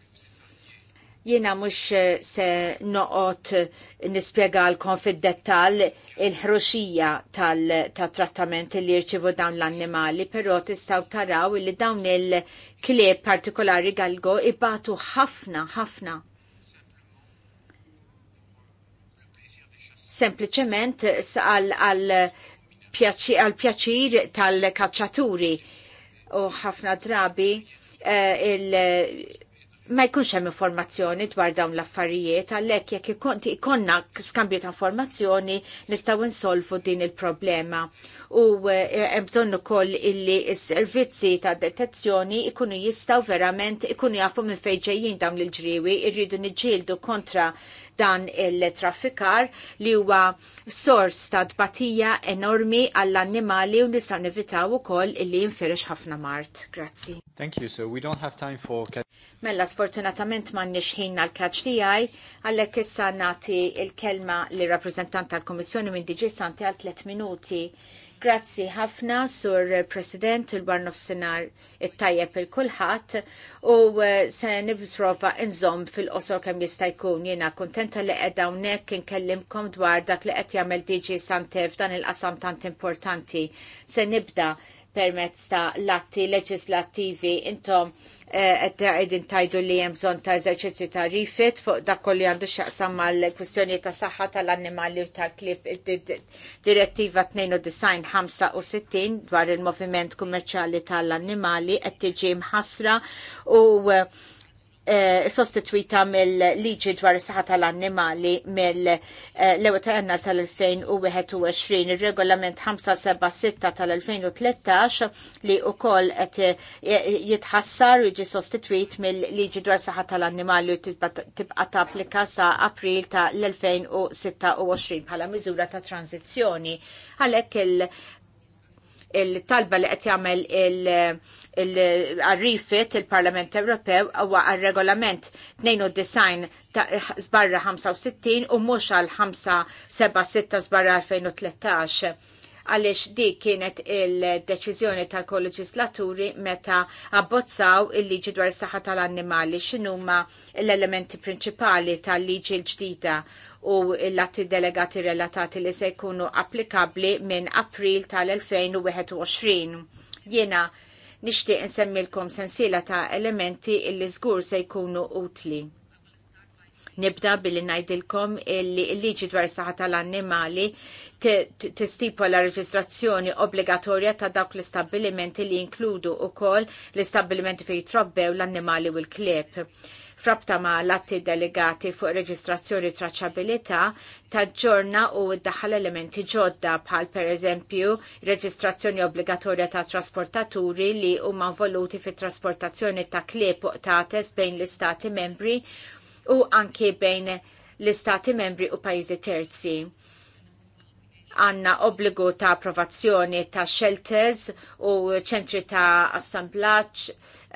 Jiena mhux eh, se noqgħod nispjegalkom fid-dettall il-ħruxija tal-trattament li jirċivu dawn l-annimali, però tistgħu taraw li dawn il-klieb partikolari galgo ibatu ħafna ħafna. Sempliċement għal pjaċir tal-kaċċaturi u ħafna drabi eh, il- ma jkunx hemm informazzjoni dwar dawn l-affarijiet għalhekk jekk ikun ikonna skambju ta' informazzjoni nistgħu insolvu din il-problema. U eh, hemm bżonn ukoll illi s-servizzi ta' detezzjoni ikunu jistgħu verament ikunu jafu minn fejn ġejjin dawn l-ġriewi irridu niġġieldu kontra dan il-traffikar li huwa sors ta' dbatija enormi għall-annimali u nistgħu nevitaw ukoll illi jinferex ħafna mart. Grazzi. Thank you. So we don't have time for Mella sfortunatament ma nixħin għal-kaċ għaj, għallek issa nati il-kelma li rappresentant tal-Komissjoni minn Diġi Santi għal 3 minuti. Grazzi ħafna sur President il-Barn of Senar it-tajjeb il-kulħat u uh, se nibtrova nżom fil-qosor kemm jista' jkun jiena kuntenta li qed hawnhekk inkellimkom dwar dak li qed jagħmel DJ Santef dan il-qasam tant importanti. Se nibda permezz ta' latti leġislattivi intom Eh, għeddin tajdu li jemżon ta' eżerċizzju ta' rifit fuq dak kolli għandu xaqsam mal kwistjoni ta' saħħa tal-annimali u ta' klib direttiva 92-65 dwar il-moviment kummerċali tal-annimali għed tiġi mħasra u eh, Eh, sostituita mill-liġi dwar is-saħħa tal-annimali mill-1 eh, ta' jannar tal-2021, ir-regolament 576 tal-2013 li wkoll qed eh, jitħassar jiġi sostituit mill-liġi dwar saħħa tal-annimali u tibqa' tapplika sa April ta' l-2026 bħala miżura ta' tranzizzjoni. Għalhekk il-talba li qed jagħmel il-, il il-rifit il-Parlament Ewropew huwa għal-regolament 29 ta' sbarra 65 u mhux għal 576 sbarra 2013 għalix di kienet il-deċizjoni tal-kolleġislaturi meta abbozzaw il-liġi dwar is-saħħa tal-annimali x'inhuma l-elementi prinċipali tal-liġi l-ġdida u l-atti delegati relatati li se jkunu applikabli minn April tal-2021. Jiena nixtieq insemmilkom sensiela ta' elementi illi żgur se jkunu utli. Nibda billi ngħidilkom li l-liġi dwar saħa saħħa tal-annimali tistipola reġistrazzjoni obbligatorja ta' dawk l-istabbilimenti li jinkludu wkoll l-istabbilimenti fejn trobbew l-annimali u l-kleb frabta ma l-atti delegati fuq reġistrazzjoni traċabilità taġġorna u daħal elementi ġodda bħal per eżempju reġistrazzjoni obbligatorja ta' trasportaturi li huma voluti fit trasportazzjoni ta' klieb u qtates bejn l-istati membri u anke bejn l-istati membri u pajjiżi terzi għanna obbligu ta' approvazzjoni ta' shelters u ċentri ta' assemblaċ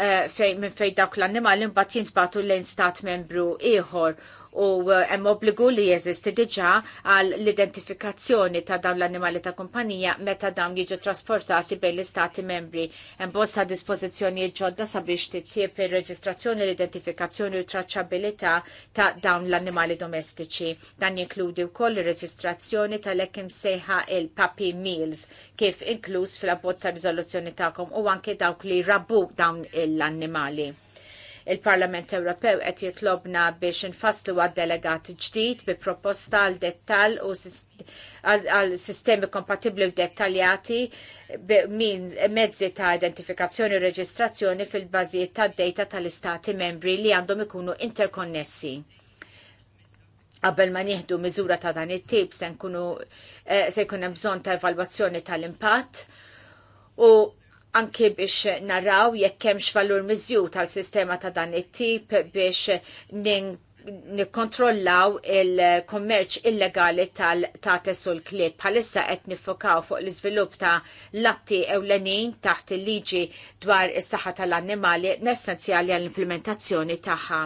Eh, minn fejn dawk l-annimali imbagħad jintbagħtu lejn stat membru ieħor u eh, hemm obbligu li jeżisti diġà għal l-identifikazzjoni ta' dawn l-annimali ta' kumpanija meta dawn jiġu trasportati bejn l-istati membri. Hemm bosta dispożizzjoni ġodda sabiex titjieb ir-reġistrazzjoni, l-identifikazzjoni u traċċabilità ta' dawn l-annimali domestiċi. Dan jinkludi wkoll ir-reġistrazzjoni tal-ekim sejħa il-Papi Meals kif inkluż fl-abbozza riżoluzzjoni tagħkom u anke dawk li rabu dawn l-annimali. Il-Parlament Ewropew qed jitlobna biex infasslu għad-delegat ġdid bi proposta għal dettal u għal sistemi kompatibli u dettaljati mezzi ta' identifikazzjoni u reġistrazzjoni fil-bażijiet ta' data tal-istati membri li għandhom ikunu interkonnessi. Qabel ma nieħdu miżura ta' dan it-tip se eh, se jkun hemm bżonn ta' evalwazzjoni tal-impatt u anke biex naraw jekk hemmx valur miżjud tal-sistema ta' dan it-tip biex nikkontrollaw il-kommerċ illegali tal-tates u l-klib. Bħalissa qed nifokaw fuq l-iżvilupp ta' latti ewlenin taħt il-liġi dwar is-saħħa tal-annimali nessenzjali għall-implementazzjoni tagħha.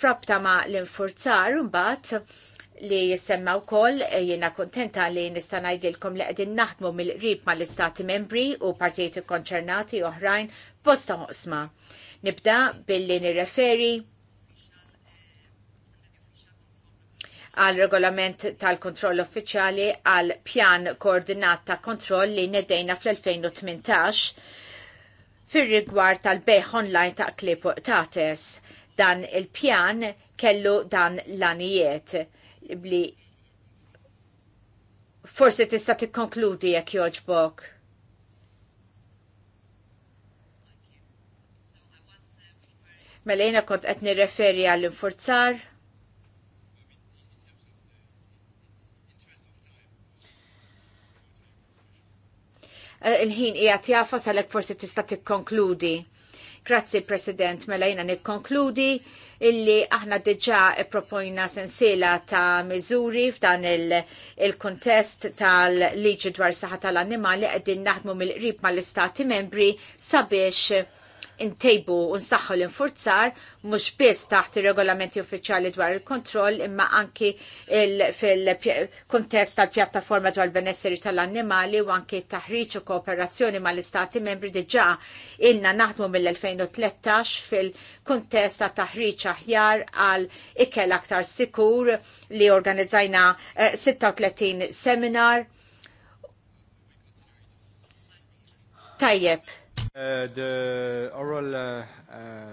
Frabta ma' l-infurzar mbagħad li jissemma wkoll eh, jiena kuntenta li nista' ngħidilkom li qegħdin naħdmu mill-qrib mal-istati membri u partijiet konċernati oħrajn bosta oqsma. Nibda billi nirreferi għal regolament tal-kontroll uffiċjali għal pjan koordinat ta' kontroll li nedejna fl-2018 fir rigward tal-beħ online ta' klip tates. Dan il-pjan kellu dan l-anijiet bli forse tista' tikkonkludi jekk joġbok. Mela jiena kont qed nirreferi għall infurzar eh, Il-ħin qiegħed tjafas għalhekk forsi tista' tikkonkludi. Grazzi President, mela jiena nikkonkludi illi aħna diġa proponina sensiela ta' miżuri f'dan il-kontest il tal-liġi dwar saħħa tal-annimali qegħdin naħdmu mill-qrib mal-istati membri sabiex intejbu u nsaħħu l-infurzar mhux biss taħt ir-regolamenti uffiċjali dwar il-kontroll imma anki fil-kuntest tal-pjattaforma dwar benesseri tal-annimali u anki taħriġ u kooperazzjoni mal-istati membri diġa' ilna naħdmu mill-2013 fil-kuntest ta' taħriġ aħjar għal ikkel aktar sikur li organizzajna 36 eh, seminar. Tajjeb, Uh, the oral uh, uh,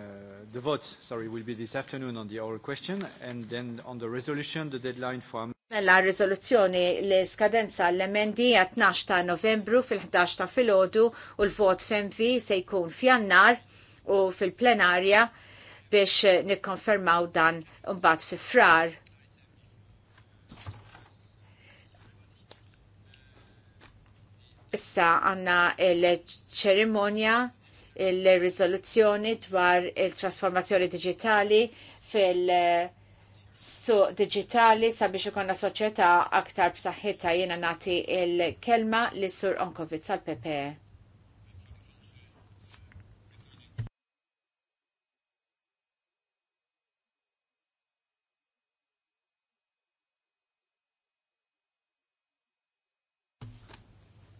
the votes sorry will be this afternoon on the oral question and then on the resolution the deadline for Mela rizoluzzjoni li skadenza l-emendi 12 ta' novembru fil-11 ta' fil filgħodu u l-vot femvi se jkun f'jannar u fil-plenarja biex nikkonfermaw dan un-bat fi frar. Issa għanna l-ċerimonja, l-rizoluzzjoni dwar il-trasformazzjoni digitali fil- So, digitali sabiex ikonna soċjetà aktar b'saħħitha jiena nagħti l kelma lis sur Onkovitz għal PPE.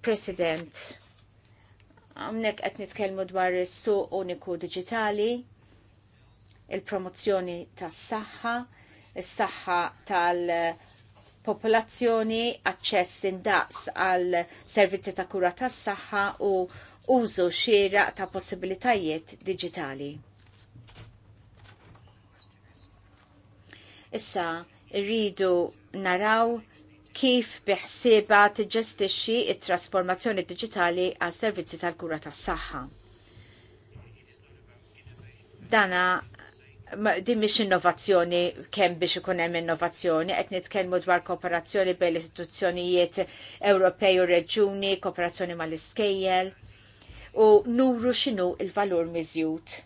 President, għamnek qed nitkellmu dwar is-suq uniku digitali, il-promozzjoni tas-saħħa, is-saħħa tal- popolazzjoni, aċċess indaqs għal servizzi ta' kura tas-saħħa u użu xieraq ta' possibilitajiet digitali. Issa rridu naraw kif biħsieba tiġġestixxi it-trasformazzjoni diġitali għas servizzi tal-kura tas-saħħa. Dana din mhix innovazzjoni kemm biex ikun hemm innovazzjoni, qed nitkellmu dwar kooperazzjoni bejn l-istituzzjonijiet Ewropej u reġuni, kooperazzjoni mal-iskejjel u nuru x'inhu il-valur miżjud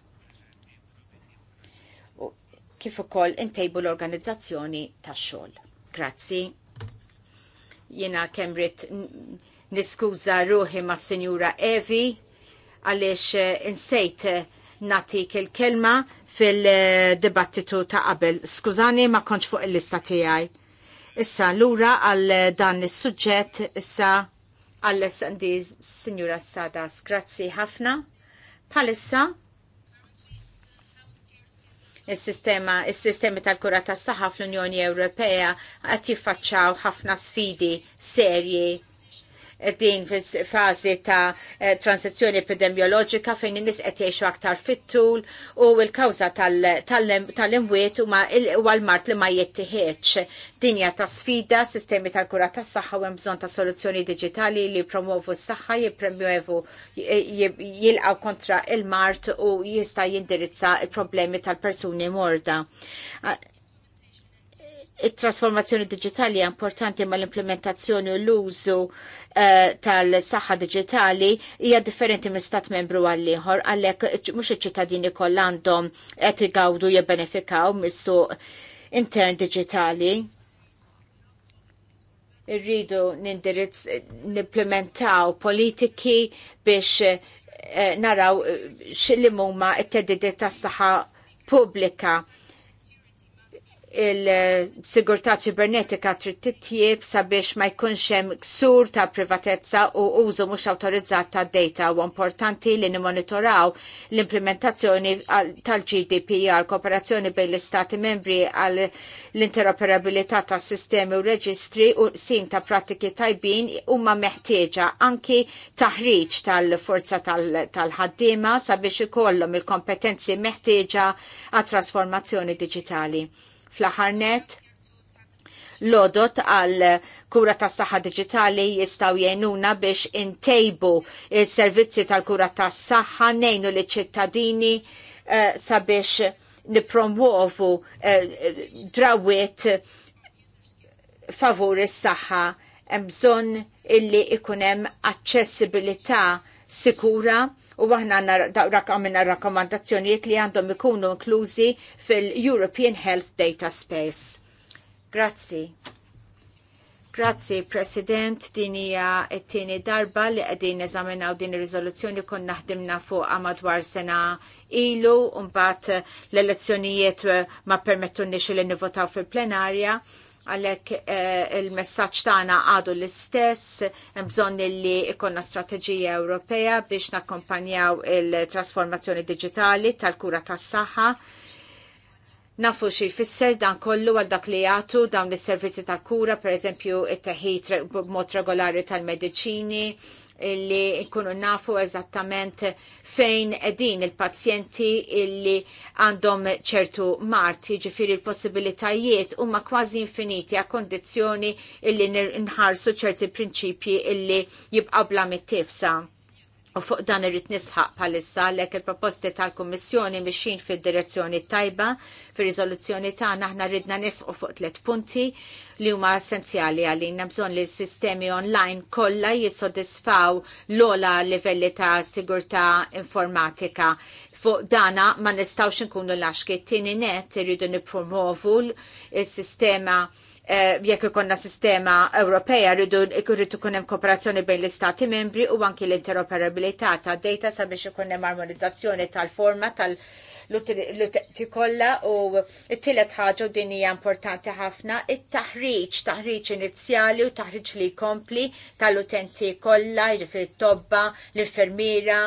kif ukoll intejbu l-organizzazzjoni tax-xogħol. Grazzi. Jena kemrit niskuza ruħi ma' Sinjura Evi għalix eh, insejt eh, natik il-kelma fil-dibattitu ta' qabel. Skużani ma konċ fuq il-lista tijaj. Issa l-ura għal dan is suġġett issa għal snd Senjura Sadas. Grazzi ħafna. Palissa il sistema il sistemi tal-kura tas-saħħa fl-Unjoni Ewropea qed jiffaċċjaw ħafna sfidi serji din fazi ta' eh, transizjoni epidemiologika fejn in-nies qed jgħixu aktar fit-tul u l-kawża tal-imwiet u l-mart li ma jittieħedx. Dinja ta' sfida, sistemi tal-kura tas-saħħa u hemm bżonn ta' soluzzjoni diġitali li promovu s-saħħa, jippremjevu jilqaw kontra il-mart u jista' jindirizza il-problemi tal-persuni morda it-trasformazzjoni digitali importanti ma l-implementazzjoni u l-użu Eh, tal-saħħa digitali hija differenti minn stat membru għall ieħor għalhekk mhux iċ-ċittadini kollha għandhom qed igawdu jibbenefikaw mis-suq intern digitali. Irridu nindirizz nimplementaw politiki biex eh, naraw eh, x'illi huma t-tedidiet tas-saħħa pubblika il-sigurtà ċibernetika trid sabiex ma jkunx hemm ksur ta' privatezza u użu mhux awtorizzat ta' data u importanti li nimonitoraw l-implementazzjoni tal-GDPR kooperazzjoni bejn l-istati membri għal l-interoperabilità ta' sistemi u reġistri u sim ta' pratiki tajbin huma meħtieġa anki taħriġ tal-forza tal-ħaddiema sabiex ikollhom il-kompetenzi meħtieġa għat trasformazzjoni digitali. Fl-aħħar net, lodot għal kura tas saħħa digitali jistaw jenuna biex intejbu il-servizzi tal-kura tas saħħa nejnu li ċittadini uh, sabiex nipromuovu uh, eh, drawiet favur is-saħħa hemm bżonn illi ikunem aċċessibilità sikura u aħna għandna rakkomandazzjonijiet li għandhom ikunu inklużi fil-European Health Data Space. Grazzi. Grazzi, President, din hija t-tieni darba li qegħdin eżaminaw din ir-riżoluzzjoni konna naħdimna fuq madwar sena ilu un mbagħad l-elezzjonijiet ma permettunniex li nivvotaw fil-plenarja għalek eh, il-messagġ tagħna għadu l-istess, bżonn li ikonna strateġija Ewropea biex nakkompanjaw il-trasformazzjoni digitali tal-kura tas-saħħa. Nafu xi jfisser dan kollu għal dak li jagħtu dawn is-servizzi tal-kura, pereżempju it-teħid mod regolari tal-mediċini, illi ikunu nafu eżattament fejn edin il-pazjenti illi għandhom ċertu marti, ġifiri il-possibilitajiet huma kważi infiniti għal kondizjoni illi nħarsu ċerti prinċipji illi jibqabla mit-tifsa. U fuq dan irrid nisħaq bħalissa għalhekk il-proposti tal-Kummissjoni mixin fid-direzzjoni tajba fir-riżoluzzjoni tagħna aħna ridna nisqu fuq tliet punti li huma essenzjali għalina bżonn li s-sistemi online kollha jissodisfaw l-ola livelli ta' sigurtà informatika. Fuq dana ma nistgħux nkunu laxki tieni net irridu nippromovu s-sistema Eh, jekk ikonna sistema Ewropea rridu rridu ikun hemm kooperazzjoni bejn l-istati membri u anki l-interoperabilità ta' data sabiex ikun hemm armonizzazzjoni tal-forma tal kollha u t-tielet ħaġa u din hija importanti ħafna it-taħriġ, taħriġ inizjali u taħriġ li jkompli tal-utenti kollha, jiġifieri tobba, l-infermiera,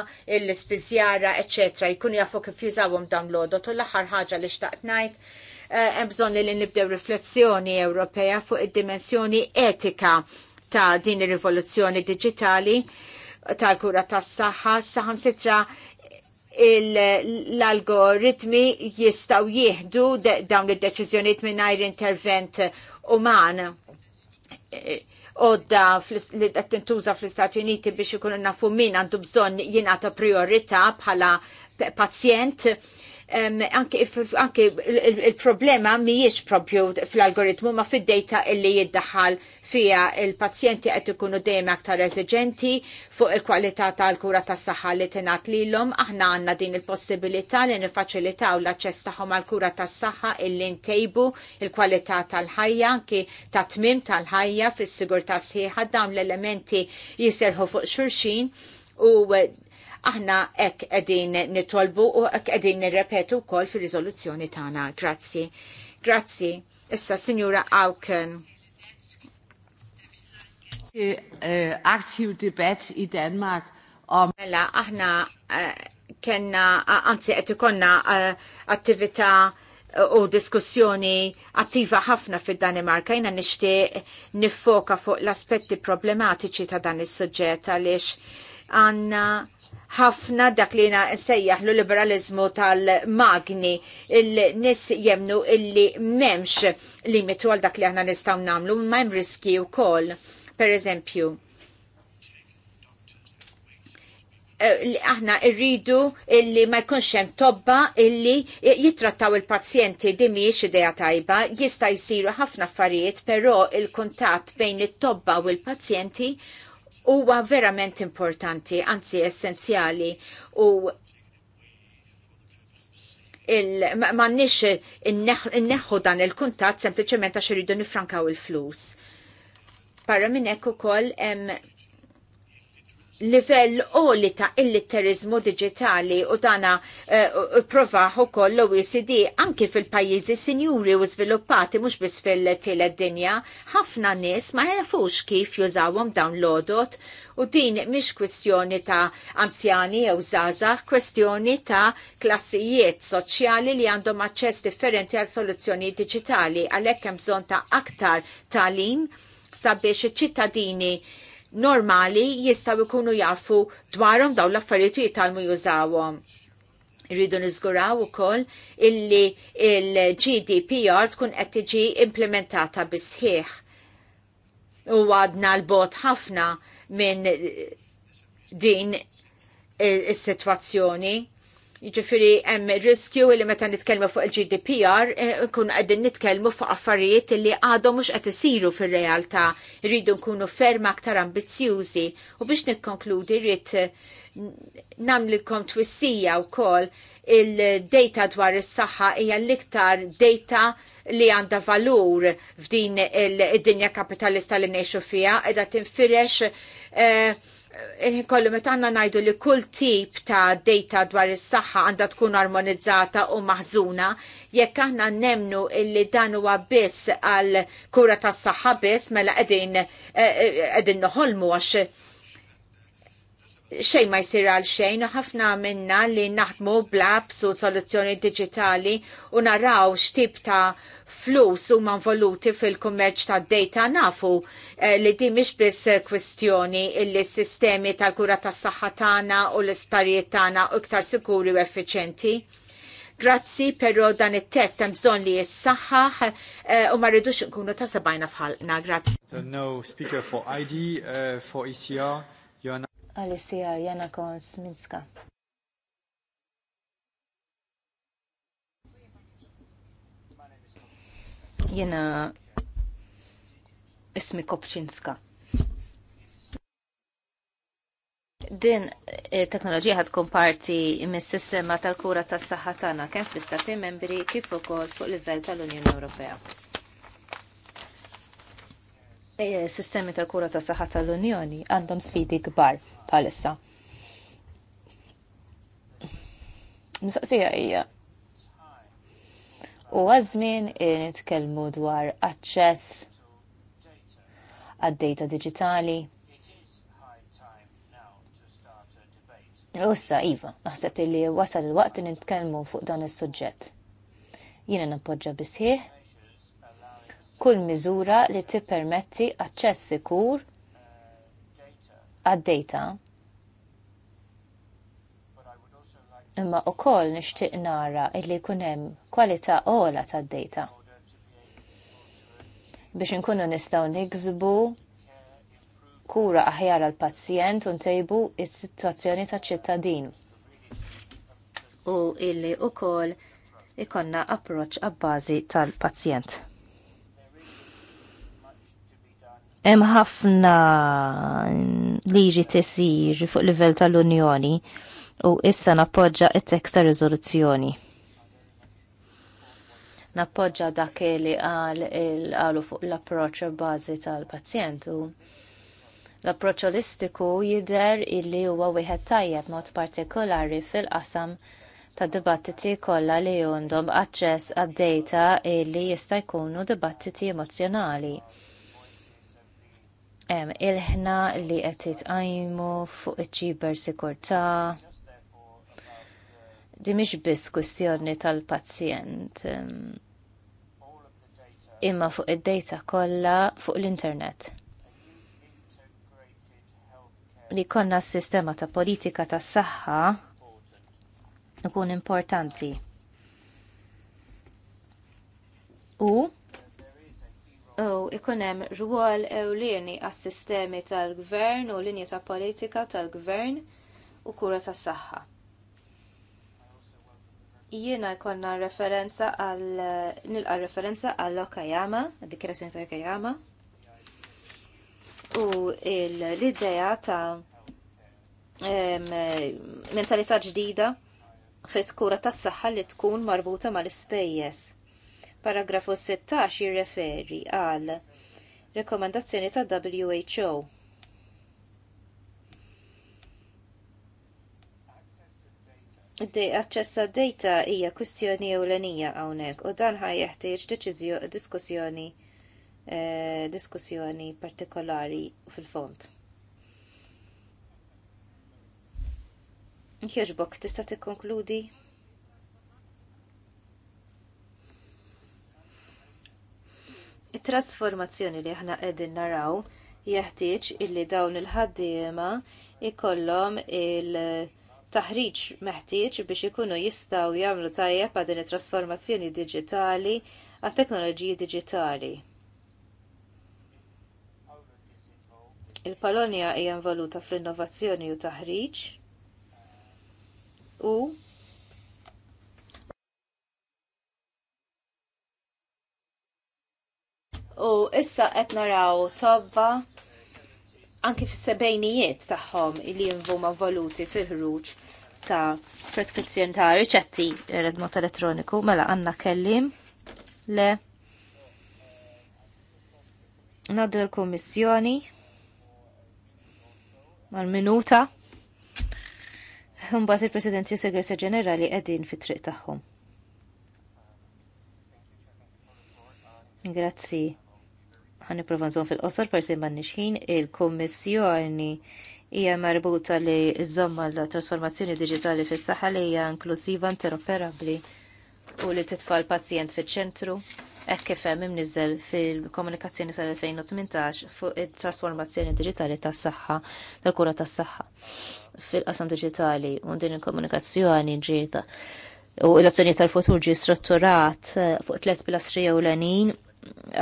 l-ispiżjara, eċċetera, jkunu jafu kif jużawhom dawn l-odot u l-aħħar ħaġa li xtaqt ngħid Eh, hemm bżonn li nibdew riflessjoni Ewropea fuq id-dimensjoni etika ta' din ir-rivoluzzjoni diġitali tal-kura tas-saħħa, saħansitra l-algoritmi jistaw jieħdu dawn id-deċiżjonijiet mingħajr intervent uman odda li qed tintuża fl-Istati Uniti biex ikunu nafu min għandu bżonn jingħata priorità bħala pazjent anke il-problema mhijiex propju fl-algoritmu ma fil data illi jiddaħħal fija il-pazjenti qed ikunu dejjem aktar eżiġenti fuq il-kwalità tal-kura tas-saħħa li tingħat lilhom, aħna għandna din il-possibilità li nifaċilitaw l-aċċess tagħhom għall-kura tas-saħħa illi ntejbu il-kwalità tal-ħajja anki ta' tmim tal-ħajja fis-sigurtà sħiħa dawn l-elementi jiserħu fuq xulxin u Aħna hekk qegħdin nitolbu u ek qegħdin nirrepetu wkoll fir-riżoluzzjoni tagħna. Grazzi. Grazzi. Issa Signora Auken. Eh, eh, Aktiv debat i Danmark om... Mela, aħna eh, kena, anzi, għet ikonna attività u diskussjoni attiva ħafna fid danimarka jina nishti nifoka fuq l-aspetti problematiċi ta' dan is suġġett għaliex għanna ħafna dak li jena sejjaħ l-liberalizmu tal-magni il-nis jemnu illi memx limitu għal dak li aħna nistaw namlu mem riski u kol. Per eżempju, eh, aħna irridu illi ma jkunx hemm tobba illi jittrattaw il-pazjenti di mhijiex idea tajba, jista' jsiru ħafna affarijiet, però il-kuntatt bejn it-tobba u l-pazjenti huwa verament importanti, anzi essenzjali u nix inneħħu dan il-kuntat sempliciment għax irridu nifrankaw il-flus. Parra minn hekk ukoll hemm livell oli ta' il-litterizmu digitali u dana uh, eh, provaħ u koll l-OECD anki fil-pajizi sinjuri u sviluppati mux bis fil-tile dinja ħafna nis ma jafux kif jużawhom dawn l-odot u din mish kwestjoni ta' anzjani jew zaza kwestjoni ta' klassijiet soċjali li għandhom aċċess differenti għal soluzzjoni digitali għalhekk hemm bżonn ta' aktar talim sabiex ċittadini normali jistaw ikunu jafu dwarhom dawn l-affarijiet u jitalmu jużawhom. Rridu niżguraw ukoll illi il-GDPR tkun qed tiġi implementata bisħieħ. U għadna l-bot ħafna minn din is-sitwazzjoni Ġifiri, hemm riskju li meta nitkellmu fuq il-GDPR, eh, kun qegħdin nitkellmu fuq affarijiet li għadhom mhux qed isiru fir-realtà. Irridu nkunu ferm aktar ambizzjużi. U biex nikkonkludi rrid namlikom twissija wkoll il-data dwar is-saħħa hija l-iktar data li għandha valur f'din id-dinja kapitalista li ngħixu fiha qiegħda tinfirex eh, Eh, kollu meta għanna najdu li kull tip ta' data dwar is-saħħa għandha tkun armonizzata u maħżuna, jekk aħna nemnu illi dan huwa biss għal kura tas-saħħa biss mela qegħdin eh, eh, qegħdin noħolmu għax xej ma jsir għal xejn, ħafna minna li naħdmu blabs u soluzzjoni digitali u naraw x'tip ta' flus u voluti fil-kummerċ ta' data nafu eh, li di mhix biss kwestjoni illi sistemi tal-kura tas-saħħa tagħna u l-isparijiet tagħna iktar sikuri u effiċenti. Grazzi, però dan it-test hemm bżonn li jissaħħaħ eh, u ma rridux nkunu ta' sabajna fħalna. Grazzi. No speaker for ID, uh, eh, for ECR, għal-sijar Jana Kons Minska. Jena ismi Kopċinska. Din eh, teknoloġija ħad tkun parti mis-sistema tal-kura tas-saħħa tagħna kemm fl-istati membri kif ukoll fuq livell tal-Unjoni Ewropea sistemi tal-kura ta' saħħa tal-Unjoni għandhom sfidi kbar bħalissa. Mistaqsija hija. U għazmin nitkellmu dwar aċċess għad-data digitali. Ussa, Iva, naħseb li wasal il-waqt nitkellmu fuq dan is-suġġett. Jiena nappoġġa bisħieħ kull miżura li tippermetti aċċess sikur għad-data. Imma wkoll nixtieq nara illi jkun hemm kwalità ogħla tad-data. Biex inkunu nistgħu niksbu kura aħjar għal pazjent u ntejbu il sitwazzjoni taċ ċittadin. U illi wkoll ikonna approċċ għabbażi tal-pazjent. hemm ħafna liġi tisir fuq livell tal-Unjoni u issa nappoġġa it-tekst ta' riżoluzzjoni. Nappoġġa dak li qal qalu fuq l-approċċ bażi tal-pazjent u l-approċċ olistiku jidher illi huwa wieħed tajjeb mod partikolari fil-qasam ta' dibattiti kollha li għandhom aċċess għad-data illi jista' jkunu dibattiti emozjonali hemm il-ħna li qed titqajmu fuq iċ-ċiber sikurtà. Di mhix biss kwistjoni tal-pazjent imma fuq id-data kollha fuq l-internet. Li konna s-sistema ta' politika tas saħħa ikun importanti. U u ikun hemm rwol ewlieni għas-sistemi tal-gvern u linji ta' politika tal-gvern u kura tas saħħa Jiena jkollna referenza għal nilqa referenza għal Okayama, dikirazzjoni ta' Okayama. U l-idea ta' mentalità ġdida fis kura tas saħħa li tkun marbuta mal-ispejjeż Paragrafu 16 jirreferi għal rekomandazzjoni ta' WHO. Aċċess għad data hija kwistjoni ewlenija hawnhekk u dan ħaj jeħtieġ diskussjoni eh, diskussjoni partikolari fil-fond. Jieġbok, tista' tikkonkludi? it-trasformazzjoni li aħna qegħdin naraw jeħtieġ illi dawn il-ħaddiema ikollhom il-taħriġ meħtieġ biex ikunu jistgħu jagħmlu tajjeb għal din it-trasformazzjoni diġitali għat-teknoloġiji diġitali. Il-Polonja hija involuta fl-innovazzjoni u taħriġ u u issa qed naraw tobba anki fis-sebejnijiet tagħhom li huma voluti fil-ħruġ ta' preskrizzjoni ta' riċetti red-mod elettroniku mela għandna kellim le naddu l-kummissjoni mal-minuta Mbagħad il-Presidenti u Segretar Ġenerali qegħdin fit-triq tagħhom. Grazzi ħan nipprovanżon fil-qosor per ma nixħin il-Kommissjoni hija marbuta li zomma l-trasformazzjoni diġitali fis-saħħa li hija inklusiva interoperabbli u li titfal pazjent fiċ-ċentru hekk kif hemm imniżel fil-komunikazzjoni sal-2018 fuq it-trasformazzjoni diġitali tas-saħħa tal-kura tas-saħħa fil-qasam diġitali u din il-komunikazzjoni ġieta u l-azzjoni tal-futur ġi strutturat fuq tliet pilastri ewlenin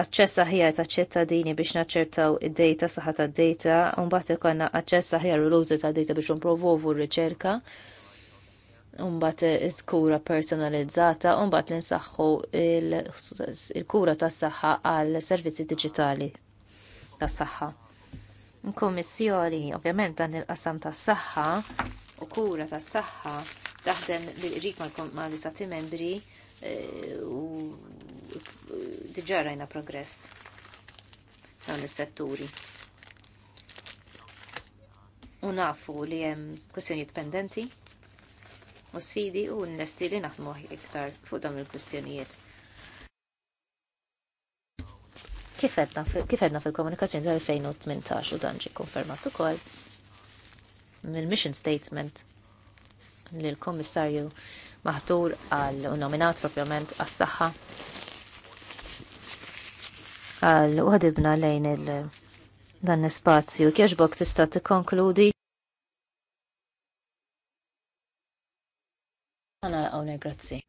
Aċċessa ħija ta' ċittadini biex naċċertaw id-data saħħa ta' data u mbagħad ikollna aċċessa ħija u l-użu ta' data biex nprovovu r-riċerka. Mbagħad iż-kura personalizzata u mbagħad li nsaħħu il-kura tas-saħħa għal servizzi diġitali tas-saħħa. Kummissjoni, ovvjament dan il-qasam tas-saħħa u kura tas-saħħa taħdem bil-qrib mal-istati membri Eh, u rajna progress dan is-setturi. U nafu li hemm kwistjonijiet pendenti u sfidi u nlesti li naħdmu iktar fuq dawn il-kwistjonijiet. Kif edna fil-komunikazzjoni tal-2018 u dan ġie konfermat ukoll mill-mission statement lill-Kummissarju maħtur għal nominat propjament għas-saħħa għal uħadibna lejn il dan l-spazju. Kieġbok tista' tikkonkludi? Għana grazzi.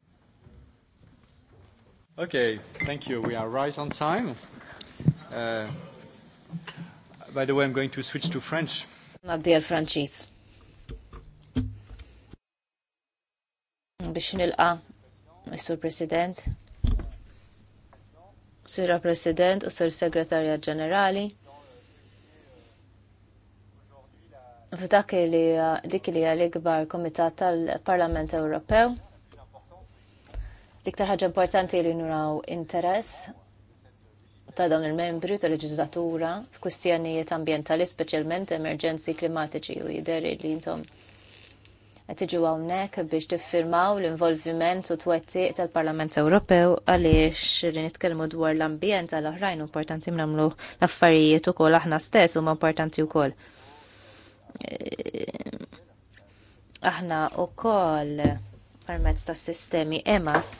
Okay, thank you. We are right on time. Uh, by the way, I'm going to switch to French. Nabdi għal-Franċis. biex nilqa Mr. President, Sira President u Sir Segretarja Ġenerali. F'dak li dik li l-ikbar Komitat tal-Parlament Ewropew. L-iktar ħaġa importanti li nuraw interess ta' dawn il-membri tal leġislatura f'kustjanijiet ambientali, speċjalment emerġenzi klimatiċi u jideri li jintom qed tiġu hawnhekk biex tiffirmaw l-involviment u twettiq tal-Parlament Ewropew għaliex li nitkellmu dwar l-ambjent għal oħrajn importanti nagħmlu l-affarijiet ukoll aħna stess huma importanti wkoll. Aħna wkoll permezz tas-sistemi EMAS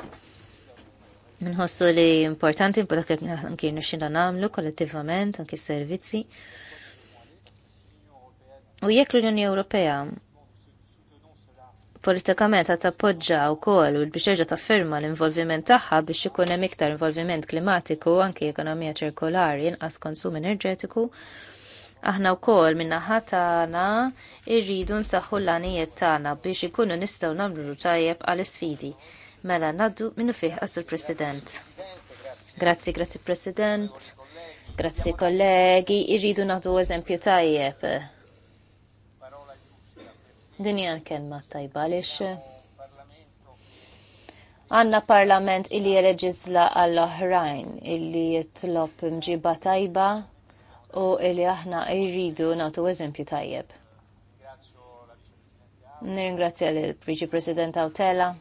nħossu li importanti dak anki nixxinda nagħmlu kollettivament anki s-servizzi. U jekk l-Unjoni Ewropea politikament għat appoġġa u kol u biex terġa tafferma l-involviment tagħha biex ikun hemm iktar involviment klimatiku u anki ekonomija ċirkolari inqas konsum enerġetiku. Aħna wkoll min-naħa tagħna irridu nsaħħu l-għanijiet tagħna biex ikunu nistgħu nagħmlu tajjeb għal isfidi. Mela naddu minnu fih għasul President. Grazzi, grazzi President. Grazzi kollegi, irridu naħdu eżempju tajjeb Din hija kelma tajba għaliex għandna parlament illi jereġizla għall-oħrajn illi jitlop mġiba tajba u illi aħna jridu nagħtu eżempju tajjeb. Nirringrazzja l-Viċi President Awtela ah,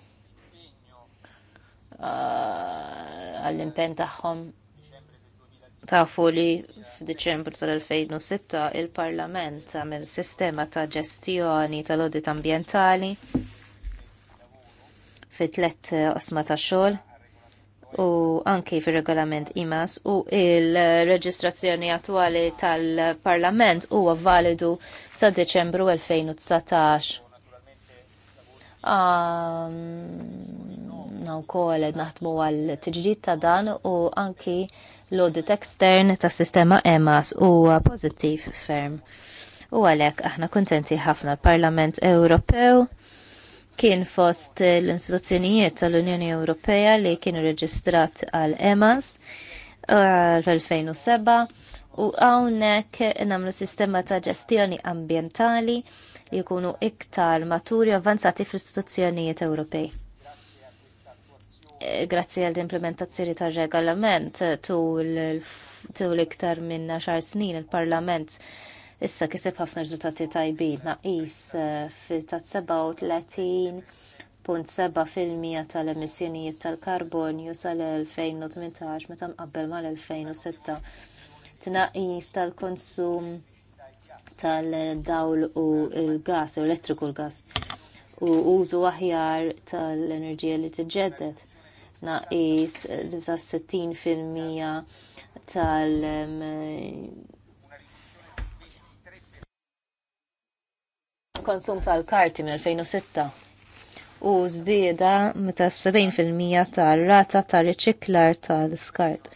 għall-impen tagħhom tafu li f'Diċembru tal-2006 il-Parlament għamil sistema ta' ġestjoni tal-audit ambientali fi tlet osma ta' xogħol u anki fir regolament IMAS u il-reġistrazzjoni attwali tal-Parlament huwa validu sa' Diċembru 2019. Um, Naw kol naħdmu għal tiġdid ta' dan u anki l-audit extern tas sistema EMAS huwa pożittiv ferm. U għalhekk aħna kuntenti ħafna l-Parlament Ewropew kien fost l-istituzzjonijiet tal-Unjoni Ewropea li kienu reġistrat għal EMAS uh, l-2007 u għawnek namlu sistema ta' ġestjoni ambientali li jkunu iktar maturi avanzati fl-istituzzjonijiet Ewropej grazzi għal implementazzjoni tar regolament tu l iktar minn xar snin il-Parlament issa kiseb ħafna riżultati tajbin naqis eh, ta' 37.7 fil-mija tal-emissjonijiet tal-karbonju sal-2018 meta mqabbel mal-2006. Tnaqis tal-konsum tal-dawl u l-gas, elettriku l-gas u użu aħjar tal-enerġija li tiġġedded tnaqis ta' 60% tal konsum tal-karti minn 2006 u żdieda meta 70% tal-rata tal-riċiklar tal-skart.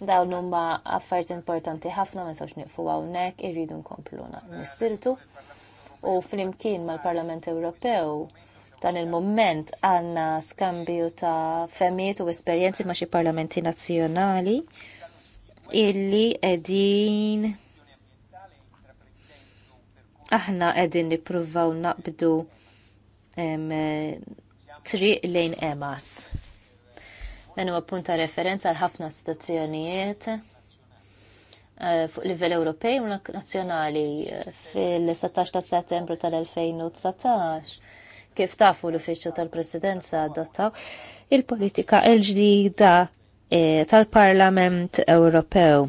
Dawn huma affarijiet importanti ħafna ma nistgħux nieqfu hawnhekk irridu nkomplu nissiltu u flimkien mal-Parlament Ewropew dan il-moment għanna skambju ta' femiet u esperjenzi ma' xi parlamenti nazzjonali illi edin aħna edin nipruvaw naqbdu triq lejn emas. Dan huwa punta referenza għal ħafna stazzjonijiet eh, fuq livell Ewropej u nazzjonali eh, fil-17 ta' settembru tal-2019 Kif tafu l-uffiċċju tal-Presidenza adottaw il-politika l-ġdida eh, tal-Parlament Ewropew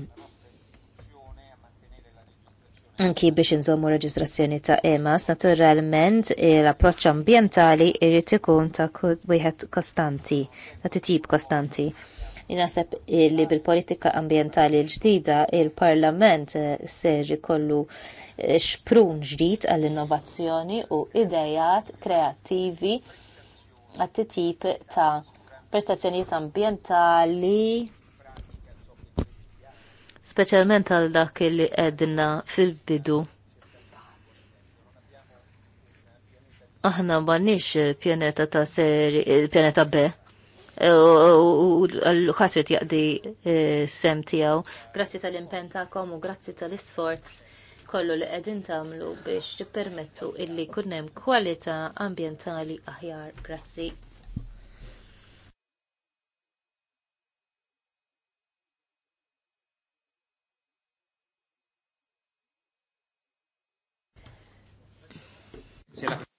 Anki biex nżommu reġistrazzjoni ta' EMAS, naturalment l-approċċ ambientali irrid ikun ta' wieħed kostanti, ta' titjib kostanti. Inaseb li bil-politika ambientali l-ġdida il-Parlament eh, ser kollu eh, xprun ġdid għall-innovazzjoni u idejat kreattivi għat-tip ta' prestazzjonijiet ambientali speċjalment għal dak li għedna fil-bidu. Aħna m'għandniex pjaneta ta' seri, eh, pjaneta B u l-ħatrit jaqdi e, sem tijaw. Grazzi tal-impen u grazzi tal-isforz kollu li qegħdin tagħmlu biex tippermettu illi jkun hemm kwalità ambjentali aħjar. Grazzi. Grazie.